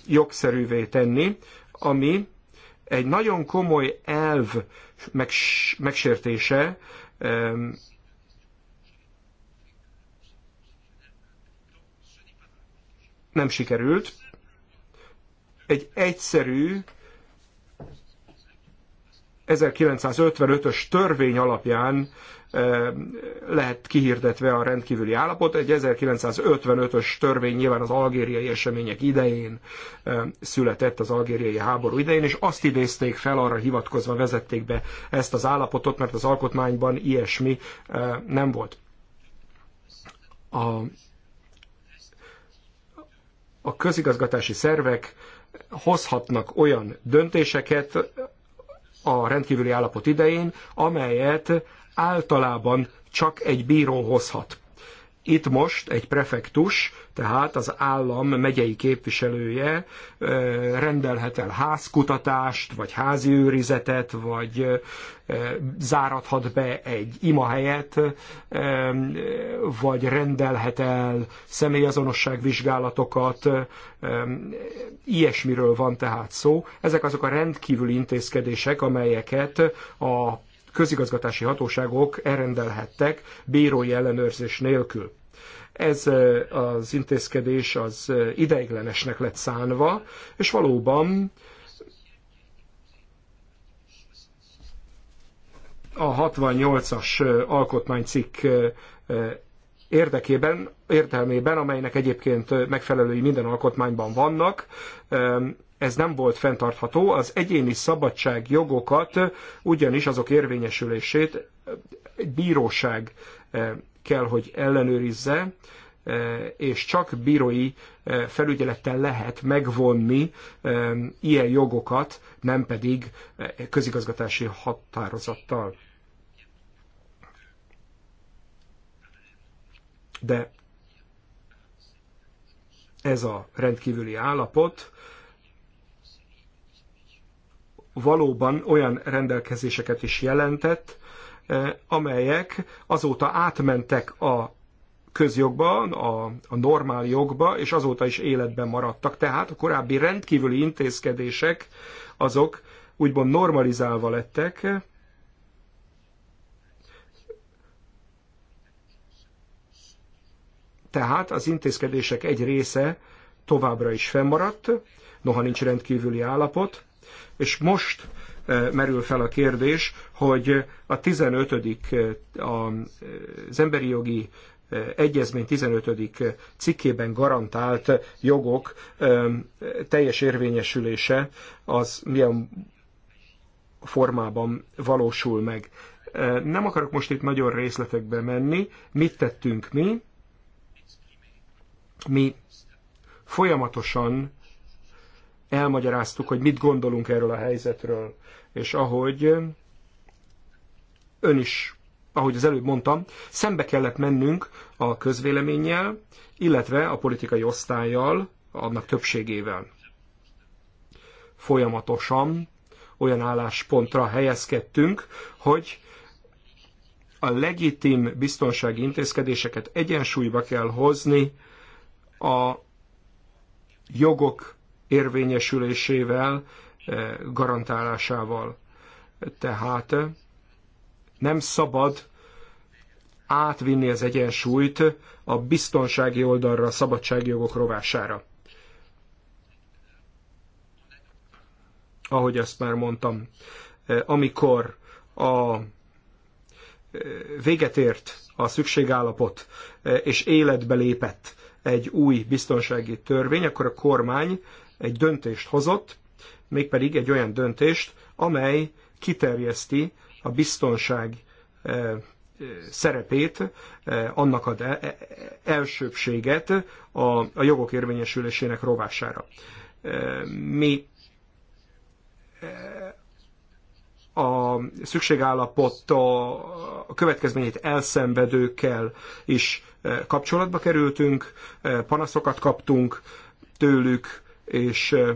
jogszerűvé tenni, ami egy nagyon komoly elv megsértése, nem sikerült, egy egyszerű 1955-ös törvény alapján eh, lehet kihirdetve a rendkívüli állapot. Egy 1955-ös törvény nyilván az algériai események idején eh, született, az algériai háború idején, és azt idézték fel, arra hivatkozva vezették be ezt az állapotot, mert az alkotmányban ilyesmi eh, nem volt. A, a közigazgatási szervek hozhatnak olyan döntéseket a rendkívüli állapot idején, amelyet általában csak egy bíró hozhat. Itt most egy prefektus, tehát az állam megyei képviselője rendelhet el házkutatást, vagy házi őrizetet, vagy záradhat be egy imahelyet, vagy rendelhet el személyazonosságvizsgálatokat, ilyesmiről van tehát szó. Ezek azok a rendkívüli intézkedések, amelyeket a közigazgatási hatóságok elrendelhettek bírói ellenőrzés nélkül. Ez az intézkedés az ideiglenesnek lett szánva, és valóban a 68-as alkotmánycikk érdekében, értelmében, amelynek egyébként megfelelői minden alkotmányban vannak, ez nem volt fenntartható, az egyéni szabadságjogokat, ugyanis azok érvényesülését egy bíróság eh, kell, hogy ellenőrizze, eh, és csak bírói eh, felügyelettel lehet megvonni ilyen jogokat, nem pedig közigazgatási határozattal. De ez a rendkívüli állapot valóban olyan rendelkezéseket is jelentett, eh, amelyek azóta átmentek a közjogba, a, a normál jogba, és azóta is életben maradtak. Tehát a korábbi rendkívüli intézkedések azok úgymond normalizálva lettek, tehát az intézkedések egy része továbbra is fennmaradt, noha nincs rendkívüli állapot, és most eh, merül fel a kérdés, hogy a 15. Eh, az emberi jogi eh, egyezmény 15. cikkében garantált jogok teljes érvényesülése az milyen formában valósul meg. Nem akarok most itt nagyon részletekbe menni. Mit tettünk mi? Mi folyamatosan elmagyaráztuk, hogy mit gondolunk erről a helyzetről, és ahogy ön is, ahogy az előbb mondtam, szembe kellett mennünk a közvéleménnyel, illetve a politikai osztályjal, annak többségével. Folyamatosan olyan álláspontra helyezkedtünk, hogy a legitim biztonsági intézkedéseket egyensúlyba kell hozni a jogok érvényesülésével, eh, garantálásával. Tehát eh, nem szabad átvinni az egyensúlyt a biztonsági oldalra, a szabadsági jogok rovására. Ahogy azt már mondtam, eh, amikor a véget ért a szükségállapot, és életbe lépett egy új biztonsági törvény, akkor a kormány egy döntést hozott, mégpedig egy olyan döntést, amely kiterjeszti a biztonság eh, eh, szerepét, eh, annak ad e-, e-, elsőbséget a jogok érvényesülésének rovására. Mi a szükségállapot a következményét elszenvedőkkel is kapcsolatba kerültünk, panaszokat kaptunk tőlük, és eh,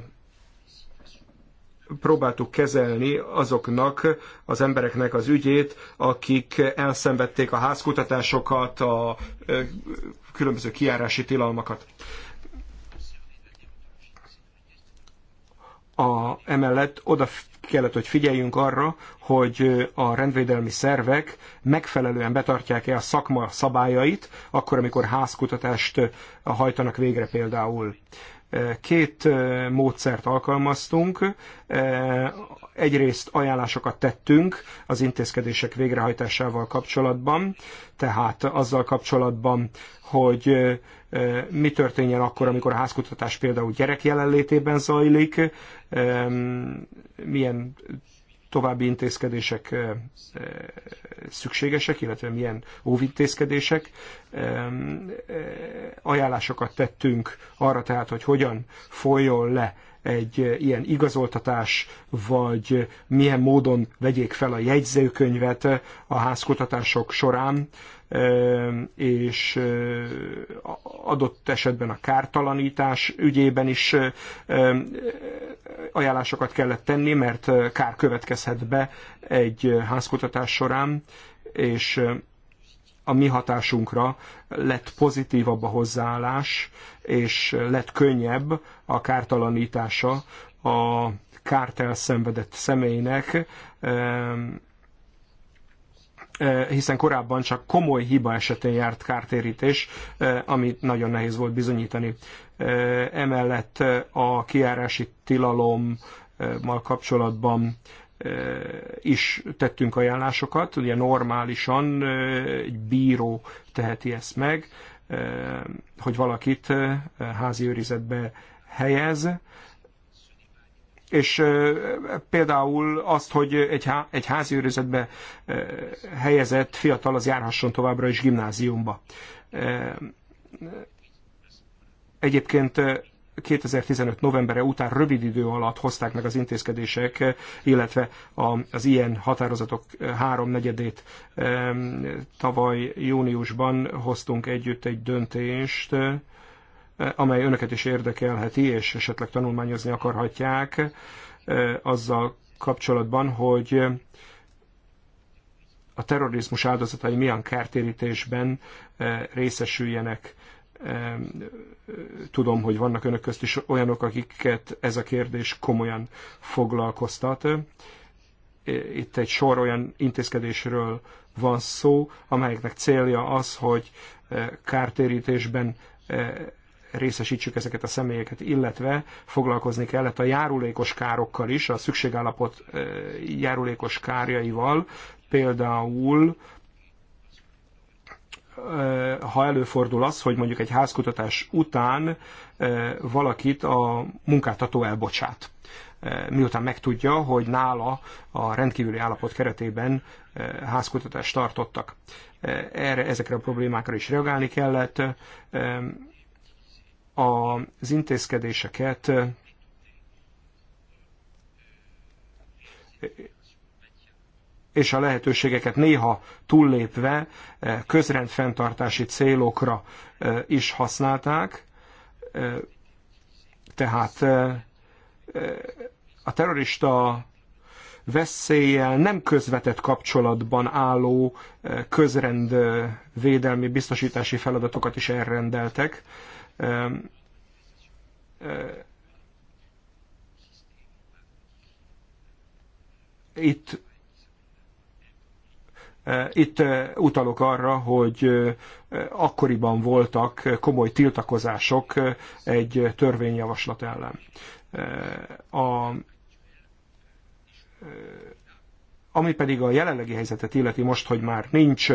próbáltuk kezelni azoknak az embereknek az ügyét, akik elszenvedték a házkutatásokat, a eh, különböző kiárási tilalmakat. a, emellett oda kellett, hogy figyeljünk arra, hogy eh, a rendvédelmi szervek megfelelően betartják-e a szakma szabályait, akkor, amikor házkutatást hajtanak végre például. Két módszert alkalmaztunk, egyrészt ajánlásokat tettünk az intézkedések végrehajtásával kapcsolatban, tehát azzal kapcsolatban, hogy mi történjen akkor, amikor a házkutatás például gyerek jelenlétében zajlik, milyen további intézkedések eh, eh, szükségesek, illetve milyen óvintézkedések. Eh, ajánlásokat tettünk arra tehát, hogy hogyan folyjon le egy eh, ilyen igazoltatás, vagy eh, milyen módon vegyék fel a jegyzőkönyvet eh, a házkutatások során, és adott esetben a kártalanítás ügyében is ajánlásokat kellett tenni, mert kár következhet be egy házkutatás során, és a mi hatásunkra lett pozitívabb a hozzáállás, és lett könnyebb a kártalanítása a kárt elszenvedett személynek, hiszen korábban csak komoly hiba esetén járt kártérítés, ami nagyon nehéz volt bizonyítani. Emellett a kiárási tilalommal kapcsolatban is tettünk ajánlásokat, ugye normálisan egy bíró teheti ezt meg, hogy valakit házi őrizetbe helyez, és például azt, hogy egy, há, egy házi őrizetbe helyezett fiatal az járhasson továbbra is gimnáziumba. Egyébként 2015 novembere után rövid idő alatt hozták meg az intézkedések, illetve az ilyen határozatok háromnegyedét. Tavaly júniusban hoztunk együtt egy döntést, eh, amely önöket is érdekelheti, és esetleg tanulmányozni akarhatják, eh, azzal kapcsolatban, hogy a terrorizmus áldozatai milyen kártérítésben eh, részesüljenek tudom, hogy vannak önök közt is olyanok, akiket ez a kérdés komolyan foglalkoztat. Itt egy sor olyan intézkedésről van szó, amelyeknek célja az, hogy eh, kártérítésben eh, részesítsük ezeket a személyeket, illetve foglalkozni kellett a járulékos károkkal is, a szükségállapot eh, járulékos kárjaival, például ha előfordul az, hogy mondjuk egy házkutatás után valakit a munkáltató elbocsát, miután megtudja, hogy nála a rendkívüli állapot keretében házkutatást tartottak. Erre, ezekre a problémákra is reagálni kellett. Az intézkedéseket és a lehetőségeket néha túllépve eh, közrendfenntartási célokra eh, is használták. Eh, tehát a terrorista veszéllyel nem közvetett kapcsolatban álló közrend védelmi biztosítási feladatokat is elrendeltek. Itt Eh, itt eh, utalok arra, hogy eh, akkoriban voltak komoly tiltakozások egy törvényjavaslat ellen. A, ami pedig a jelenlegi helyzetet illeti most, hogy már nincs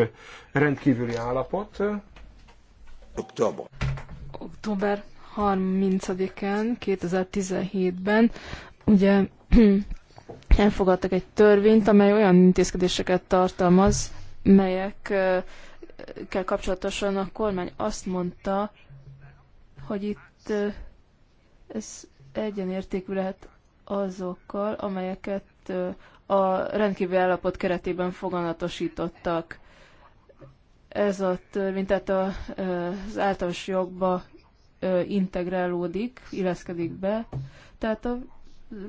rendkívüli állapot. Október. Október 30-án 2017-ben ugye elfogadtak egy törvényt, amely olyan intézkedéseket tartalmaz, melyekkel kapcsolatosan a kormány azt mondta, hogy itt ez egyenértékű lehet azokkal, amelyeket a rendkívül állapot keretében foganatosítottak. Ez a törvény, tehát az általános jogba integrálódik, illeszkedik be, tehát a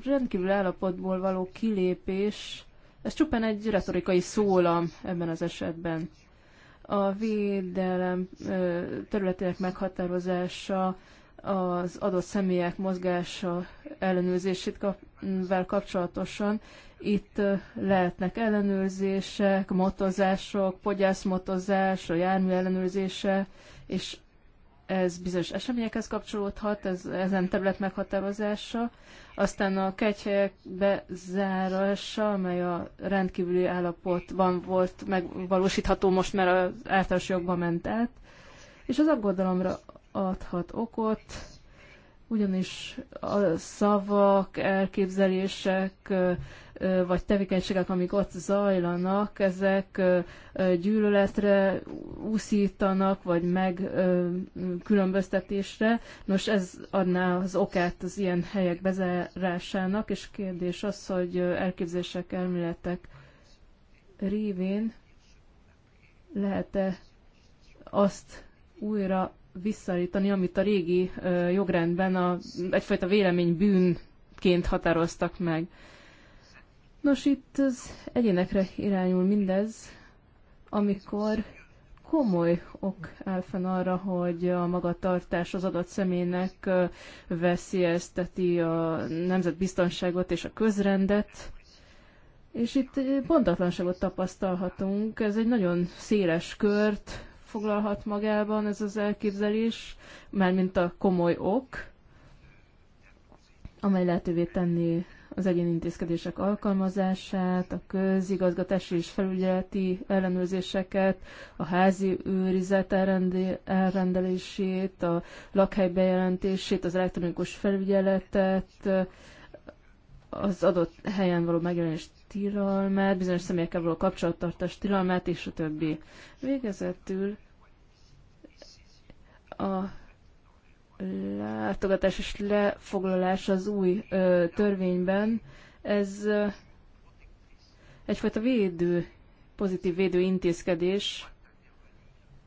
rendkívül állapotból való kilépés, ez csupán egy retorikai szólam ebben az esetben. A védelem területének meghatározása, az adott személyek mozgása ellenőrzését kap, vel kapcsolatosan. Itt lehetnek ellenőrzések, motozások, fogyászmotozás, a jármű ellenőrzése, és ez bizonyos eseményekhez kapcsolódhat, ez, ezen terület meghatározása, Aztán a kegyhelyek bezárása, amely a rendkívüli állapotban volt megvalósítható most, mert az általános jogba ment át, és az aggodalomra adhat okot, ugyanis a szavak, elképzelések, vagy tevékenységek, amik ott zajlanak, ezek gyűlöletre úszítanak, vagy megkülönböztetésre. Nos, ez adná az okát az ilyen helyek bezárásának, és kérdés az, hogy elképzések, elméletek révén lehet-e azt újra visszaállítani, amit a régi jogrendben a, egyfajta véleménybűnként határoztak meg. Nos, itt az egyénekre irányul mindez, amikor komoly ok áll fenn arra, hogy a magatartás az adott személynek veszélyezteti a nemzetbiztonságot és a közrendet. És itt pontatlanságot tapasztalhatunk. Ez egy nagyon széles kört foglalhat magában ez az elképzelés, mármint a komoly ok, amely lehetővé tenni az egyéni intézkedések alkalmazását, a közigazgatási és felügyeleti ellenőrzéseket, a házi őrizet elrendelését, a lakhely bejelentését, az elektronikus felügyeletet, az adott helyen való megjelenést, tilalmát, bizonyos személyekkel való kapcsolattartás tilalmát, és a többi. Végezetül a látogatás és lefoglalás az új ö, törvényben, ez ö, egyfajta védő, pozitív védő intézkedés,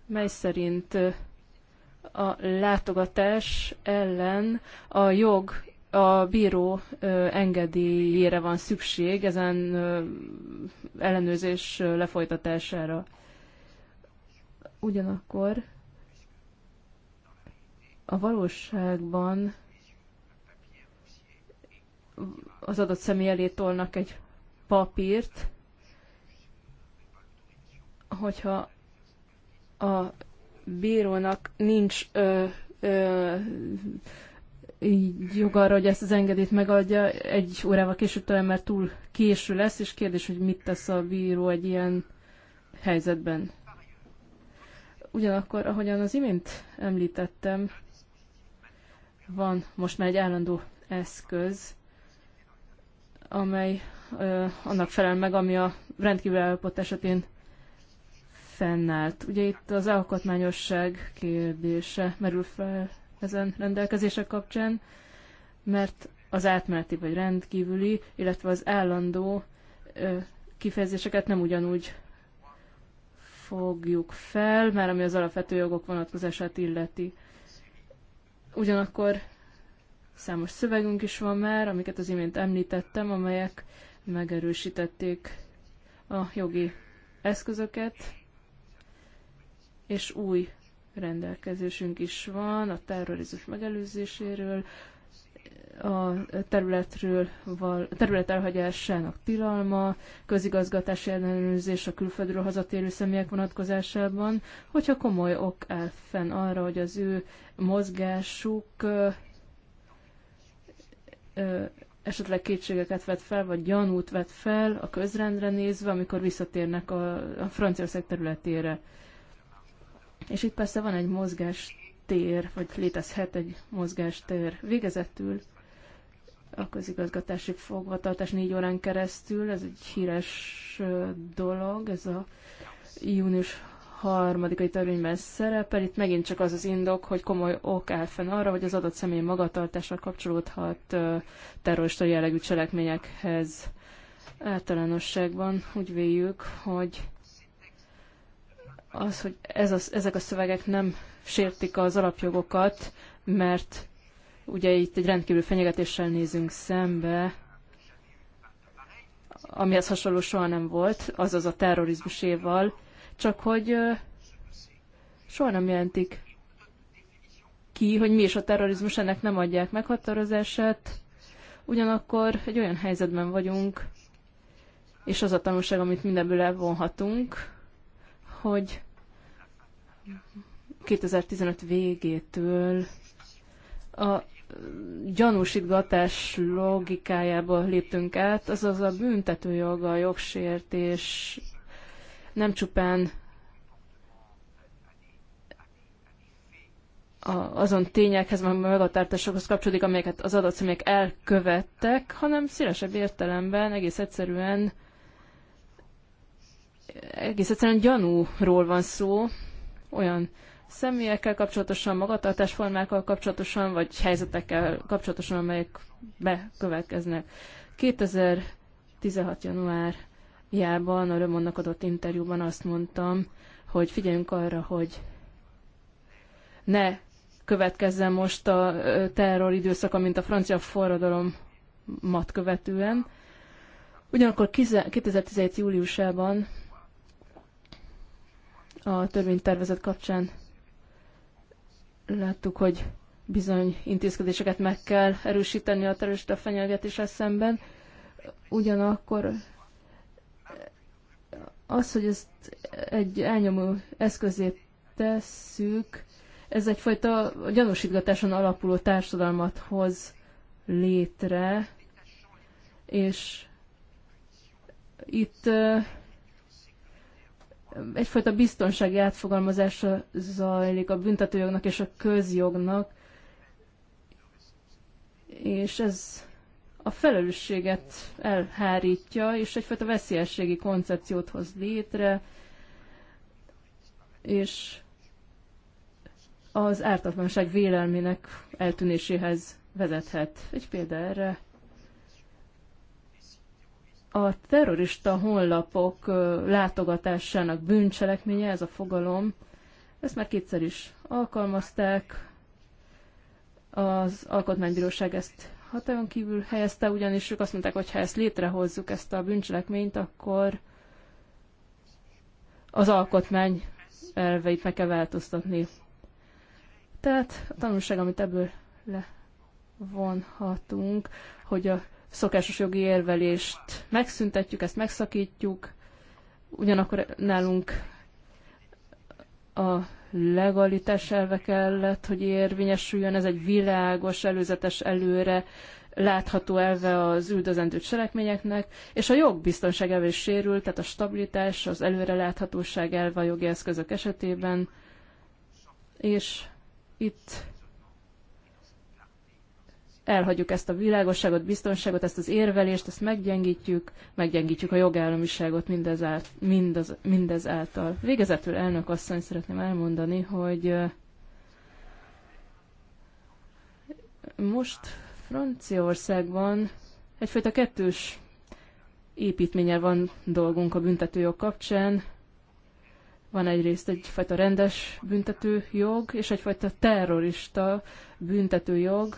mely szerint ö, a látogatás ellen a jog, a bíró ö, engedélyére van szükség ezen ö, ellenőrzés ö, lefolytatására. Ugyanakkor a valóságban az adott személy elé tolnak egy papírt, hogyha a bírónak nincs ö, ö, jog arra, hogy ezt az engedélyt megadja, egy órával később talán már túl késő lesz, és kérdés, hogy mit tesz a bíró egy ilyen helyzetben. Ugyanakkor, ahogyan az imént említettem, van most már egy állandó eszköz, amely ö, annak felel meg, ami a rendkívül állapot esetén fennállt. Ugye itt az alkotmányosság kérdése merül fel ezen rendelkezések kapcsán, mert az átmeneti vagy rendkívüli, illetve az állandó ö, kifejezéseket nem ugyanúgy fogjuk fel, már ami az alapvető jogok vonatkozását illeti. Ugyanakkor számos szövegünk is van már, amiket az imént említettem, amelyek megerősítették a jogi eszközöket, és új rendelkezésünk is van a terrorizmus megelőzéséről, a területről val, terület elhagyásának tilalma, közigazgatási ellenőrzés a külföldről hazatérő személyek vonatkozásában, hogyha komoly ok áll fenn arra, hogy az ő mozgásuk ö, ö, esetleg kétségeket vet fel, vagy gyanút vet fel a közrendre nézve, amikor visszatérnek a, a Franciaország területére. És itt persze van egy mozgástér, vagy létezhet egy mozgástér. Végezetül a közigazgatási fogvatartás négy órán keresztül. Ez egy híres dolog, ez a június harmadikai törvényben szerepel. Itt megint csak az az indok, hogy komoly ok áll fenn arra, hogy az adott személy magatartással kapcsolódhat terrorista jellegű cselekményekhez. Általánosságban úgy véljük, hogy az, hogy ez a, ezek a szövegek nem sértik az alapjogokat, mert Ugye itt egy rendkívül fenyegetéssel nézünk szembe, amihez hasonló soha nem volt, azaz a terrorizmuséval, csak hogy soha nem jelentik ki, hogy mi is a terrorizmus, ennek nem adják meghatározását. Ugyanakkor egy olyan helyzetben vagyunk, és az a tanulság, amit mindenből elvonhatunk, hogy 2015 végétől a gyanúsítgatás logikájába léptünk át, azaz a büntetőjoga, a jogsértés nem csupán azon tényekhez, meg magatartásokhoz kapcsolódik, amelyeket az adott személyek elkövettek, hanem szélesebb értelemben egész egyszerűen egész egyszerűen gyanúról van szó, olyan személyekkel kapcsolatosan, magatartásformákkal kapcsolatosan, vagy helyzetekkel kapcsolatosan, amelyek bekövetkeznek. 2016. januárjában a Römonnak adott interjúban azt mondtam, hogy figyeljünk arra, hogy ne következzen most a terror időszaka, mint a francia mat követően. Ugyanakkor 2017. júliusában a törvénytervezet kapcsán Láttuk, hogy bizony intézkedéseket meg kell erősíteni a terrorista fenyegetéssel szemben. Ugyanakkor az, hogy ezt egy elnyomó eszközét tesszük, ez egyfajta gyanúsítgatáson alapuló társadalmat hoz létre, és itt egyfajta biztonsági átfogalmazása zajlik a büntetőjognak és a közjognak, és ez a felelősséget elhárítja, és egyfajta veszélyességi koncepciót hoz létre, és az ártatlanság vélelmének eltűnéséhez vezethet. Egy példa erre a terrorista honlapok látogatásának bűncselekménye, ez a fogalom, ezt már kétszer is alkalmazták, az alkotmánybíróság ezt hatályon kívül helyezte, ugyanis ők azt mondták, hogy ha ezt létrehozzuk, ezt a bűncselekményt, akkor az alkotmány elveit meg kell változtatni. Tehát a tanulság, amit ebből levonhatunk, hogy a szokásos jogi érvelést megszüntetjük, ezt megszakítjuk, ugyanakkor nálunk a legalitás elve kellett, hogy érvényesüljön, ez egy világos, előzetes előre látható elve az üldözendő cselekményeknek, és a jogbiztonság elve is sérül, tehát a stabilitás, az előreláthatóság elve a jogi eszközök esetében, és itt elhagyjuk ezt a világosságot, biztonságot, ezt az érvelést, ezt meggyengítjük, meggyengítjük a jogállamiságot mindezáltal. mindez, mindezáltal. Végezetül elnök asszony szeretném elmondani, hogy most Franciaországban egyfajta kettős építménnyel van dolgunk a büntetőjog kapcsán. Van egyrészt egyfajta rendes büntetőjog, és egyfajta terrorista büntetőjog,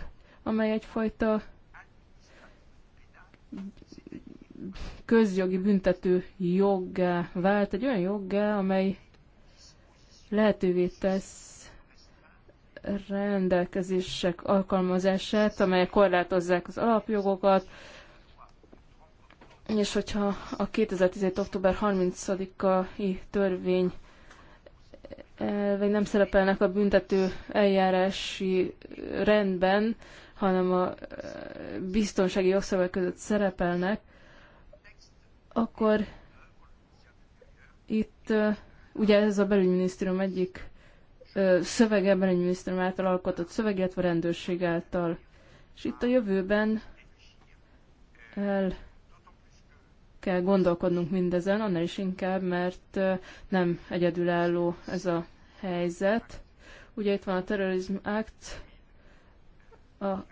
amely egyfajta közjogi büntető joggá vált, egy olyan joggá, amely lehetővé tesz rendelkezések alkalmazását, amelyek korlátozzák az alapjogokat, és hogyha a 2017. október 30-ai törvény vagy nem szerepelnek a büntető eljárási rendben, hanem a eh, biztonsági jogszabály között szerepelnek, akkor itt eh, ugye ez a belügyminisztérium egyik eh, szövege, belügyminisztérium által alkotott szöveg, illetve rendőrség által. És itt a jövőben el kell gondolkodnunk mindezen, annál is inkább, mert nem egyedülálló ez a helyzet. Ugye itt van a Terrorism Act, a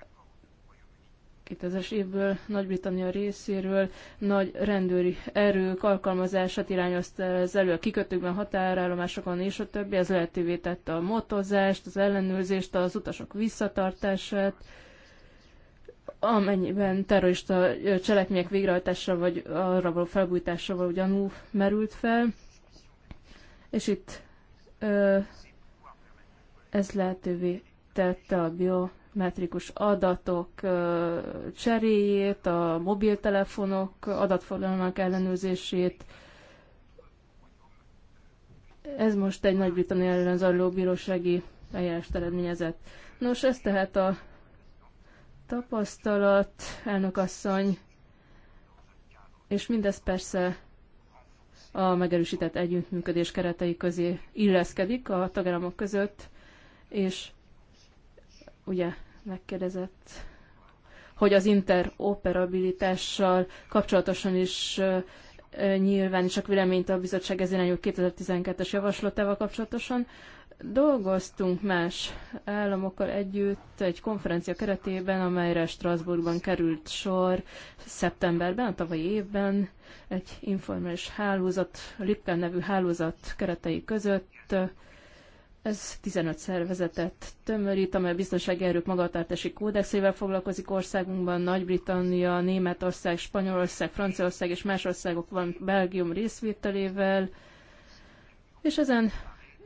2000-es évből Nagy-Britannia részéről nagy rendőri erők alkalmazását irányozta az elő a kikötőkben, határállomásokon és a többi. Ez lehetővé tette a motozást, az ellenőrzést, az utasok visszatartását, amennyiben terrorista cselekmények végrehajtásra vagy arra való felbújtásra való gyanú merült fel. És itt ö, ez lehetővé tette a biometrikus adatok ö, cseréjét, a mobiltelefonok adatforgalmának ellenőrzését. Ez most egy Nagy-Britannia ellen zajló bírósági eljárást eredményezett. Nos, ez tehát a tapasztalat, elnökasszony, és mindez persze a megerősített együttműködés keretei közé illeszkedik a tagállamok között, és ugye megkérdezett, hogy az interoperabilitással kapcsolatosan is nyilván csak véleményt a bizottság ez irányú 2012-es javaslatával kapcsolatosan. Dolgoztunk más államokkal együtt egy konferencia keretében, amelyre Strasbourgban került sor szeptemberben, a tavalyi évben egy informális hálózat, Lippen nevű hálózat keretei között. Ez 15 szervezetet tömörít, amely a biztonsági erők magatartási kódexével foglalkozik országunkban, Nagy-Britannia, Németország, Spanyolország, Franciaország és más országok, van Belgium részvételével. És ezen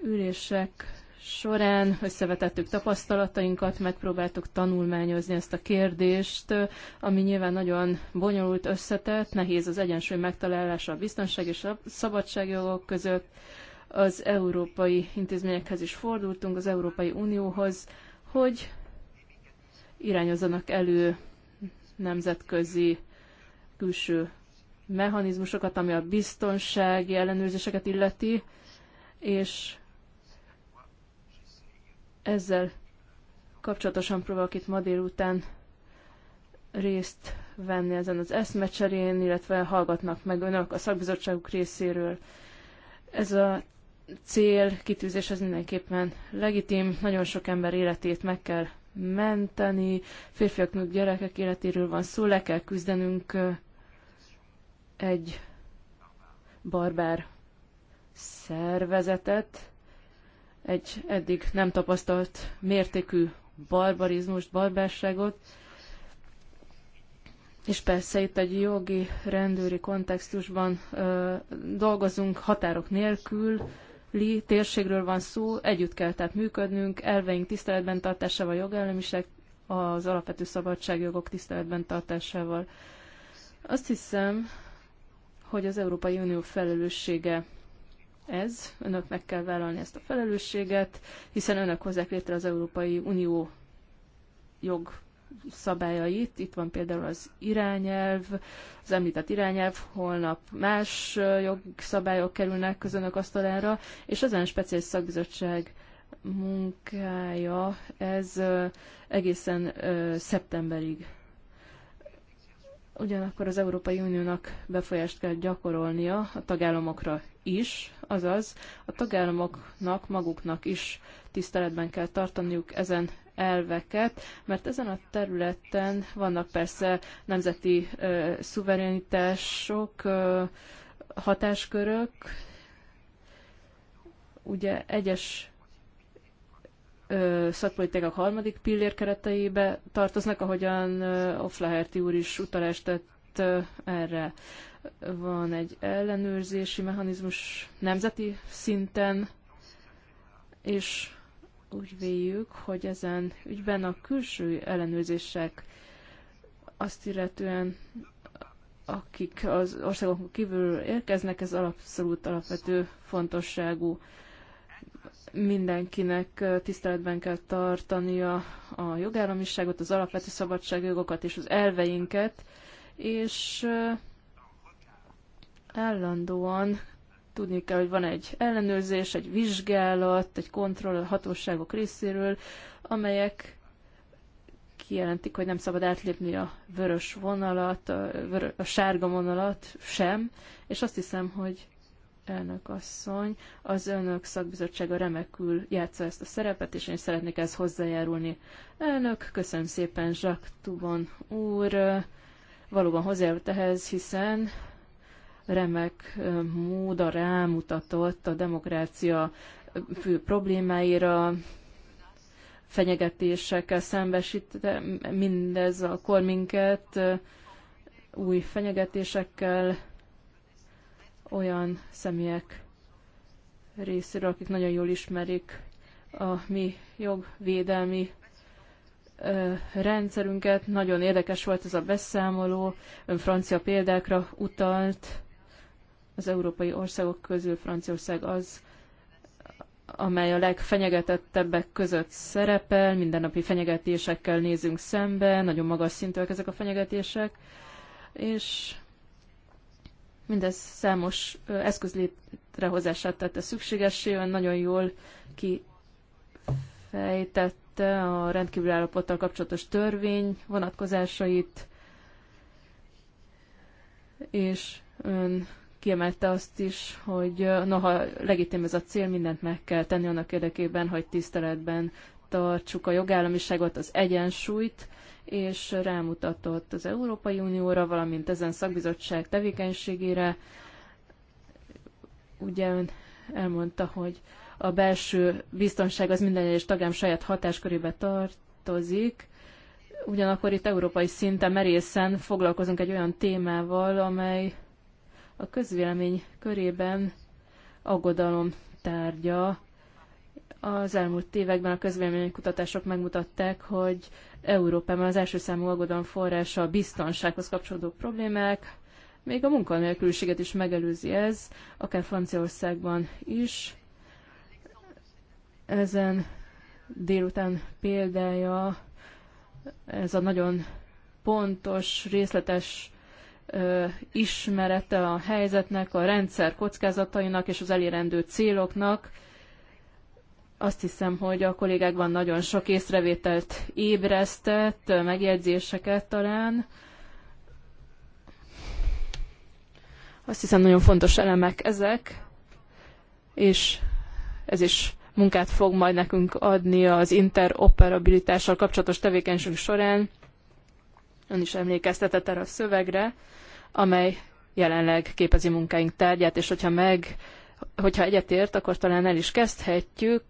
ülések során összevetettük tapasztalatainkat, megpróbáltuk tanulmányozni ezt a kérdést, ami nyilván nagyon bonyolult, összetett, nehéz az egyensúly megtalálása a biztonság és a szabadságjogok között. Az európai intézményekhez is fordultunk, az Európai Unióhoz, hogy irányozzanak elő nemzetközi külső mechanizmusokat, ami a biztonsági ellenőrzéseket illeti, és ezzel kapcsolatosan próbálok itt ma délután részt venni ezen az eszmecserén, illetve hallgatnak meg önök a szakbizottságuk részéről. Ez a cél, kitűzés, ez mindenképpen legitim, nagyon sok ember életét meg kell menteni, férfiaknak gyerekek életéről van szó, le kell küzdenünk egy barbár szervezetet, egy eddig nem tapasztalt mértékű barbarizmust, barbárságot, és persze itt egy jogi, rendőri kontextusban ö, dolgozunk határok nélkül, li térségről van szó, együtt kell tehát működnünk, elveink tiszteletben tartásával, jogállamiság, az alapvető szabadságjogok tiszteletben tartásával. Azt hiszem, hogy az Európai Unió felelőssége ez, önöknek kell vállalni ezt a felelősséget, hiszen önök hozzák létre az Európai Unió jog szabályait. Itt van például az irányelv, az említett irányelv, holnap más jogszabályok kerülnek önök asztalára, és ezen speciális szakbizottság munkája ez egészen szeptemberig Ugyanakkor az Európai Uniónak befolyást kell gyakorolnia a tagállamokra is, azaz a tagállamoknak maguknak is tiszteletben kell tartaniuk ezen elveket, mert ezen a területen vannak persze nemzeti ö, szuverenitások, ö, hatáskörök, ugye egyes szakpolitikák harmadik pillér kereteibe tartoznak, ahogyan Oflaherty úr is utalást tett erre. Van egy ellenőrzési mechanizmus nemzeti szinten, és úgy véljük, hogy ezen ügyben a külső ellenőrzések azt illetően, akik az országokon kívül érkeznek, ez abszolút alapvető fontosságú mindenkinek tiszteletben kell tartania a jogállamiságot, az alapvető szabadságjogokat és az elveinket, és állandóan tudni kell, hogy van egy ellenőrzés, egy vizsgálat, egy kontroll a hatóságok részéről, amelyek kijelentik, hogy nem szabad átlépni a vörös vonalat, a, vörö, a sárga vonalat sem, és azt hiszem, hogy elnök asszony, az önök szakbizottsága remekül játsza ezt a szerepet, és én szeretnék ezt hozzájárulni. Elnök, köszönöm szépen, Jacques Tubon úr, valóban hozzájárult ehhez, hiszen remek móda rámutatott a demokrácia fő problémáira, fenyegetésekkel szembesít, mindez a minket új fenyegetésekkel, olyan személyek részéről, akik nagyon jól ismerik a mi jogvédelmi ö, rendszerünket. Nagyon érdekes volt ez a beszámoló, ön francia példákra utalt. Az európai országok közül Franciaország az, amely a legfenyegetettebbek között szerepel, mindennapi fenyegetésekkel nézünk szembe, nagyon magas szintűek ezek a fenyegetések, és Mindez számos eszköz létrehozását tette szükségessé, olyan nagyon jól kifejtette a rendkívül állapottal kapcsolatos törvény vonatkozásait, és ön kiemelte azt is, hogy noha legitim ez a cél, mindent meg kell tenni annak érdekében, hogy tiszteletben tartsuk a jogállamiságot, az egyensúlyt, és rámutatott az Európai Unióra, valamint ezen szakbizottság tevékenységére. Ugye ön elmondta, hogy a belső biztonság az minden egyes tagám saját hatáskörébe tartozik, ugyanakkor itt európai szinten merészen foglalkozunk egy olyan témával, amely a közvélemény körében aggodalom tárgya, az elmúlt években a közvélemény kutatások megmutatták, hogy Európában az első számú aggodalom forrása a biztonsághoz kapcsolódó problémák, még a munkanélküliséget is megelőzi ez, akár Franciaországban is. Ezen délután példája ez a nagyon pontos, részletes ö, ismerete a helyzetnek, a rendszer kockázatainak és az elérendő céloknak, azt hiszem, hogy a kollégákban nagyon sok észrevételt ébresztett, megjegyzéseket talán. Azt hiszem, nagyon fontos elemek ezek, és ez is munkát fog majd nekünk adni az interoperabilitással kapcsolatos tevékenység során. Ön is emlékeztetett erre a szövegre, amely jelenleg képezi munkáink tárgyát, és hogyha meg hogyha egyetért, akkor talán el is kezdhetjük,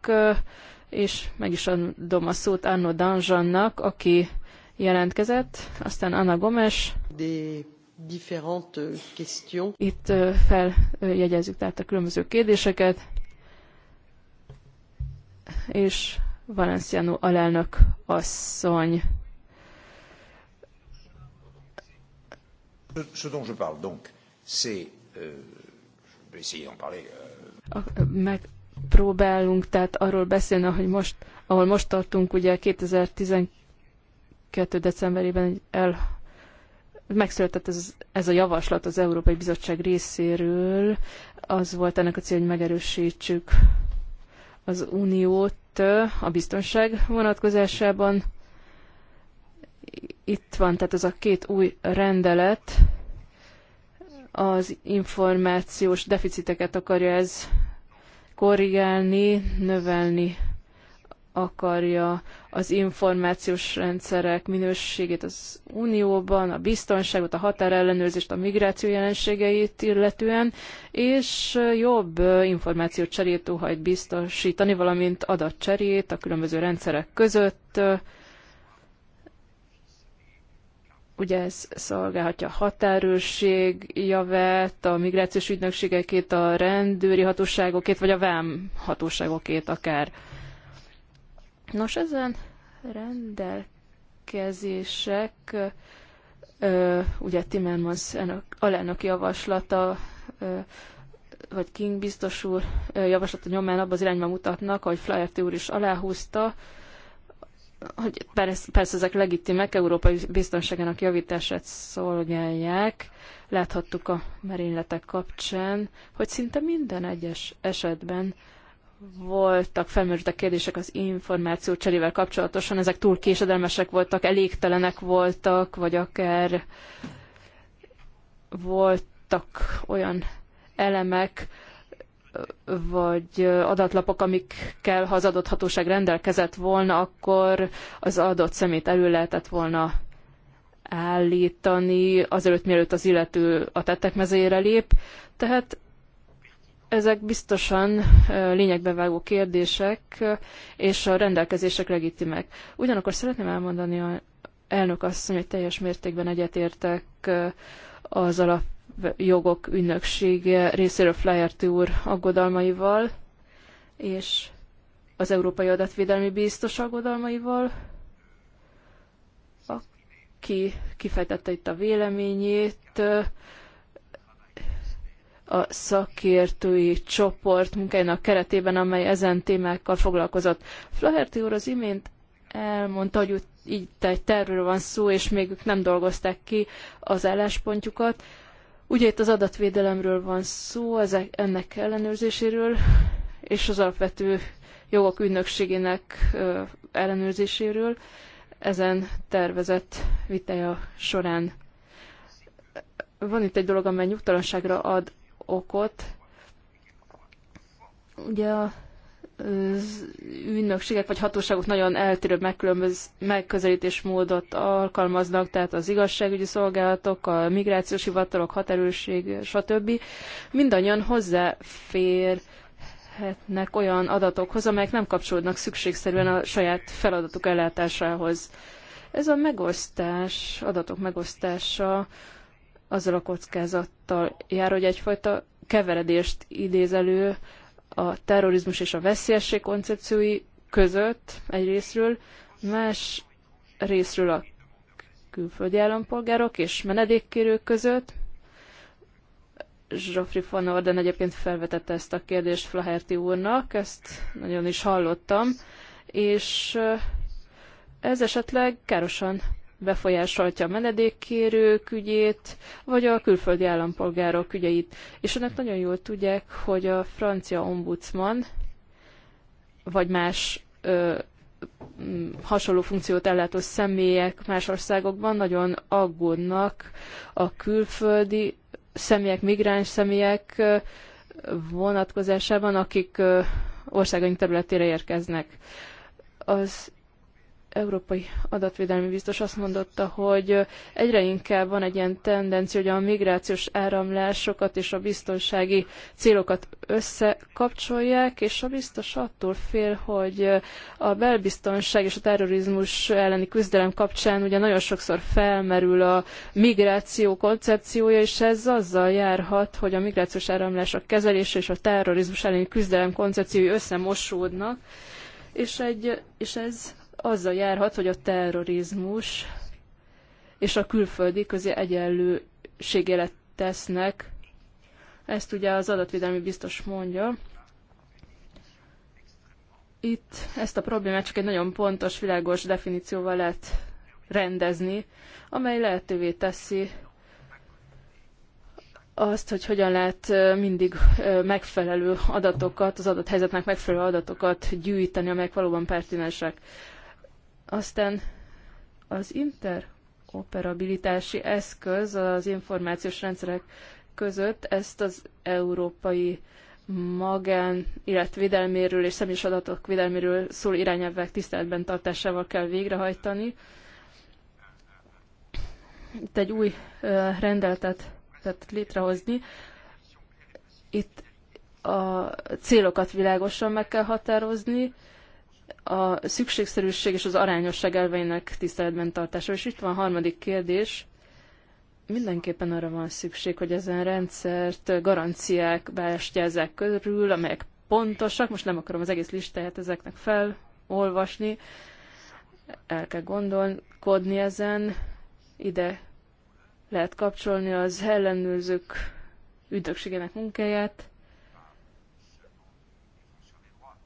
és meg is adom a szót Anno Danzsannak, aki jelentkezett, aztán Anna Gomes. Itt feljegyezzük tehát a különböző kérdéseket, és Valenciano alelnök asszony. Ce dont je parle donc, c'est euh, Megpróbálunk tehát arról beszélni, hogy most, ahol most tartunk, ugye 2012. decemberében el megszületett ez, ez a javaslat az Európai Bizottság részéről. Az volt ennek a cél, hogy megerősítsük az uniót a biztonság vonatkozásában. Itt van tehát ez a két új rendelet, az információs deficiteket akarja ez korrigálni, növelni akarja az információs rendszerek minőségét az Unióban, a biztonságot, a határellenőrzést, a migráció jelenségeit illetően, és jobb információcserét óhajt biztosítani, valamint adatcserét a különböző rendszerek között, Ugye ez szolgálhatja a határőrség javát, a migrációs ügynökségekét, a rendőri hatóságokét, vagy a vám hatóságokét akár. Nos, ezen rendelkezések, ö, ugye Timmermans alelnök javaslata, ö, vagy King biztos úr javaslata nyomán abba az irányba mutatnak, ahogy Flaherty úr is aláhúzta, hogy persze, persze ezek legitimek, európai biztonságának javítását szolgálják. Láthattuk a merényletek kapcsán, hogy szinte minden egyes esetben voltak felmerültek kérdések az információ cserével kapcsolatosan, ezek túl késedelmesek voltak, elégtelenek voltak, vagy akár voltak olyan elemek, vagy adatlapok, amikkel ha az adott hatóság rendelkezett volna, akkor az adott szemét elő lehetett volna állítani, azelőtt mielőtt az illető a tettek mezére lép. Tehát ezek biztosan lényegbe vágó kérdések, és a rendelkezések legitimek. Ugyanakkor szeretném elmondani a elnök asszony, hogy teljes mértékben egyetértek az alap jogok ügynöksége részéről Flaherty úr aggodalmaival, és az Európai Adatvédelmi Biztos aggodalmaival, aki kifejtette itt a véleményét, a szakértői csoport munkájának keretében, amely ezen témákkal foglalkozott. Flaherty úr az imént elmondta, hogy itt egy tervről van szó, és még ők nem dolgozták ki az álláspontjukat. Ugye itt az adatvédelemről van szó, ezek, ennek ellenőrzéséről, és az alapvető jogok ügynökségének ellenőrzéséről ezen tervezett vitája során. Van itt egy dolog, amely nyugtalanságra ad okot. Ugye a ügynökségek vagy hatóságok nagyon eltérő megkülönböz, megközelítésmódot alkalmaznak, tehát az igazságügyi szolgálatok, a migrációs hivatalok, határőrség, stb. Mindannyian hozzáférhetnek olyan adatokhoz, amelyek nem kapcsolódnak szükségszerűen a saját feladatuk ellátásához. Ez a megosztás, adatok megosztása azzal a kockázattal jár, hogy egyfajta keveredést idéz elő, a terrorizmus és a veszélyesség koncepciói között egy részről, más részről a külföldi állampolgárok és menedékkérők között. Zsofri von Orden egyébként felvetette ezt a kérdést Flaherty úrnak, ezt nagyon is hallottam, és ez esetleg károsan befolyásolhatja a menedékkérők ügyét, vagy a külföldi állampolgárok ügyeit. És önök nagyon jól tudják, hogy a francia ombudsman, vagy más ö, hasonló funkciót ellátó személyek más országokban nagyon aggódnak a külföldi személyek, migráns személyek vonatkozásában, akik országaink területére érkeznek. Az európai adatvédelmi biztos azt mondotta, hogy egyre inkább van egy ilyen tendencia, hogy a migrációs áramlásokat és a biztonsági célokat összekapcsolják, és a biztos attól fél, hogy a belbiztonság és a terrorizmus elleni küzdelem kapcsán ugye nagyon sokszor felmerül a migráció koncepciója, és ez azzal járhat, hogy a migrációs áramlások kezelése és a terrorizmus elleni küzdelem koncepciói összemosódnak, és, egy, és ez azzal járhat, hogy a terrorizmus és a külföldi közé egyenlőségélet tesznek. Ezt ugye az adatvédelmi biztos mondja. Itt ezt a problémát csak egy nagyon pontos, világos definícióval lehet rendezni, amely lehetővé teszi azt, hogy hogyan lehet mindig megfelelő adatokat, az adathelyzetnek helyzetnek megfelelő adatokat gyűjteni, amelyek valóban pertinensek. Aztán az interoperabilitási eszköz az információs rendszerek között ezt az európai magán, illetve védelméről és személyes adatok védelméről szól irányelvek tiszteletben tartásával kell végrehajtani. Itt egy új rendeletet tehát létrehozni. Itt a célokat világosan meg kell határozni, a szükségszerűség és az arányosság elveinek tiszteletben tartása. És itt van a harmadik kérdés. Mindenképpen arra van szükség, hogy ezen rendszert garanciák bástyázzák körül, amelyek pontosak. Most nem akarom az egész listáját ezeknek felolvasni. El kell gondolkodni ezen. Ide lehet kapcsolni az ellenőrzők ügynökségének munkáját.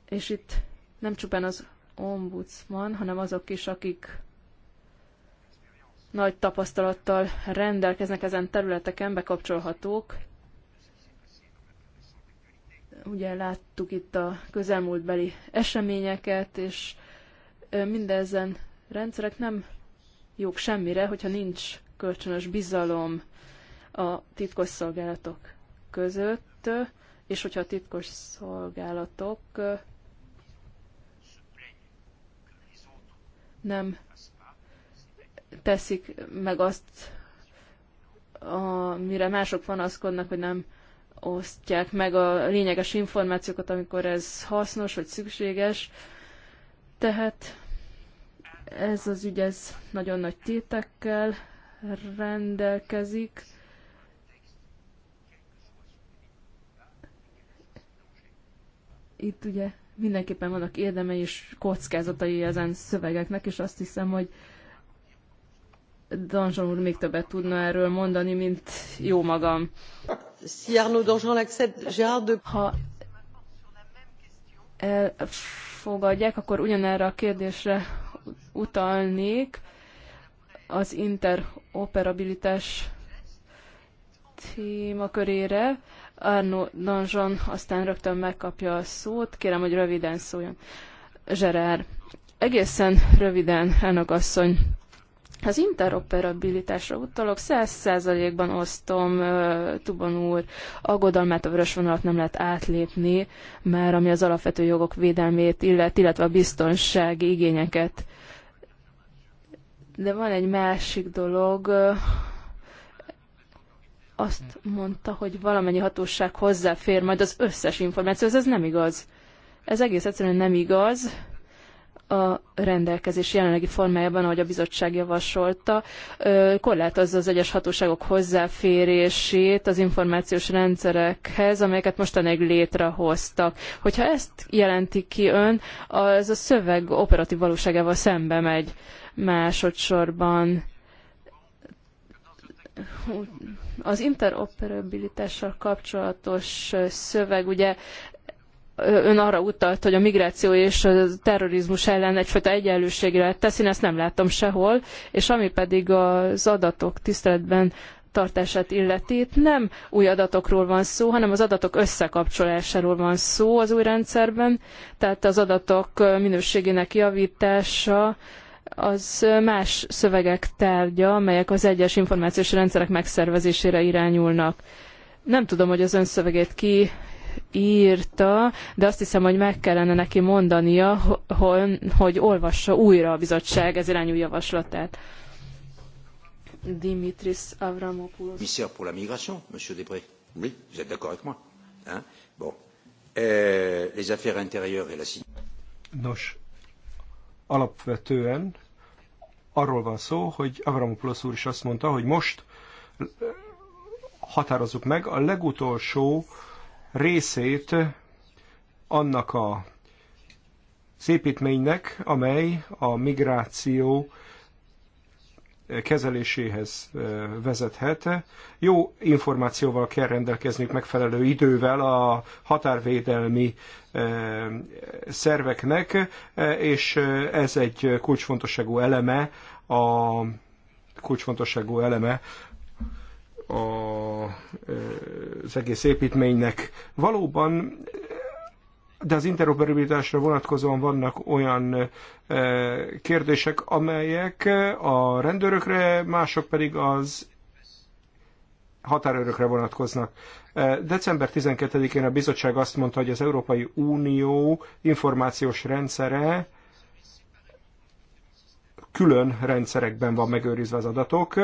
És itt nem csupán az ombudsman, hanem azok is, akik nagy tapasztalattal rendelkeznek ezen területeken, bekapcsolhatók. Ugye láttuk itt a közelmúltbeli eseményeket, és mindezen rendszerek nem jók semmire, hogyha nincs kölcsönös bizalom a titkos szolgálatok között, és hogyha a titkos szolgálatok nem teszik meg azt, amire mások panaszkodnak, hogy nem osztják meg a lényeges információkat, amikor ez hasznos vagy szükséges. Tehát ez az ügy, ez nagyon nagy tétekkel rendelkezik. Itt ugye mindenképpen vannak érdemei és kockázatai ezen szövegeknek, és azt hiszem, hogy Danzson úr még többet tudna erről mondani, mint jó magam. Si Arnaud Gérard Ha elfogadják, akkor ugyanerre a kérdésre utalnék az interoperabilitás témakörére. Arno Donjon aztán rögtön megkapja a szót. Kérem, hogy röviden szóljon. Zserár. Egészen röviden, elnök asszony. Az interoperabilitásra utalok, száz százalékban osztom uh, Tuban úr aggodalmát, a vörös vonalat nem lehet átlépni, mert ami az alapvető jogok védelmét illet, illetve a biztonsági igényeket. De van egy másik dolog, azt mondta, hogy valamennyi hatóság hozzáfér majd az összes ez, Ez nem igaz. Ez egész egyszerűen nem igaz a rendelkezés jelenlegi formájában, ahogy a bizottság javasolta, korlátozza az egyes hatóságok hozzáférését az információs rendszerekhez, amelyeket mostanáig létrehoztak. Hogyha ezt jelenti ki ön, az a szöveg operatív valóságával szembe megy másodszorban az interoperabilitással kapcsolatos szöveg ugye ön arra utalt, hogy a migráció és a terrorizmus ellen egyfajta egyenlőségre tesz, én ezt nem látom sehol, és ami pedig az adatok tiszteletben tartását illeti, itt nem új adatokról van szó, hanem az adatok összekapcsolásáról van szó az új rendszerben, tehát az adatok minőségének javítása, az más szövegek tárgya, amelyek az egyes információs rendszerek megszervezésére irányulnak. Nem tudom, hogy az ön szövegét ki írta, de azt hiszem, hogy meg kellene neki mondania, hogy olvassa újra a bizottság ez irányú javaslatát. Dimitris Avramopoulos. Commissaire pour la migration, monsieur Debré. Oui, vous êtes d'accord avec moi. Hein? Bon. Euh, les affaires intérieures et la Nos, alapvetően arról van szó, hogy Avramopoulos úr is azt mondta, hogy most eh, határozzuk meg a legutolsó részét annak a szépítménynek, amely a migráció kezeléséhez vezethet. Jó információval kell rendelkezniük megfelelő idővel a határvédelmi szerveknek, és ez egy kulcsfontosságú eleme a kulcsfontosságú eleme a, az egész építménynek. Valóban de az interoperabilitásra vonatkozóan vannak olyan kérdések, amelyek a rendőrökre, mások pedig az határőrökre vonatkoznak. December 12-én a bizottság azt mondta, hogy az Európai Unió információs rendszere külön rendszerekben van megőrizve az adatok,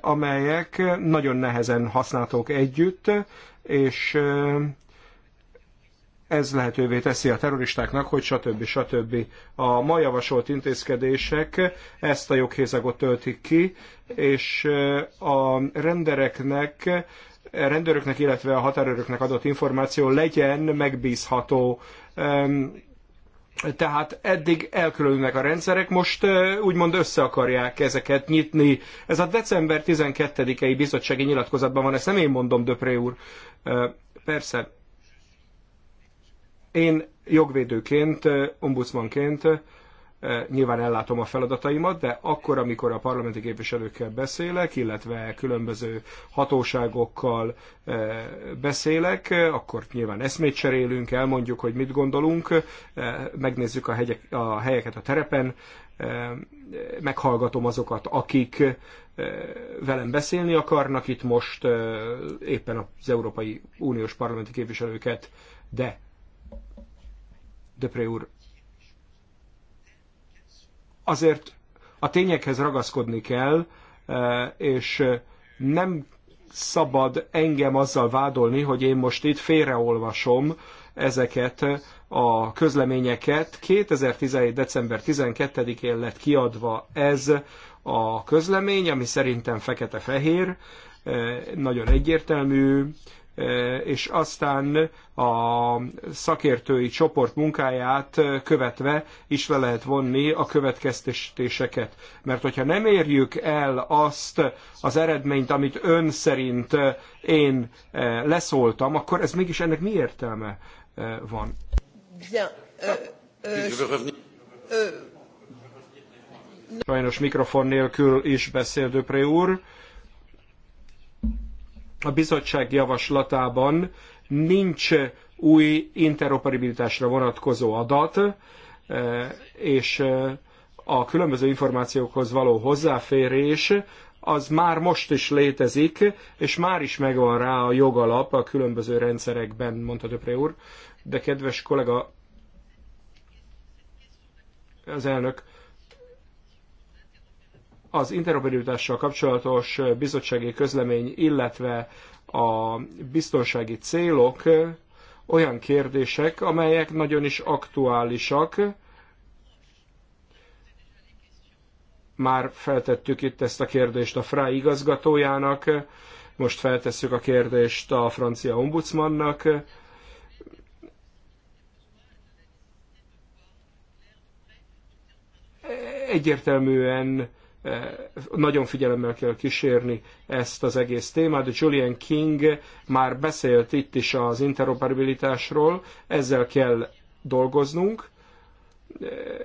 amelyek nagyon nehezen használhatók együtt, és ez lehetővé teszi a terroristáknak, hogy stb. stb. A ma javasolt intézkedések ezt a joghézagot töltik ki, és a rendereknek rendőröknek, illetve a határőröknek adott információ legyen megbízható. Tehát eddig elkülönülnek a rendszerek, most úgymond össze akarják ezeket nyitni. Ez a december 12-i bizottsági nyilatkozatban van, ezt nem én mondom, Döpré úr. Persze, én jogvédőként, ombudsmanként nyilván ellátom a feladataimat, de akkor, amikor a parlamenti képviselőkkel beszélek, illetve különböző hatóságokkal beszélek, akkor nyilván eszmét cserélünk, elmondjuk, hogy mit gondolunk, megnézzük a, hegyek, a helyeket a terepen, meghallgatom azokat, akik velem beszélni akarnak itt most éppen az Európai Uniós parlamenti képviselőket, de Döpré úr, azért a tényekhez ragaszkodni kell, e, és nem szabad engem azzal vádolni, hogy én most itt félreolvasom ezeket a közleményeket. 2017. december 12-én lett kiadva ez a közlemény, ami szerintem fekete-fehér, e, nagyon egyértelmű, és aztán a szakértői csoport munkáját követve is le lehet vonni a következtetéseket. Mert hogyha nem érjük el azt az eredményt, amit ön szerint én eh, leszóltam, akkor ez mégis ennek mi értelme eh, van? Bien. Euh, euh, euh, Sajnos mikrofon nélkül is beszél Döpré úr a bizottság javaslatában nincs új interoperabilitásra vonatkozó adat, e, és e, a különböző információkhoz való hozzáférés az már most is létezik, és már is megvan rá a jogalap a különböző rendszerekben, mondta Döpré úr. De kedves kollega, az elnök, az interoperabilitással kapcsolatos bizottsági közlemény, illetve a biztonsági célok olyan kérdések, amelyek nagyon is aktuálisak. Már feltettük itt ezt a kérdést a FRA igazgatójának, most feltesszük a kérdést a francia ombudsmannak. Egyértelműen Eh, nagyon figyelemmel kell kísérni ezt az egész témát. Julian King már beszélt itt is az interoperabilitásról, ezzel kell dolgoznunk, eh,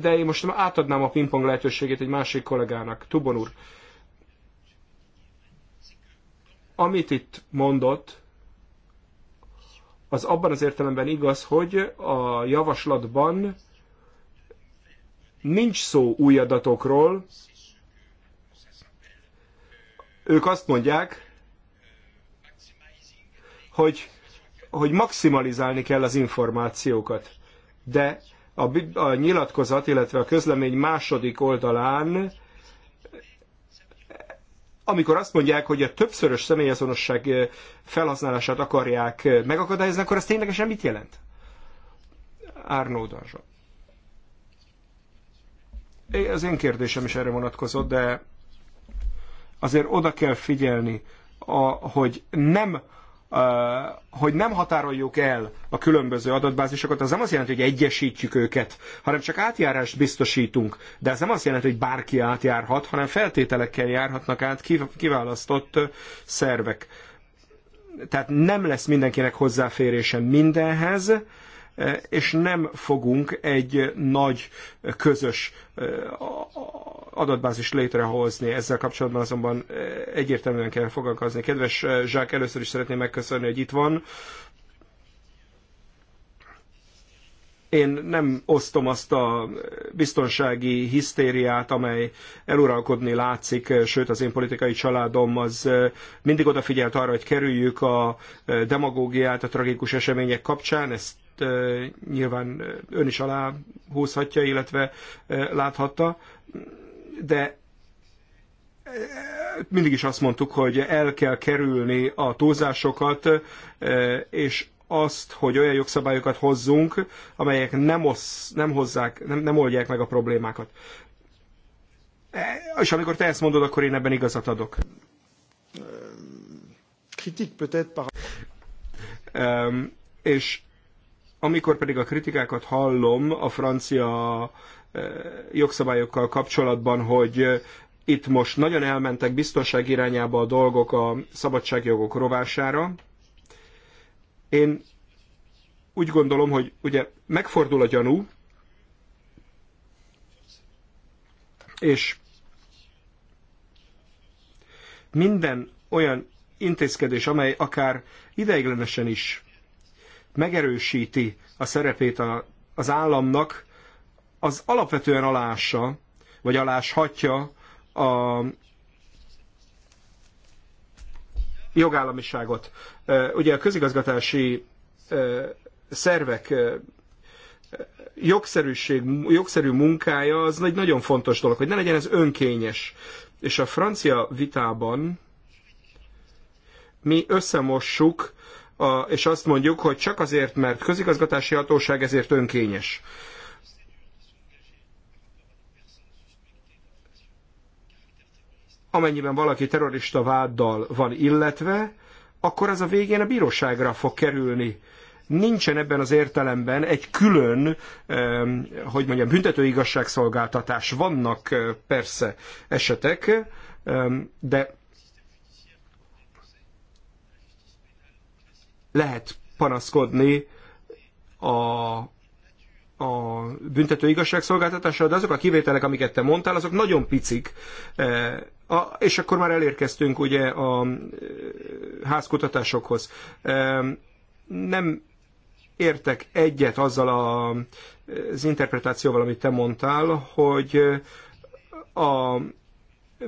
de én most átadnám a pingpong lehetőségét egy másik kollégának, Tubon úr. Amit itt mondott, az abban az értelemben igaz, hogy a javaslatban nincs szó új adatokról, ők azt mondják, hogy, hogy maximalizálni kell az információkat. De a, a nyilatkozat, illetve a közlemény második oldalán, amikor azt mondják, hogy a többszörös személyazonosság felhasználását akarják megakadályozni, akkor ez ténylegesen mit jelent? Arnaud Danzsa. Az én kérdésem is erre vonatkozott, de azért oda kell figyelni, a, hogy nem hogy nem határoljuk el a különböző adatbázisokat, az nem azt jelenti, hogy egyesítjük őket, hanem csak átjárást biztosítunk. De ez nem azt jelenti, hogy bárki átjárhat, hanem feltételekkel járhatnak át kiválasztott szervek. Tehát nem lesz mindenkinek hozzáférése mindenhez, Eh, és nem fogunk egy nagy eh, közös eh, adatbázis létrehozni. Ezzel kapcsolatban azonban egyértelműen kell foglalkozni Kedves Zsák, először is szeretném megköszönni, hogy itt van. én nem osztom azt a biztonsági hisztériát, amely eluralkodni látszik, sőt az én politikai családom az mindig odafigyelt arra, hogy kerüljük a demagógiát a tragikus események kapcsán, ezt nyilván ön is alá húzhatja, illetve láthatta, de mindig is azt mondtuk, hogy el kell kerülni a túlzásokat, és azt, hogy olyan jogszabályokat hozzunk, amelyek nem, osz, nem hozzák, nem, nem oldják meg a problémákat. E, és amikor te ezt mondod, akkor én ebben igazat adok. Kritik peut-être par... Um, és amikor pedig a kritikákat hallom a francia eh, jogszabályokkal kapcsolatban, hogy eh, itt most nagyon elmentek biztonság irányába a dolgok a szabadságjogok rovására. Én úgy gondolom, hogy ugye megfordul a gyanú, és minden olyan intézkedés, amely akár ideiglenesen is megerősíti a szerepét a, az államnak, az alapvetően alássa, vagy aláshatja a jogállamiságot. Ugye a közigazgatási szervek jogszerűség, jogszerű munkája az egy nagyon fontos dolog, hogy ne legyen ez önkényes. És a francia vitában mi összemossuk és azt mondjuk, hogy csak azért, mert közigazgatási hatóság, ezért önkényes. Amennyiben valaki terrorista váddal van illetve, akkor az a végén a bíróságra fog kerülni nincsen ebben az értelemben egy külön, hogy mondjam, büntető igazságszolgáltatás. Vannak eh, persze esetek, de lehet panaszkodni a, a büntető igazságszolgáltatásra, de azok a kivételek, amiket te mondtál, azok nagyon picik. E, a, és akkor már elérkeztünk ugye a e, házkutatásokhoz. E, nem értek egyet azzal a, az interpretációval, amit te mondtál, hogy a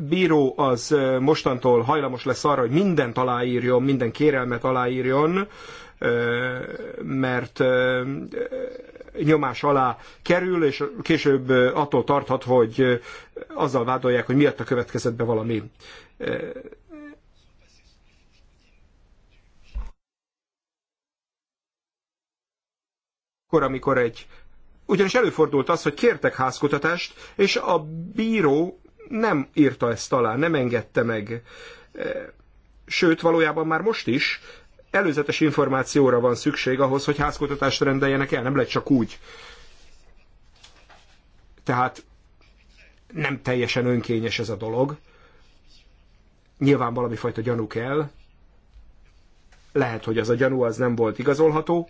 bíró az mostantól hajlamos lesz arra, hogy mindent aláírjon, minden kérelmet aláírjon, mert nyomás alá kerül, és később attól tarthat, hogy azzal vádolják, hogy miatt a következett be valami. Akkor, amikor egy ugyanis előfordult az, hogy kértek házkutatást, és a bíró nem írta ezt alá, nem engedte meg. E, sőt, valójában már most is előzetes információra van szükség ahhoz, hogy házkutatást rendeljenek el, nem lehet csak úgy. Tehát nem teljesen önkényes ez a dolog. Nyilván valami fajta gyanú kell. Lehet, hogy az a gyanú az nem volt igazolható,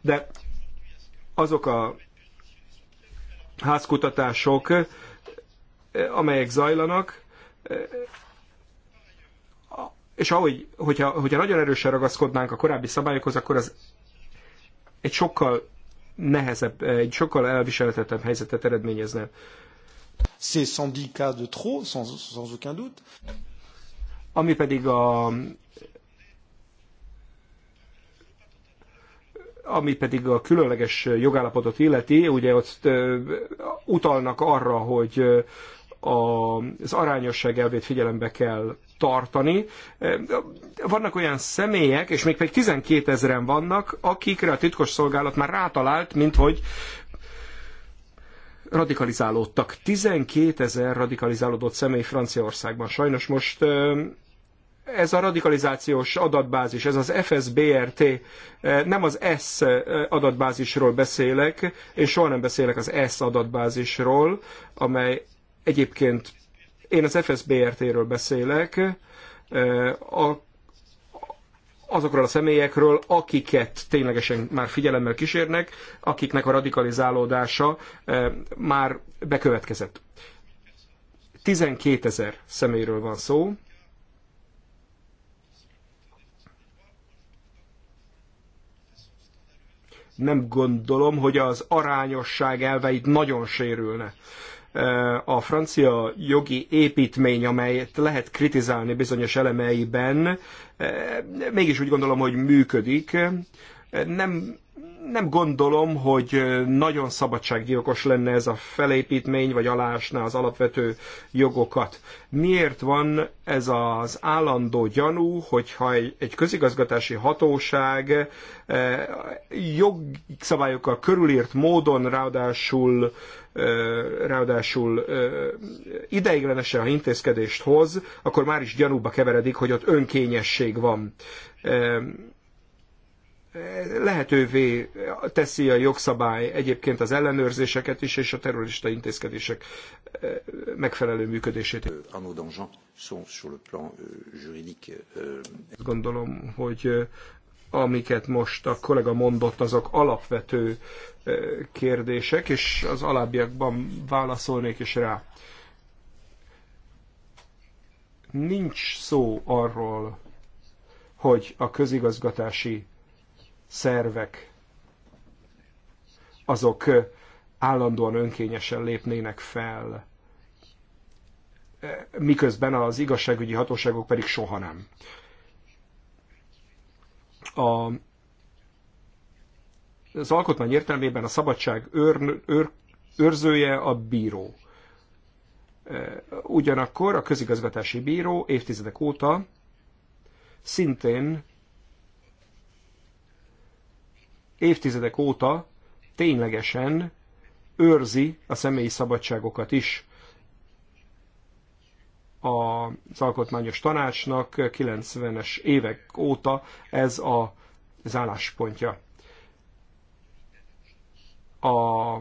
de azok a házkutatások, amelyek zajlanak, és ahogy, hogyha, hogyha nagyon erősen ragaszkodnánk a korábbi szabályokhoz, akkor az egy sokkal nehezebb, egy sokkal elviselhetetlenebb helyzetet eredményezne. de trop, sans, sans aucun doute. Ami pedig a, ami pedig a különleges jogállapotot illeti, ugye ott utalnak arra, hogy az arányosság elvét figyelembe kell tartani. Vannak olyan személyek, és még pedig 12 ezeren vannak, akikre a titkos szolgálat már rátalált, mint hogy radikalizálódtak. 12 ezer radikalizálódott személy Franciaországban. Sajnos most ez a radikalizációs adatbázis, ez az FSBRT, nem az S adatbázisról beszélek, én soha nem beszélek az S adatbázisról, amely Egyébként én az FSBRT-ről beszélek, a azokról a személyekről, akiket ténylegesen már figyelemmel kísérnek, akiknek a radikalizálódása már bekövetkezett. 12 ezer személyről van szó. Nem gondolom, hogy az arányosság elveit nagyon sérülne a francia jogi építmény, amelyet lehet kritizálni bizonyos elemeiben, eh, mégis úgy gondolom, hogy működik. Nem nem gondolom, hogy nagyon szabadsággyilkos lenne ez a felépítmény, vagy alásná az alapvető jogokat. Miért van ez az állandó gyanú, hogyha egy közigazgatási hatóság jogszabályokkal körülírt módon, ráadásul ráadásul ideiglenesen, ha intézkedést hoz, akkor már is gyanúba keveredik, hogy ott önkényesség van lehetővé teszi a jogszabály egyébként az ellenőrzéseket is, és a terrorista intézkedések eh, megfelelő működését. Euh, euh, euh, gondolom, hogy eh, amiket most a kollega mondott, azok alapvető eh, kérdések, és az alábbiakban válaszolnék is rá. Nincs szó arról, hogy a közigazgatási szervek azok állandóan önkényesen lépnének fel, miközben az igazságügyi hatóságok pedig soha nem. A, az alkotmány értelmében a szabadság őr, őr, őrzője a bíró. Ugyanakkor a közigazgatási bíró évtizedek óta szintén évtizedek óta ténylegesen őrzi a személyi szabadságokat is. Az Alkotmányos Tanácsnak 90-es évek óta ez a, az álláspontja. A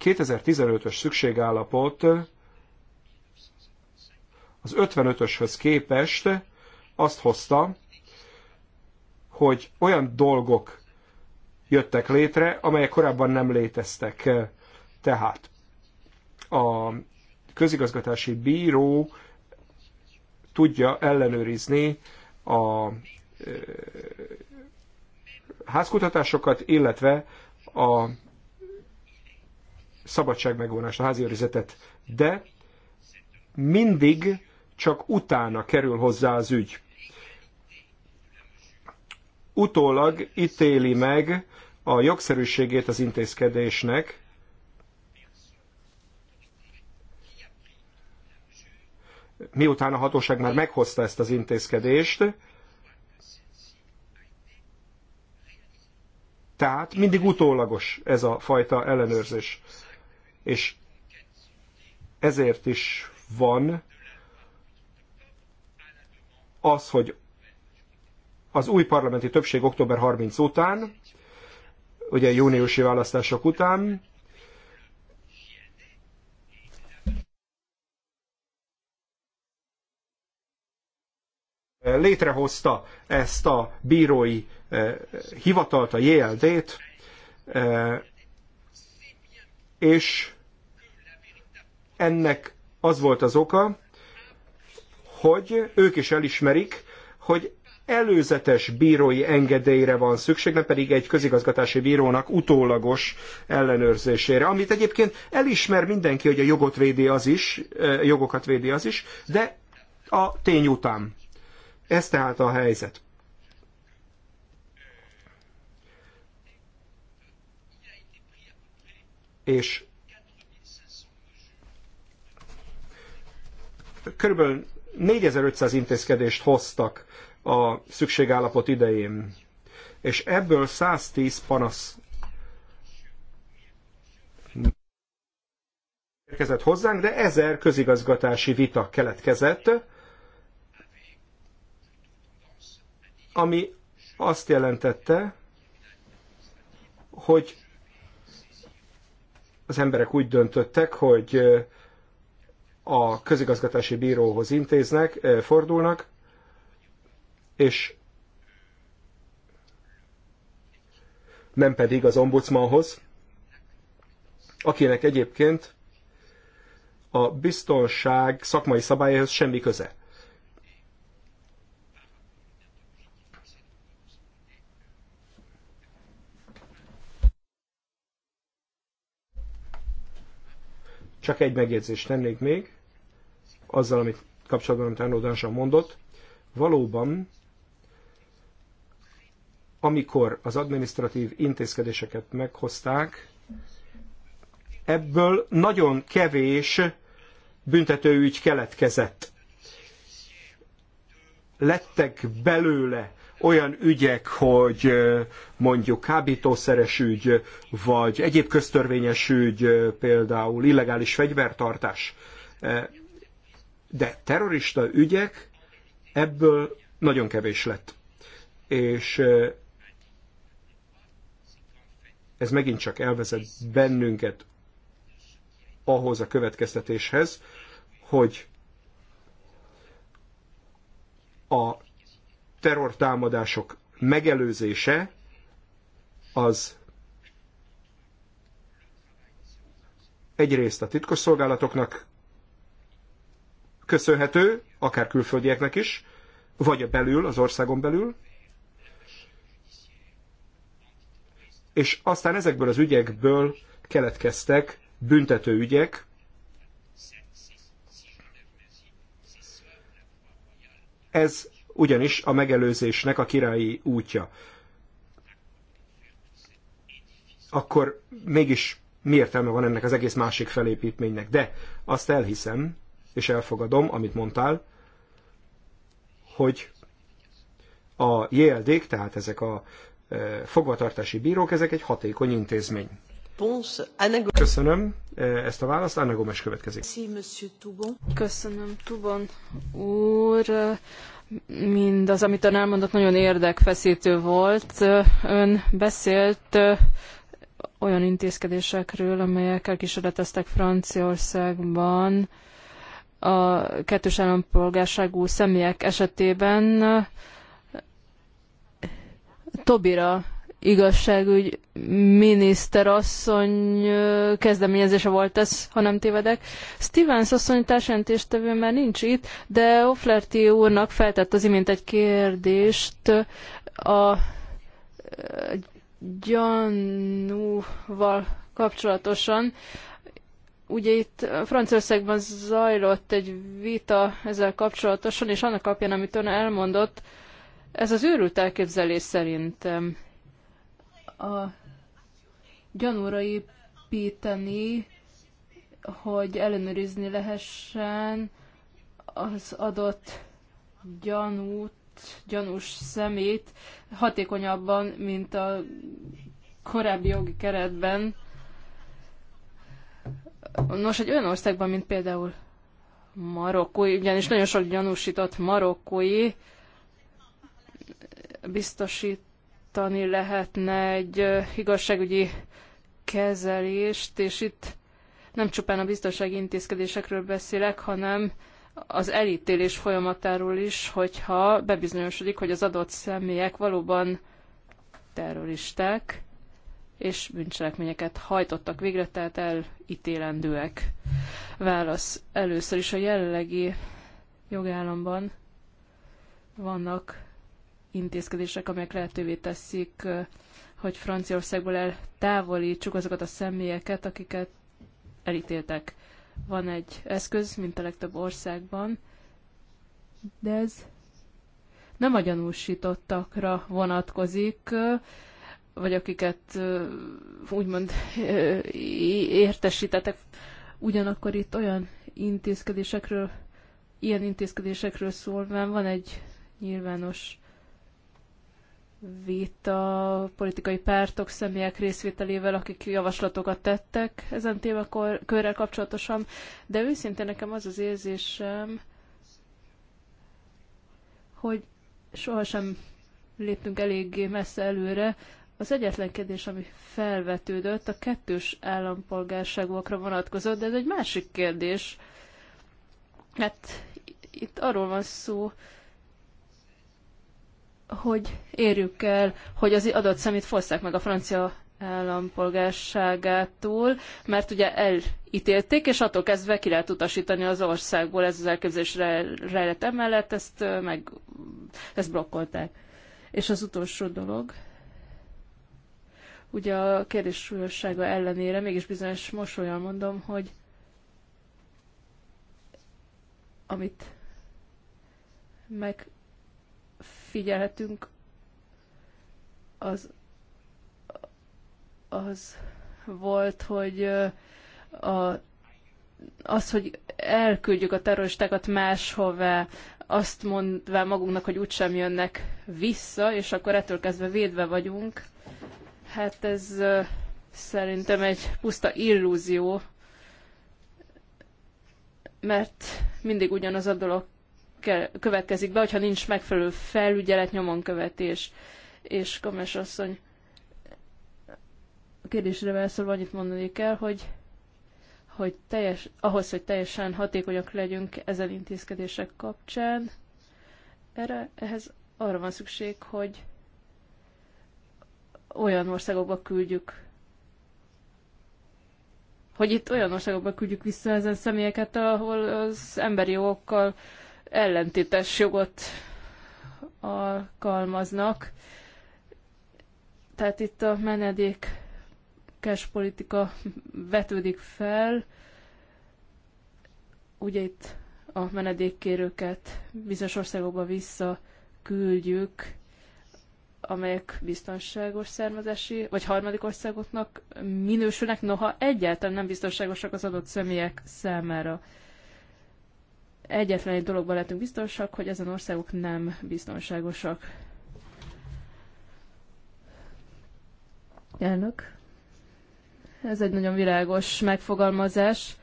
2015-ös szükségállapot az 55-öshöz képest azt hozta, hogy olyan dolgok jöttek létre, amelyek korábban nem léteztek. Tehát a közigazgatási bíró tudja ellenőrizni a házkutatásokat, illetve a szabadságmegvonást, a házi őrizetet, de mindig csak utána kerül hozzá az ügy. Utólag ítéli meg a jogszerűségét az intézkedésnek, miután a hatóság már meghozta ezt az intézkedést, tehát mindig utólagos ez a fajta ellenőrzés. És ezért is van az, hogy az új parlamenti többség október 30 után ugye júniusi választások után. Létrehozta ezt a bírói eh, hivatalt, a JLD-t, eh, és ennek az volt az oka, hogy ők is elismerik, hogy előzetes bírói engedélyre van szükség, nem pedig egy közigazgatási bírónak utólagos ellenőrzésére, amit egyébként elismer mindenki, hogy a jogot védi az is, jogokat védi az is, de a tény után. Ez tehát a helyzet. És körülbelül 4500 intézkedést hoztak a szükségállapot idején. És ebből 110 panasz érkezett hozzánk, de ezer közigazgatási vita keletkezett, ami azt jelentette, hogy az emberek úgy döntöttek, hogy a közigazgatási bíróhoz intéznek, fordulnak, és nem pedig az ombudsmanhoz, akinek egyébként a biztonság szakmai szabályhoz semmi köze. Csak egy megjegyzést tennék még, azzal, amit kapcsolatban Tánó Dansan mondott. Valóban amikor az administratív intézkedéseket meghozták, ebből nagyon kevés büntetőügy keletkezett. Lettek belőle olyan ügyek, hogy mondjuk kábítószeres ügy, vagy egyéb köztörvényes ügy, például illegális fegyvertartás. De terrorista ügyek ebből nagyon kevés lett. És ez megint csak elvezet bennünket ahhoz a következtetéshez, hogy a terrortámadások megelőzése az egyrészt a titkosszolgálatoknak köszönhető, akár külföldieknek is, vagy a belül, az országon belül, és aztán ezekből az ügyekből keletkeztek büntető ügyek, ez ugyanis a megelőzésnek a királyi útja. Akkor mégis mi értelme van ennek az egész másik felépítménynek? De azt elhiszem, és elfogadom, amit mondtál, hogy a JLD-k, tehát ezek a fogvatartási bírók, ezek egy hatékony intézmény. Köszönöm ezt a választ, Anna Gomes következik. Köszönöm, Tubon úr. Mindaz, amit ön elmondott, nagyon érdekfeszítő volt. Ön beszélt olyan intézkedésekről, amelyek elkísérleteztek Franciaországban a kettős állampolgárságú személyek esetében Tobira igazságügy miniszter asszony kezdeményezése volt ez, ha nem tévedek. Stevens asszony társjelentéstevő már nincs itt, de O'Flaherty úrnak feltett az imént egy kérdést a gyanúval kapcsolatosan. Ugye itt Franciaországban zajlott egy vita ezzel kapcsolatosan, és annak kapján, amit ön elmondott, ez az őrült elképzelés szerint A gyanúra építeni, hogy ellenőrizni lehessen az adott gyanút, gyanús szemét hatékonyabban, mint a korábbi jogi keretben. Nos, egy olyan országban, mint például Marokkói, ugyanis nagyon sok gyanúsított marokkói, biztosítani lehetne egy igazságügyi kezelést, és itt nem csupán a biztonsági intézkedésekről beszélek, hanem az elítélés folyamatáról is, hogyha bebizonyosodik, hogy az adott személyek valóban terroristák, és bűncselekményeket hajtottak végre, tehát elítélendőek. Válasz először is a jelenlegi jogállamban vannak intézkedések, amelyek lehetővé teszik, hogy Franciaországból eltávolítsuk azokat a személyeket, akiket elítéltek. Van egy eszköz, mint a legtöbb országban, de ez nem a gyanúsítottakra vonatkozik, vagy akiket úgymond értesítettek. Ugyanakkor itt olyan intézkedésekről, ilyen intézkedésekről szólván van egy nyilvános vita politikai pártok, személyek részvételével, akik javaslatokat tettek ezen témakörrel kapcsolatosan, de őszintén nekem az az érzésem, hogy sohasem léptünk eléggé messze előre. Az egyetlen kérdés, ami felvetődött, a kettős állampolgárságokra vonatkozott, de ez egy másik kérdés. Hát itt arról van szó, hogy érjük el, hogy az adott szemét fosszák meg a francia állampolgárságától, mert ugye elítélték, és attól kezdve ki lehet utasítani az országból ez az elképzelés rejlet emellett, ezt meg ezt blokkolták. És az utolsó dolog, ugye a kérdés súlyossága ellenére mégis bizonyos mosolyan mondom, hogy amit meg figyelhetünk az az volt, hogy a, az, hogy elküldjük a terroristákat máshová, azt mondva magunknak, hogy úgysem jönnek vissza, és akkor ettől kezdve védve vagyunk. Hát ez szerintem egy puszta illúzió, mert mindig ugyanaz a dolog következik be, hogyha nincs megfelelő felügyelet, nyomon követés. És Kames asszony a kérdésre válaszolva annyit mondani kell, hogy, hogy teljes, ahhoz, hogy teljesen hatékonyak legyünk ezen intézkedések kapcsán, erre, ehhez arra van szükség, hogy olyan országokba küldjük hogy itt olyan országokba küldjük vissza ezen személyeket, ahol az emberi jogokkal ellentétes jogot alkalmaznak. Tehát itt a menedékes politika vetődik fel. Ugye itt a menedékkérőket bizonyos országokba visszaküldjük, amelyek biztonságos származási vagy harmadik országoknak minősülnek, noha egyáltalán nem biztonságosak az adott személyek számára. Egyetlen egy dologban lehetünk biztosak, hogy ezen országok nem biztonságosak. Elnök. Ez egy nagyon világos megfogalmazás,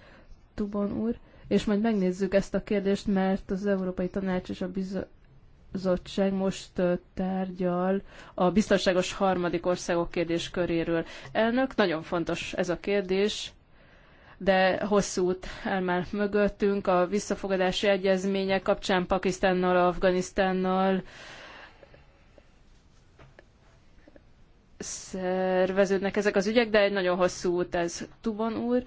Tubon úr. És majd megnézzük ezt a kérdést, mert az Európai Tanács és a Bizottság most tárgyal a biztonságos harmadik országok kérdésköréről. Elnök, nagyon fontos ez a kérdés, de hosszú út el már mögöttünk. A visszafogadási egyezmények kapcsán Pakisztánnal, Afganisztánnal szerveződnek ezek az ügyek, de egy nagyon hosszú út ez. Tubon úr,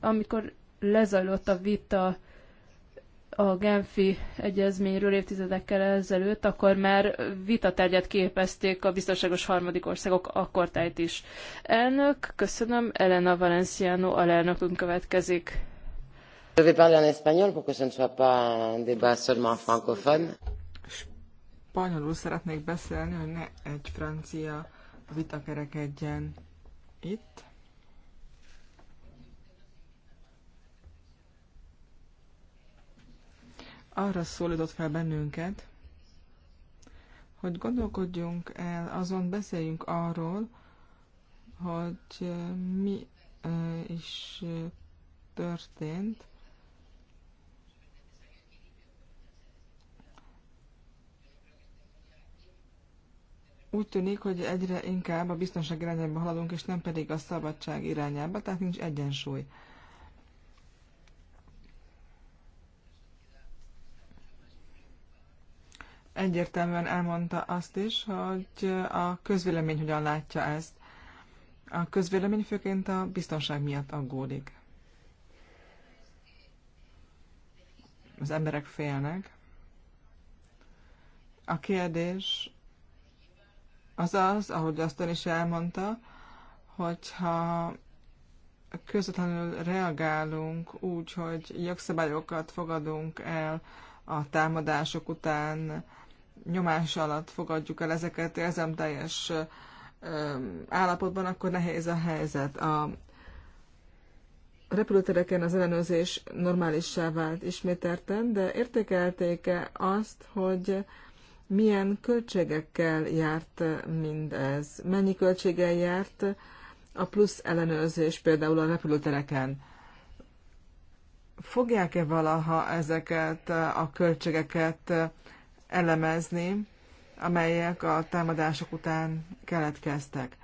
amikor lezajlott a vita a Genfi egyezményről évtizedekkel ezelőtt, akkor már vitatárgyat képezték a biztonságos harmadik országok akkortájt is. Elnök, köszönöm, Elena Valenciano alelnökünk következik. Je vais parler en espagnol pour que ce ne soit pas un débat seulement francophone. Spanyolul szeretnék beszélni, hogy ne egy francia vita kerekedjen itt. arra szólított fel bennünket, hogy gondolkodjunk el, azon beszéljünk arról, hogy mi is történt. Úgy tűnik, hogy egyre inkább a biztonság irányába haladunk, és nem pedig a szabadság irányába, tehát nincs egyensúly. egyértelműen elmondta azt is, hogy a közvélemény hogyan látja ezt. A közvélemény főként a biztonság miatt aggódik. Az emberek félnek. A kérdés az az, ahogy azt ön is elmondta, hogyha közvetlenül reagálunk úgy, hogy jogszabályokat fogadunk el a támadások után, nyomás alatt fogadjuk el ezeket teljes állapotban, akkor nehéz a helyzet. A repülőtereken az ellenőrzés normálissá vált ismételten, de értékelték-e azt, hogy milyen költségekkel járt mindez? Mennyi költséggel járt a plusz ellenőrzés például a repülőtereken? Fogják-e valaha ezeket a költségeket elemezni, amelyek a támadások után keletkeztek.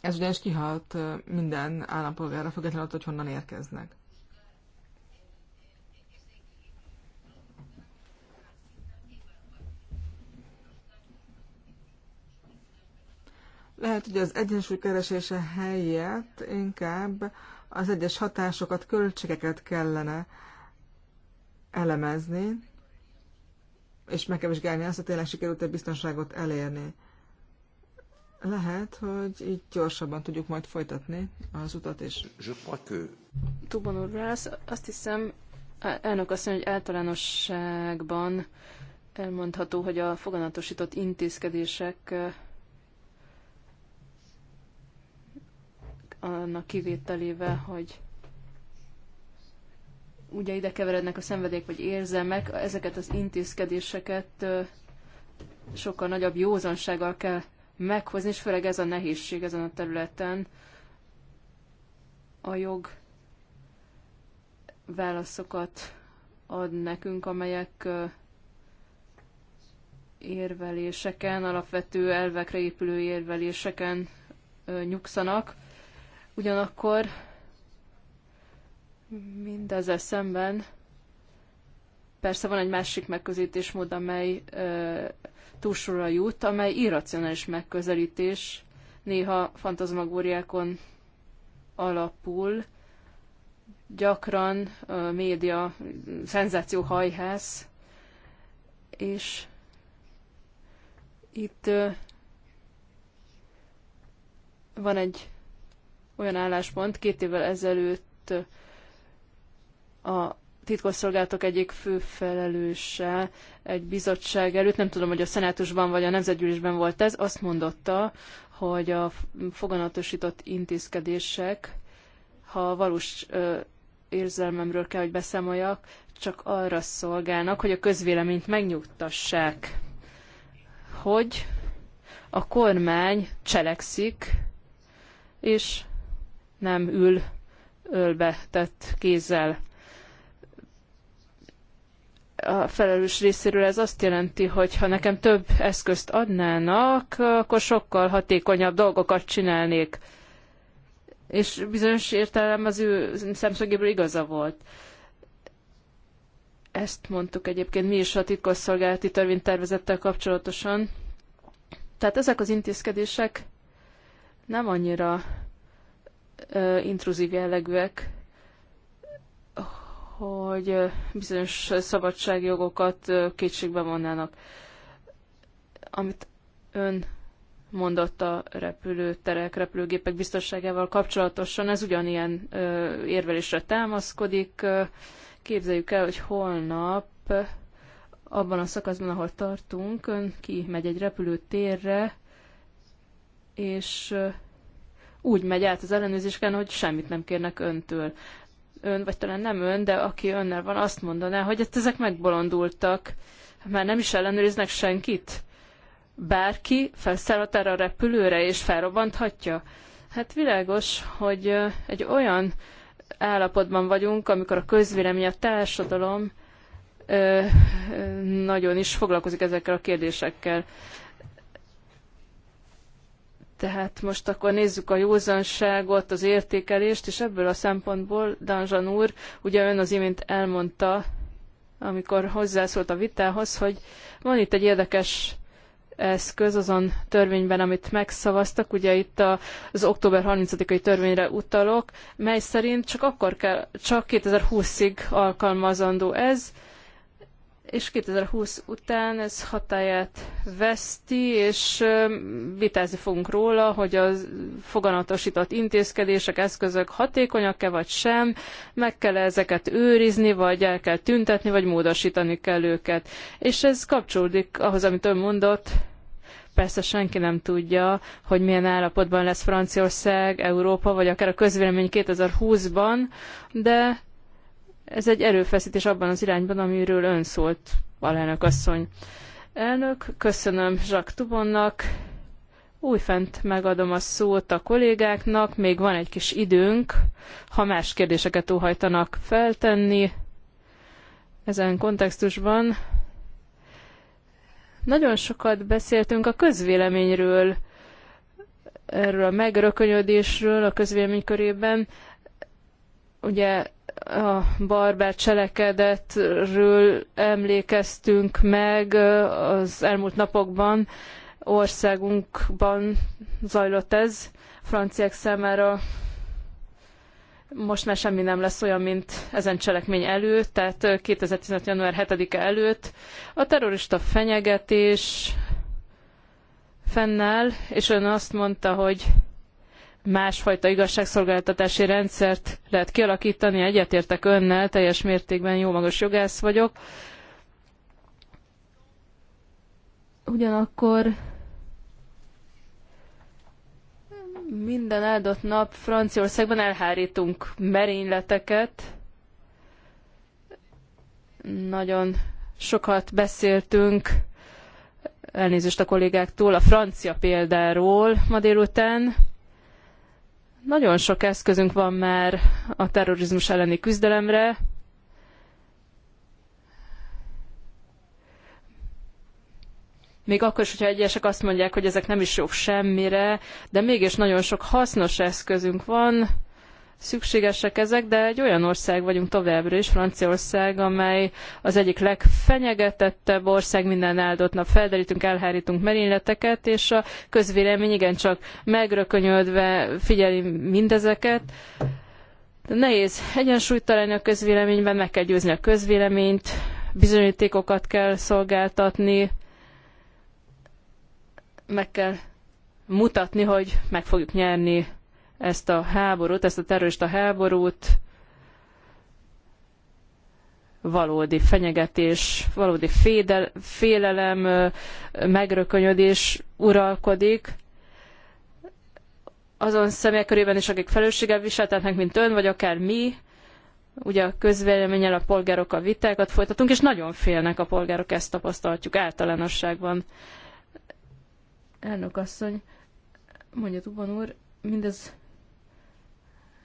Ez ugyanis kihat minden állampolgára, függetlenül attól, hogy honnan érkeznek. Lehet, hogy az egyensúly keresése helyett inkább az egyes hatásokat, költségeket kellene elemezni, és meg kell vizsgálni azt, hogy tényleg sikerült egy biztonságot elérni. Lehet, hogy így gyorsabban tudjuk majd folytatni az utat, és... Je crois que... úr, azt hiszem, e- elnök azt mondja, hogy általánosságban elmondható, hogy a foganatosított intézkedések e, annak kivételével, hogy ugye ide keverednek a szenvedék vagy érzelmek, ezeket az intézkedéseket sokkal nagyobb józansággal kell meghozni, és főleg ez a nehézség ezen a területen. A jog válaszokat ad nekünk, amelyek érveléseken, alapvető elvekre épülő érveléseken nyugszanak. Ugyanakkor Mindezzel szemben persze van egy másik megközelítésmód, amely ö, túlsúlyra jut, amely irracionális megközelítés, néha fantazmagóriákon alapul, gyakran a média szenzációhajhász, és itt ö, van egy olyan álláspont, két évvel ezelőtt a titkosszolgálatok egyik fő felelőse egy bizottság előtt, nem tudom, hogy a szenátusban vagy a nemzetgyűlésben volt ez, azt mondotta, hogy a foganatosított intézkedések, ha valós ö, érzelmemről kell, hogy beszámoljak, csak arra szolgálnak, hogy a közvéleményt megnyugtassák, hogy a kormány cselekszik, és nem ül ölbe tett kézzel a felelős részéről ez azt jelenti, hogy ha nekem több eszközt adnának, akkor sokkal hatékonyabb dolgokat csinálnék. És bizonyos értelem az ő szemszögéből igaza volt. Ezt mondtuk egyébként mi is a titkosszolgálati törvénytervezettel kapcsolatosan. Tehát ezek az intézkedések nem annyira ö, intruzív jellegűek, hogy bizonyos szabadságjogokat kétségbe vonnának. Amit ön mondott a repülőterek, repülőgépek biztonságával kapcsolatosan, ez ugyanilyen érvelésre támaszkodik. Képzeljük el, hogy holnap abban a szakaszban, ahol tartunk, ön ki megy egy repülőtérre, és úgy megy át az ellenőrzésken, hogy semmit nem kérnek öntől ön, vagy talán nem ön, de aki önnel van, azt mondaná, hogy hát ezek megbolondultak, már nem is ellenőriznek senkit. Bárki felszállhat erre a repülőre, és felrobbanthatja. Hát világos, hogy egy olyan állapotban vagyunk, amikor a közvélemény, a társadalom nagyon is foglalkozik ezekkel a kérdésekkel. Tehát most akkor nézzük a józanságot, az értékelést, és ebből a szempontból Danzsan úr, ugye ön az imént elmondta, amikor hozzászólt a vitához, hogy van itt egy érdekes eszköz azon törvényben, amit megszavaztak, ugye itt az október 30-ai törvényre utalok, mely szerint csak akkor kell, csak 2020-ig alkalmazandó ez, és 2020 után ez hatáját veszti, és vitázni fogunk róla, hogy a foganatosított intézkedések, eszközök hatékonyak-e vagy sem, meg kell -e ezeket őrizni, vagy el kell tüntetni, vagy módosítani kell őket. És ez kapcsolódik ahhoz, amit ön mondott, persze senki nem tudja, hogy milyen állapotban lesz Franciaország, Európa, vagy akár a közvélemény 2020-ban, de ez egy erőfeszítés abban az irányban, amiről ön szólt, alelnök asszony. Elnök, köszönöm Jacques Tubonnak. Újfent megadom a szót a kollégáknak, még van egy kis időnk, ha más kérdéseket óhajtanak feltenni ezen kontextusban. Nagyon sokat beszéltünk a közvéleményről, erről a megrökönyödésről a közvélemény körében. Ugye a barbár cselekedetről emlékeztünk meg az elmúlt napokban. Országunkban zajlott ez. Franciák számára most már semmi nem lesz olyan, mint ezen cselekmény előtt, tehát 2015. január 7-e előtt. A terrorista fenyegetés fennáll, és ön azt mondta, hogy másfajta igazságszolgáltatási rendszert lehet kialakítani, egyetértek önnel, teljes mértékben jó magas jogász vagyok. Ugyanakkor minden áldott nap Franciaországban elhárítunk merényleteket. Nagyon sokat beszéltünk elnézést a kollégáktól, a francia példáról ma délután. Nagyon sok eszközünk van már a terrorizmus elleni küzdelemre. Még akkor is, hogyha egyesek azt mondják, hogy ezek nem is jók semmire, de mégis nagyon sok hasznos eszközünk van, szükségesek ezek, de egy olyan ország vagyunk továbbra is, Franciaország, amely az egyik legfenyegetettebb ország, minden áldott nap felderítünk, elhárítunk merényleteket, és a közvélemény igencsak megrökönyödve figyeli mindezeket. De nehéz egyensúlyt találni a közvéleményben, meg kell győzni a közvéleményt, bizonyítékokat kell szolgáltatni, meg kell mutatni, hogy meg fogjuk nyerni ezt a háborút, ezt a terrorista háborút valódi fenyegetés, valódi fédel, félelem, megrökönyödés uralkodik, azon személyek körében is, akik felelősséggel viseltetnek, mint ön, vagy akár mi, ugye a közvéleménnyel a polgárokkal vitákat folytatunk, és nagyon félnek a polgárok, ezt tapasztalhatjuk általánosságban. Elnök asszony, mondja Tuban úr, mindez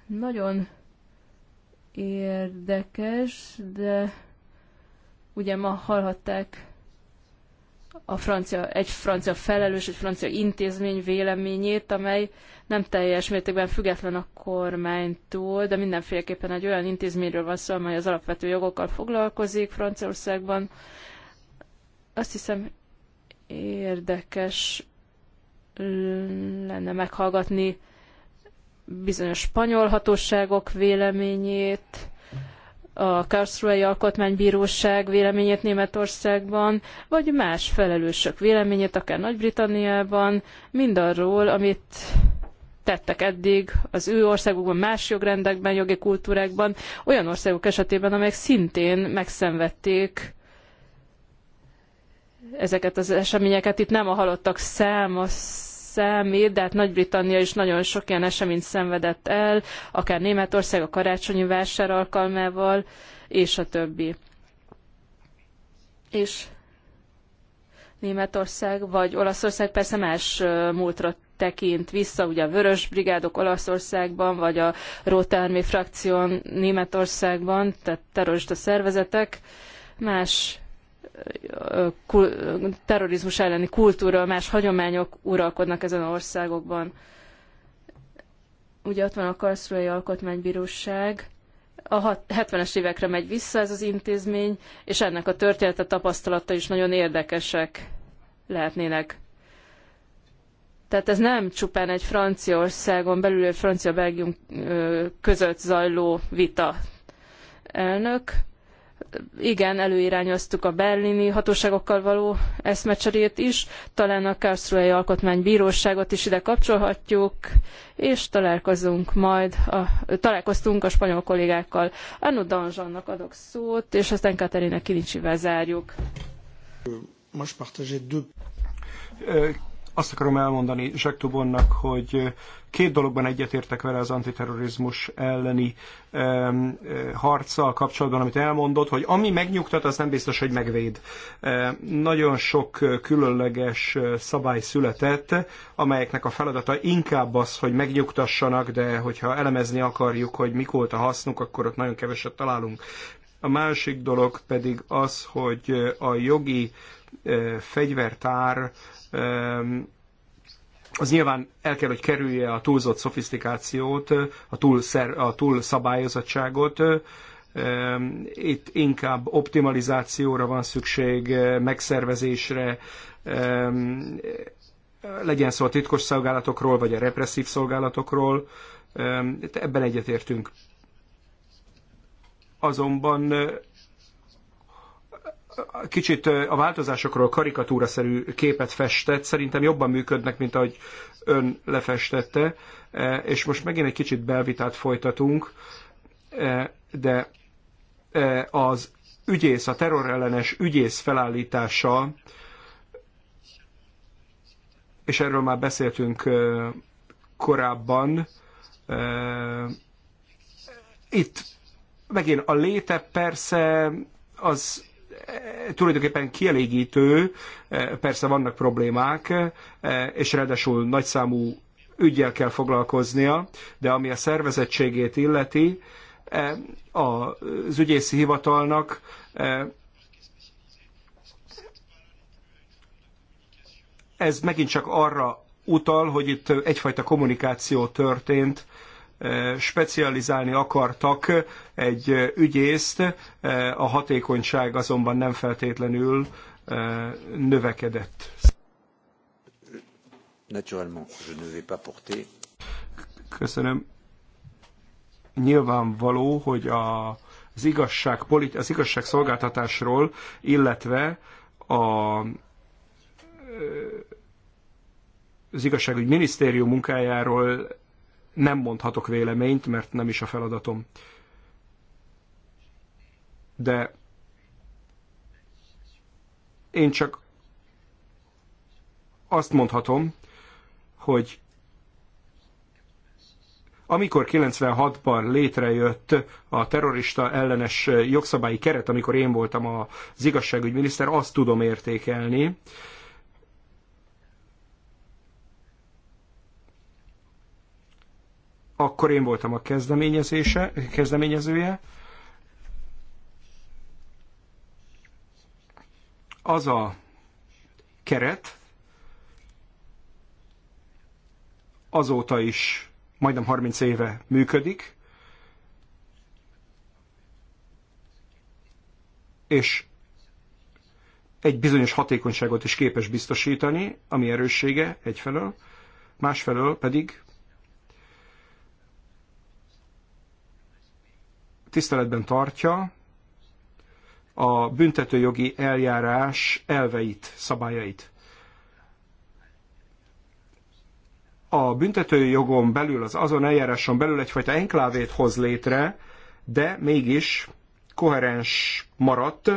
nagyon érdekes, de ugye ma hallhatták a francia, egy francia felelős, egy francia intézmény véleményét, amely nem teljes mértékben független a kormánytól, de mindenféleképpen egy olyan intézményről van szó, amely az alapvető jogokkal foglalkozik Franciaországban. Azt hiszem érdekes lenne meghallgatni bizonyos spanyol hatóságok véleményét, a Karlsruhei Alkotmánybíróság véleményét Németországban, vagy más felelősök véleményét, akár Nagy-Britanniában, mindarról, amit tettek eddig az ő országukban, más jogrendekben, jogi kultúrákban, olyan országok esetében, amelyek szintén megszenvedték ezeket az eseményeket. Itt nem a halottak száma számít, de hát Nagy-Britannia is nagyon sok ilyen eseményt szenvedett el, akár Németország a karácsonyi vásár alkalmával, és a többi. És Németország vagy Olaszország persze más múltra tekint vissza, ugye a Vörös Brigádok Olaszországban, vagy a Rotármi frakción Németországban, tehát terrorista szervezetek, más terrorizmus elleni kultúra, más hagyományok uralkodnak ezen országokban. Ugye ott van a Karlsruhei Alkotmánybíróság, a 70-es évekre megy vissza ez az intézmény, és ennek a története tapasztalata is nagyon érdekesek lehetnének. Tehát ez nem csupán egy Franciaországon belül, egy Francia-Belgium között zajló vita. Elnök, igen, előirányoztuk a berlini hatóságokkal való eszmecserét is, talán a Karlsruhei Alkotmánybíróságot is ide kapcsolhatjuk, és találkozunk majd, a, találkoztunk a spanyol kollégákkal. Anu Danzsannak adok szót, és aztán Katerina Kilincsivel zárjuk. Most azt akarom elmondani Jacques hogy két dologban egyetértek vele az antiterrorizmus elleni um, harccal kapcsolatban, amit elmondott, hogy ami megnyugtat, az nem biztos, hogy megvéd. Eh, nagyon sok különleges eh, szabály született, amelyeknek a feladata inkább az, hogy megnyugtassanak, de hogyha elemezni akarjuk, hogy mik volt a hasznuk, akkor ott nagyon keveset találunk. A másik dolog pedig az, hogy a jogi fegyvertár az nyilván el kell, hogy kerülje a túlzott szofisztikációt, a, túl szer, a túl szabályozottságot. Itt inkább optimalizációra van szükség, megszervezésre, legyen szó a titkos szolgálatokról, vagy a represszív szolgálatokról, ebben egyetértünk. Azonban kicsit a változásokról karikatúraszerű képet festett, szerintem jobban működnek, mint ahogy ön lefestette, és most megint egy kicsit belvitát folytatunk, de az ügyész, a terrorellenes ügyész felállítása, és erről már beszéltünk korábban, itt megint a léte persze az tulajdonképpen kielégítő, e, persze vannak problémák, e, és ráadásul nagyszámú ügyel kell foglalkoznia, de ami a szervezettségét illeti, e, az ügyészi hivatalnak ez megint csak arra utal, hogy itt egyfajta kommunikáció történt specializálni akartak egy ügyészt, a hatékonyság azonban nem feltétlenül növekedett. Naturellement, je ne vais pas porter. Köszönöm. Nyilvánvaló, hogy a, az, igazság, az igazságszolgáltatásról, illetve a az igazságügy minisztérium munkájáról nem mondhatok véleményt, mert nem is a feladatom. De én csak azt mondhatom, hogy amikor 96-ban létrejött a terrorista ellenes jogszabályi keret, amikor én voltam az igazságügyminiszter, azt tudom értékelni, akkor én voltam a kezdeményezése, kezdeményezője. Az a keret azóta is majdnem 30 éve működik, és egy bizonyos hatékonyságot is képes biztosítani, ami erőssége egyfelől, másfelől pedig tiszteletben tartja a büntetőjogi eljárás elveit, szabályait. A büntetőjogon belül, az azon eljáráson belül egyfajta enklávét hoz létre, de mégis koherens maradt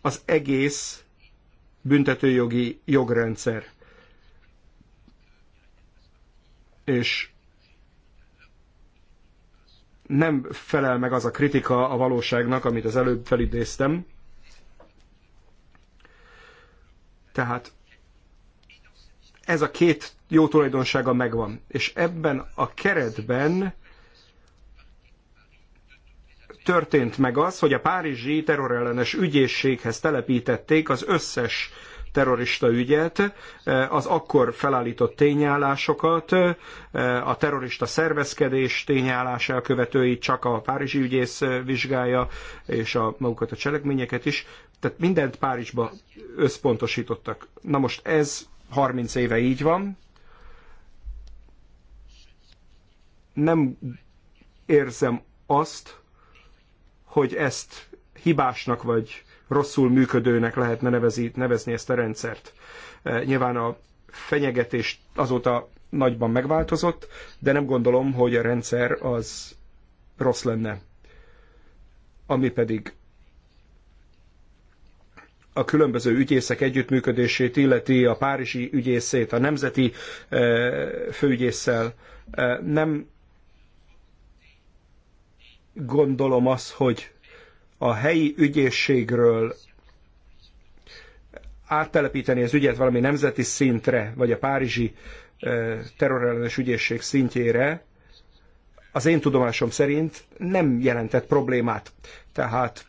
az egész büntetőjogi jogrendszer. És nem felel meg az a kritika a valóságnak, amit az előbb felidéztem. Tehát ez a két jó tulajdonsága megvan. És ebben a keretben történt meg az, hogy a párizsi terrorellenes ügyészséghez telepítették az összes terrorista ügyet, eh, az akkor felállított tényállásokat, eh, a terrorista szervezkedés tényállás elkövetői csak a párizsi ügyész eh, vizsgálja, és a magukat a cselekményeket is. Tehát mindent Párizsba összpontosítottak. Na most ez 30 éve így van. Nem érzem azt, hogy ezt hibásnak vagy rosszul működőnek lehetne nevezi, nevezni ezt a rendszert. E, nyilván a fenyegetés azóta nagyban megváltozott, de nem gondolom, hogy a rendszer az rossz lenne. Ami pedig a különböző ügyészek együttműködését illeti, a párizsi ügyészét, a nemzeti e, főügyészsel, e, Nem gondolom azt, hogy a helyi ügyészségről áttelepíteni az ügyet valami nemzeti szintre, vagy a párizsi terrorellenes ügyészség szintjére, az én tudomásom szerint nem jelentett problémát. Tehát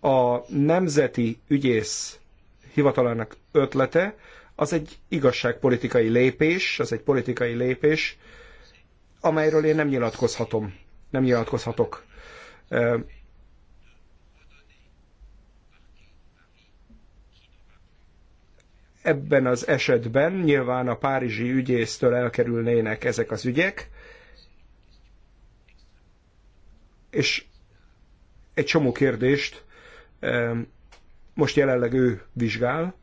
a nemzeti ügyész hivatalának ötlete az egy igazságpolitikai lépés, az egy politikai lépés, amelyről én nem nyilatkozhatom, nem nyilatkozhatok. Ebben az esetben nyilván a párizsi ügyésztől elkerülnének ezek az ügyek, és egy csomó kérdést most jelenleg ő vizsgál.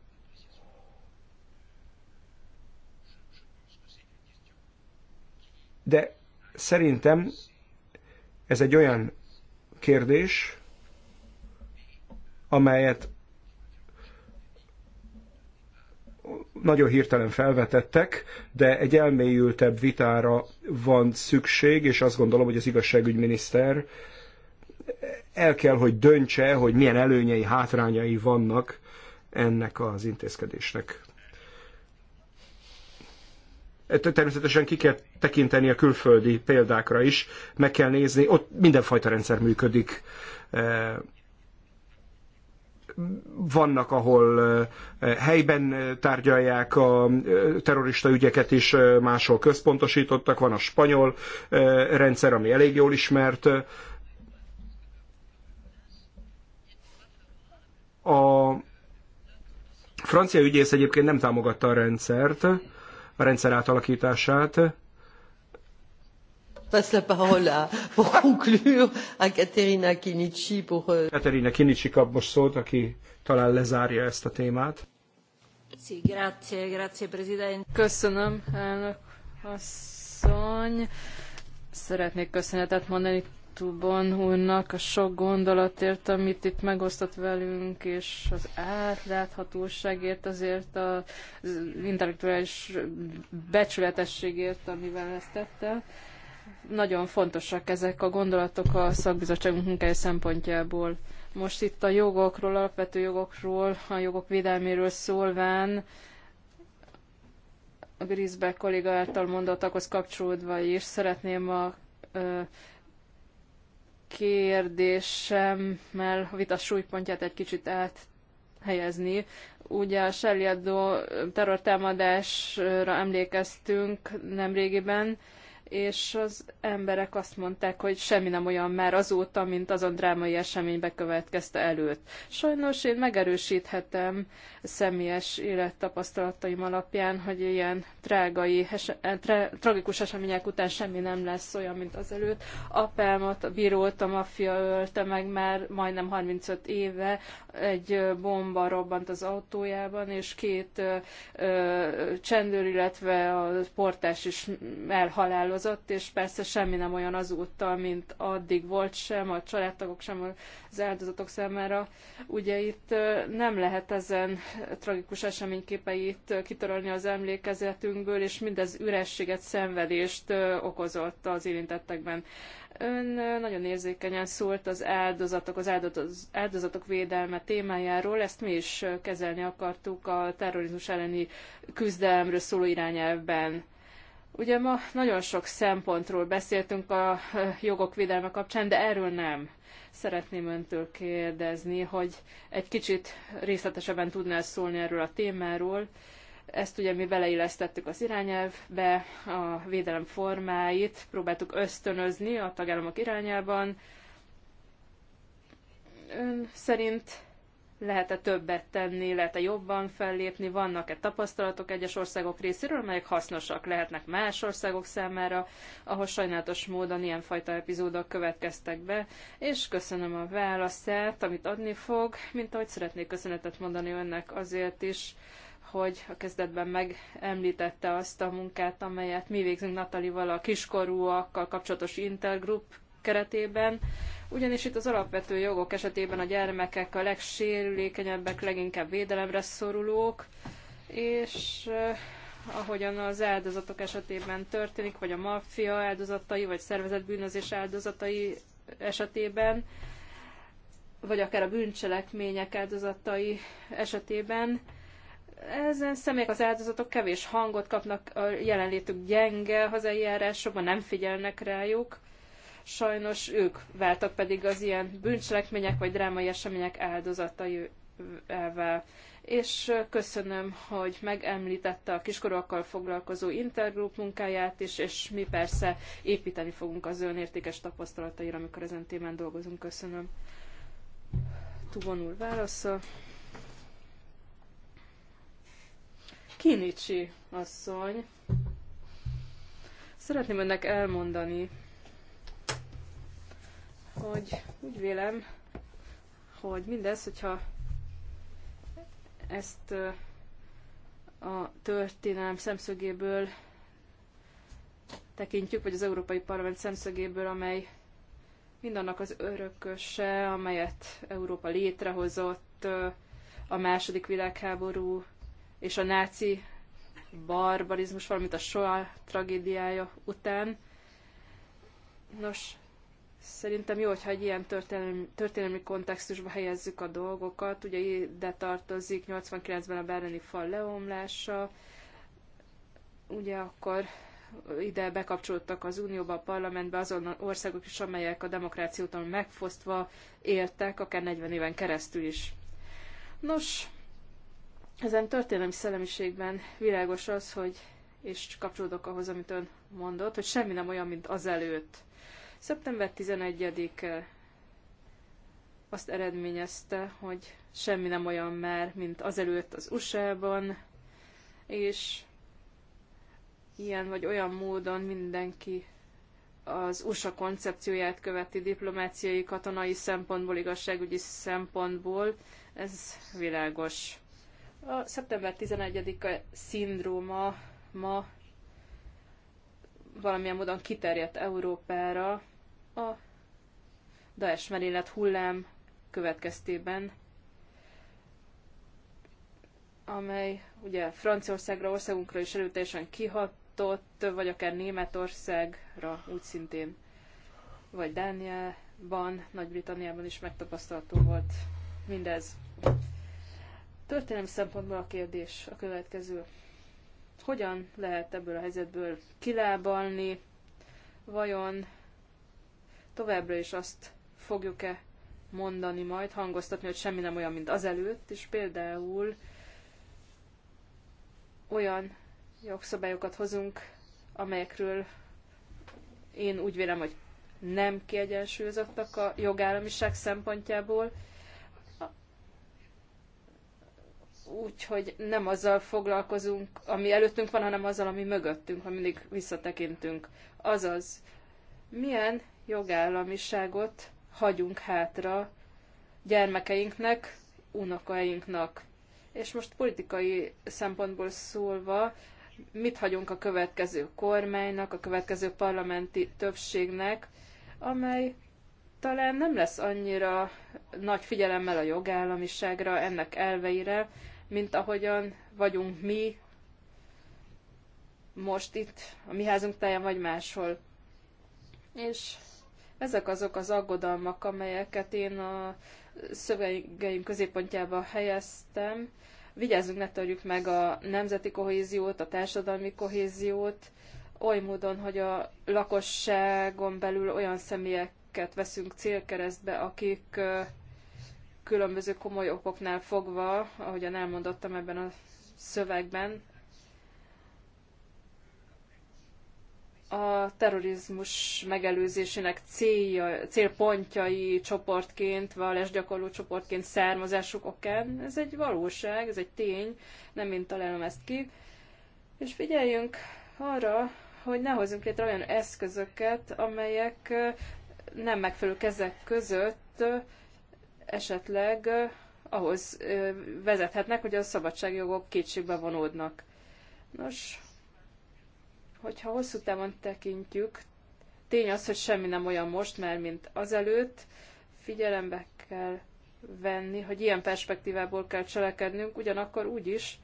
De szerintem ez egy olyan kérdés, amelyet nagyon hirtelen felvetettek, de egy elmélyültebb vitára van szükség, és azt gondolom, hogy az igazságügyminiszter el kell, hogy döntse, hogy milyen előnyei, hátrányai vannak ennek az intézkedésnek. Természetesen ki kell tekinteni a külföldi példákra is, meg kell nézni, ott mindenfajta rendszer működik eh, vannak, ahol helyben tárgyalják a terrorista ügyeket is, máshol központosítottak, van a spanyol rendszer, ami elég jól ismert. A francia ügyész egyébként nem támogatta a rendszert, a rendszer átalakítását, passe la parole à, pour conclure à Katerina Kinichi pour... Katerina euh, Kinichi kap most szót, aki talán lezárja ezt a témát. Sí, grazie, grazie, Köszönöm, elnök asszony. Szeretnék köszönetet mondani Tubon úrnak a sok gondolatért, amit itt megosztott velünk, és az átláthatóságért, azért az intellektuális becsületességért, amivel ezt tette nagyon fontosak ezek a gondolatok a szakbizottságunk munkája szempontjából. Most itt a jogokról, alapvető jogokról, a jogok védelméről szólván, a Grisbeck kolléga által mondottakhoz kapcsolódva is szeretném a ö, kérdésemmel a vita súlypontját egy kicsit áthelyezni. Ugye a Seliadó terrortámadásra emlékeztünk nemrégiben, és az emberek azt mondták, hogy semmi nem olyan már azóta, mint azon drámai esemény bekövetkezte előtt. Sajnos én megerősíthetem személyes élettapasztalataim alapján, hogy ilyen trágai, tra, eh, tragikus események után semmi nem lesz olyan, mint azelőtt. Apámat, a bírót, a maffia ölte meg már majdnem 35 éve, egy bomba robbant az autójában, és két ö, ö, csendőr, illetve a portás is elhalálozott meghatározott, és persze semmi nem olyan azóta, mint addig volt sem a családtagok, sem az áldozatok számára. Ugye itt nem lehet ezen tragikus eseményképeit kitörölni az emlékezetünkből, és mindez ürességet, szenvedést okozott az érintettekben. Ön nagyon érzékenyen szólt az áldozatok, az áldozatok védelme témájáról, ezt mi is kezelni akartuk a terrorizmus elleni küzdelemről szóló irányelvben. Ugye ma nagyon sok szempontról beszéltünk a jogok védelme kapcsán, de erről nem. Szeretném öntől kérdezni, hogy egy kicsit részletesebben tudnál -e szólni erről a témáról. Ezt ugye mi beleillesztettük az irányelvbe, a védelem formáit próbáltuk ösztönözni a tagállamok irányában. Ön szerint lehet-e többet tenni, lehet-e jobban fellépni, vannak-e tapasztalatok egyes országok részéről, melyek hasznosak lehetnek más országok számára, ahol sajnálatos módon ilyenfajta epizódok következtek be, és köszönöm a válaszát, amit adni fog, mint ahogy szeretnék köszönetet mondani önnek azért is, hogy a kezdetben megemlítette azt a munkát, amelyet mi végzünk Natalival a kiskorúakkal kapcsolatos intergroup keretében, ugyanis itt az alapvető jogok esetében a gyermekek a legsérülékenyebbek, leginkább védelemre szorulók, és eh, ahogyan az áldozatok esetében történik, vagy a maffia áldozatai, vagy szervezetbűnözés áldozatai esetében, vagy akár a bűncselekmények áldozatai esetében, ezen személyek az áldozatok kevés hangot kapnak, a jelenlétük gyenge, hazai eljárásokban nem figyelnek rájuk, sajnos ők váltak pedig az ilyen bűncselekmények vagy drámai események áldozatai elvel. És köszönöm, hogy megemlítette a kiskorokkal foglalkozó intergroup munkáját is, és mi persze építeni fogunk az értékes tapasztalataira, amikor ezen témán dolgozunk. Köszönöm. Tuvonul úr válasza. Kinicsi asszony. Szeretném önnek elmondani, hogy úgy vélem, hogy mindez, hogyha ezt a történelm szemszögéből tekintjük, vagy az Európai Parlament szemszögéből, amely mindannak az örököse, amelyet Európa létrehozott a második világháború és a náci barbarizmus, valamint a soha tragédiája után. Nos, Szerintem jó, hogyha egy ilyen történelmi, történelmi kontextusba helyezzük a dolgokat. Ugye ide tartozik 89-ben a berlini fal leomlása, ugye akkor ide bekapcsolódtak az Unióba, a parlamentbe azon országok is, amelyek a demokrációtól megfosztva éltek, akár 40 éven keresztül is. Nos, ezen történelmi szellemiségben világos az, hogy, és kapcsolódok ahhoz, amit ön mondott, hogy semmi nem olyan, mint azelőtt. Szeptember 11-e azt eredményezte, hogy semmi nem olyan már, mint azelőtt az USA-ban, és ilyen vagy olyan módon mindenki az USA koncepcióját követi diplomáciai, katonai szempontból, igazságügyi szempontból, ez világos. A szeptember 11-e szindróma ma valamilyen módon kiterjedt Európára, a Daesh merélet hullám következtében, amely ugye Franciaországra, országunkra is erőteljesen kihatott, vagy akár Németországra úgy szintén, vagy Dániában, Nagy-Britanniában is megtapasztalható volt mindez. Történelmi szempontból a kérdés a következő. Hogyan lehet ebből a helyzetből kilábalni? Vajon továbbra is azt fogjuk-e mondani majd, hangoztatni, hogy semmi nem olyan, mint azelőtt, és például olyan jogszabályokat hozunk, amelyekről én úgy vélem, hogy nem kiegyensúlyozottak a jogállamiság szempontjából, úgyhogy nem azzal foglalkozunk, ami előttünk van, hanem azzal, ami mögöttünk, ha mindig visszatekintünk. Azaz, milyen jogállamiságot hagyunk hátra gyermekeinknek, unokainknak. És most politikai szempontból szólva, mit hagyunk a következő kormánynak, a következő parlamenti többségnek, amely talán nem lesz annyira nagy figyelemmel a jogállamiságra, ennek elveire, mint ahogyan vagyunk mi most itt, a mi házunk táján, vagy máshol. És ezek azok az aggodalmak, amelyeket én a szövegeim középpontjába helyeztem. Vigyázzunk, ne törjük meg a nemzeti kohéziót, a társadalmi kohéziót, oly módon, hogy a lakosságon belül olyan személyeket veszünk célkeresztbe, akik különböző komoly okoknál fogva, ahogyan elmondottam ebben a szövegben, a terrorizmus megelőzésének célja, célpontjai csoportként, gyakorló csoportként származásuk okán. Ez egy valóság, ez egy tény, nem én találom ezt ki. És figyeljünk arra, hogy ne hozzunk létre olyan eszközöket, amelyek nem megfelelő kezek között esetleg ahhoz vezethetnek, hogy a szabadságjogok kétségbe vonódnak. Nos, Hogyha hosszú távon tekintjük, tény az, hogy semmi nem olyan most, mert mint azelőtt, figyelembe kell venni, hogy ilyen perspektívából kell cselekednünk, ugyanakkor úgy is,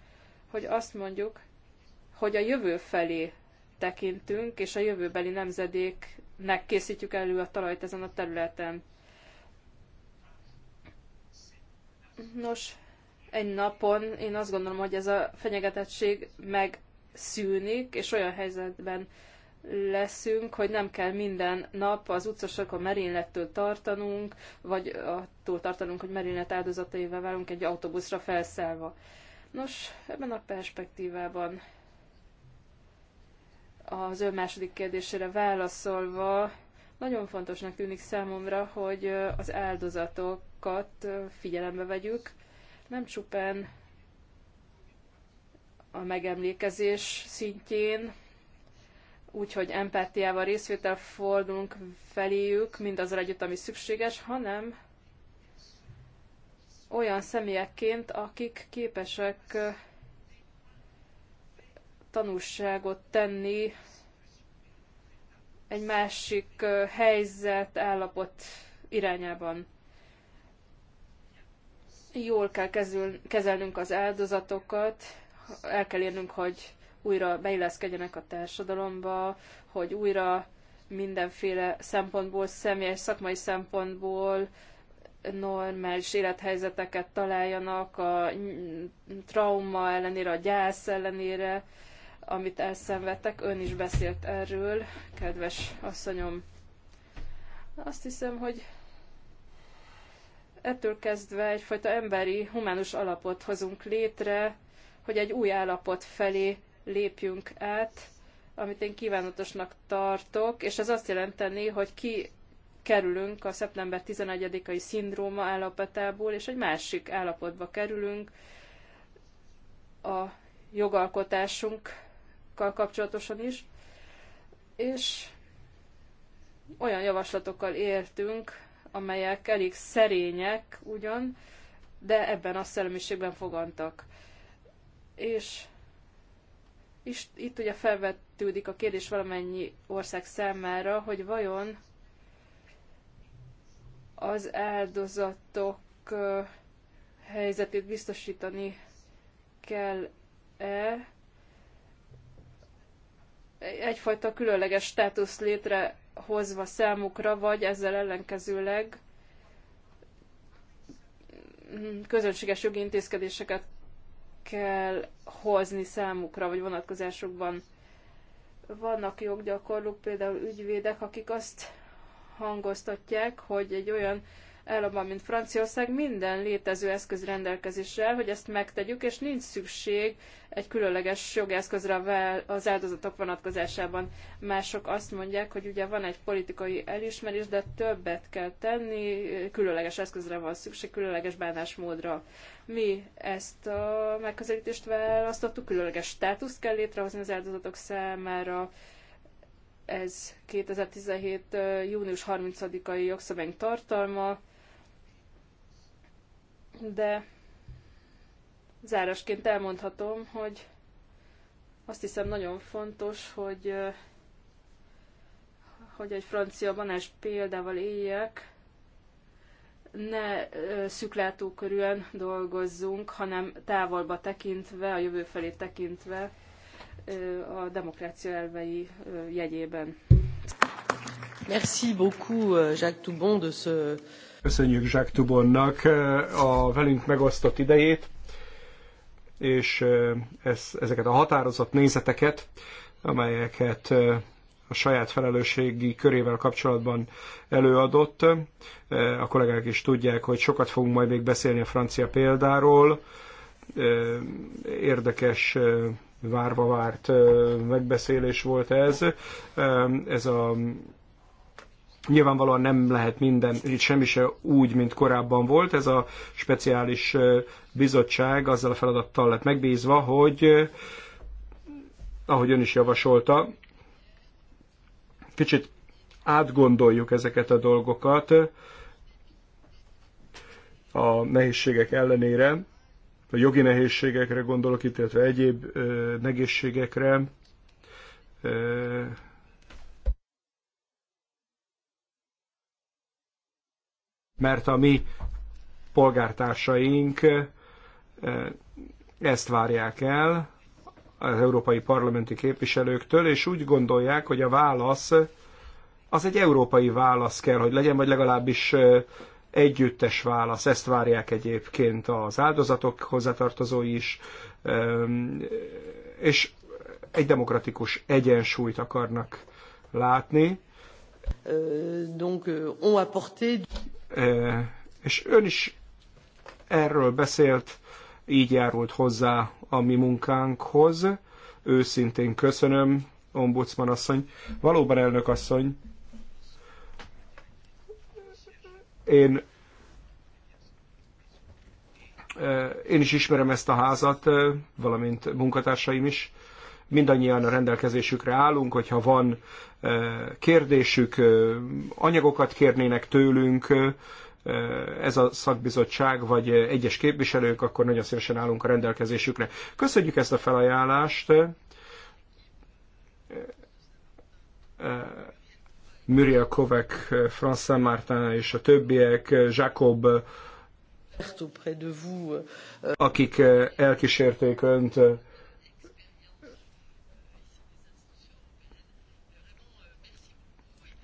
hogy azt mondjuk, hogy a jövő felé tekintünk, és a jövőbeli nemzedéknek készítjük elő a talajt ezen a területen. Nos, egy napon én azt gondolom, hogy ez a fenyegetettség meg szűnik, és olyan helyzetben leszünk, hogy nem kell minden nap az a merénylettől tartanunk, vagy attól tartanunk, hogy merénylet áldozataival válunk egy autóbuszra felszállva. Nos, ebben a perspektívában az ő második kérdésére válaszolva, nagyon fontosnak tűnik számomra, hogy az áldozatokat figyelembe vegyük, nem csupán a megemlékezés szintjén, úgyhogy empátiával részvétel fordulunk feléjük, mindazzal együtt, ami szükséges, hanem olyan személyekként, akik képesek tanúságot tenni egy másik helyzet, állapot irányában. Jól kell kezelnünk az áldozatokat, el kell érnünk, hogy újra beilleszkedjenek a társadalomba, hogy újra mindenféle szempontból, személyes, szakmai szempontból normális élethelyzeteket találjanak a trauma ellenére, a gyász ellenére, amit elszenvedtek. Ön is beszélt erről, kedves asszonyom. Azt hiszem, hogy ettől kezdve egyfajta emberi, humánus alapot hozunk létre, hogy egy új állapot felé lépjünk át, amit én kívánatosnak tartok, és ez azt jelenteni, hogy ki kerülünk a szeptember 11-ai szindróma állapotából, és egy másik állapotba kerülünk a jogalkotásunkkal kapcsolatosan is, és olyan javaslatokkal értünk, amelyek elég szerények ugyan, de ebben a szellemiségben fogantak és és itt ugye felvetődik a kérdés valamennyi ország számára, hogy vajon az áldozatok helyzetét biztosítani kell-e egyfajta különleges státusz létrehozva számukra, vagy ezzel ellenkezőleg közönséges jogi intézkedéseket kell hozni számukra, vagy vonatkozásokban. Vannak joggyakorlók, például ügyvédek, akik azt hangoztatják, hogy egy olyan államban, mint Franciaország, minden létező eszköz rendelkezésre, hogy ezt megtegyük, és nincs szükség egy különleges jogeszközre az áldozatok vonatkozásában. Mások azt mondják, hogy ugye van egy politikai elismerés, de többet kell tenni, különleges eszközre van szükség, különleges bánásmódra. Mi ezt a megközelítést választottuk, különleges státuszt kell létrehozni az áldozatok számára, ez 2017. június 30-ai jogszabály tartalma, de zárásként elmondhatom, hogy azt hiszem nagyon fontos, hogy, hogy egy francia banás példával éljek ne körülön dolgozzunk, hanem távolba tekintve, a jövő felé tekintve a demokrácia elvei jegyében. Merci beaucoup euh, Jacques Toubon de ce... Köszönjük Jacques Toubonnak a velünk megosztott idejét, és ezeket a határozott nézeteket, amelyeket a saját felelősségi körével kapcsolatban előadott. E, a kollégák is tudják, hogy sokat fogunk majd még beszélni a francia példáról. E, érdekes e, várva várt megbeszélés volt ez. Ez a Nyilvánvalóan nem lehet minden, itt semmi se úgy, mint korábban volt. Ez a speciális bizottság azzal a feladattal lett megbízva, hogy ahogy ön is javasolta, kicsit átgondoljuk ezeket a dolgokat a nehézségek ellenére, a jogi nehézségekre gondolok itt, illetve egyéb ö, nehézségekre. Ö, mert a mi polgártársaink ezt várják el, az európai parlamenti képviselőktől, és úgy gondolják, hogy a válasz az egy európai válasz kell, hogy legyen, vagy legalábbis együttes válasz. Ezt várják egyébként az áldozatok hozzátartozói is, és egy demokratikus egyensúlyt akarnak látni. Donc, euh, on apporté... És ön is erről beszélt, így járult hozzá a mi munkánkhoz. Őszintén köszönöm, ombudsman asszony. Valóban elnök asszony, én eh, én is ismerem ezt a házat, eh, valamint munkatársaim is. Mindannyian a rendelkezésükre állunk, hogyha van eh, kérdésük, anyagokat kérnének tőlünk, ez a szakbizottság, vagy egyes képviselők, akkor nagyon szívesen állunk a rendelkezésükre. Köszönjük ezt a felajánlást. Muriel Kovek, Franz Martin és a többiek, Jacob, akik elkísérték önt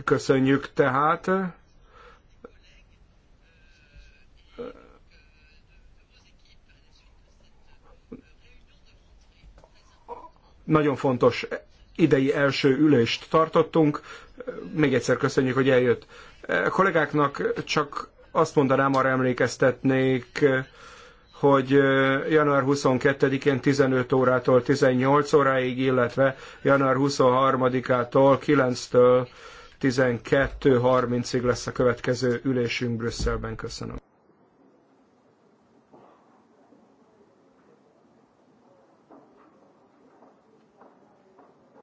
köszönjük tehát. Nagyon fontos idei első ülést tartottunk. Még egyszer köszönjük, hogy eljött. A kollégáknak csak azt mondanám, arra emlékeztetnék, hogy január 22-én 15 órától 18 óráig, illetve január 23-ától 9-től 12.30-ig lesz a következő ülésünk Brüsszelben. Köszönöm.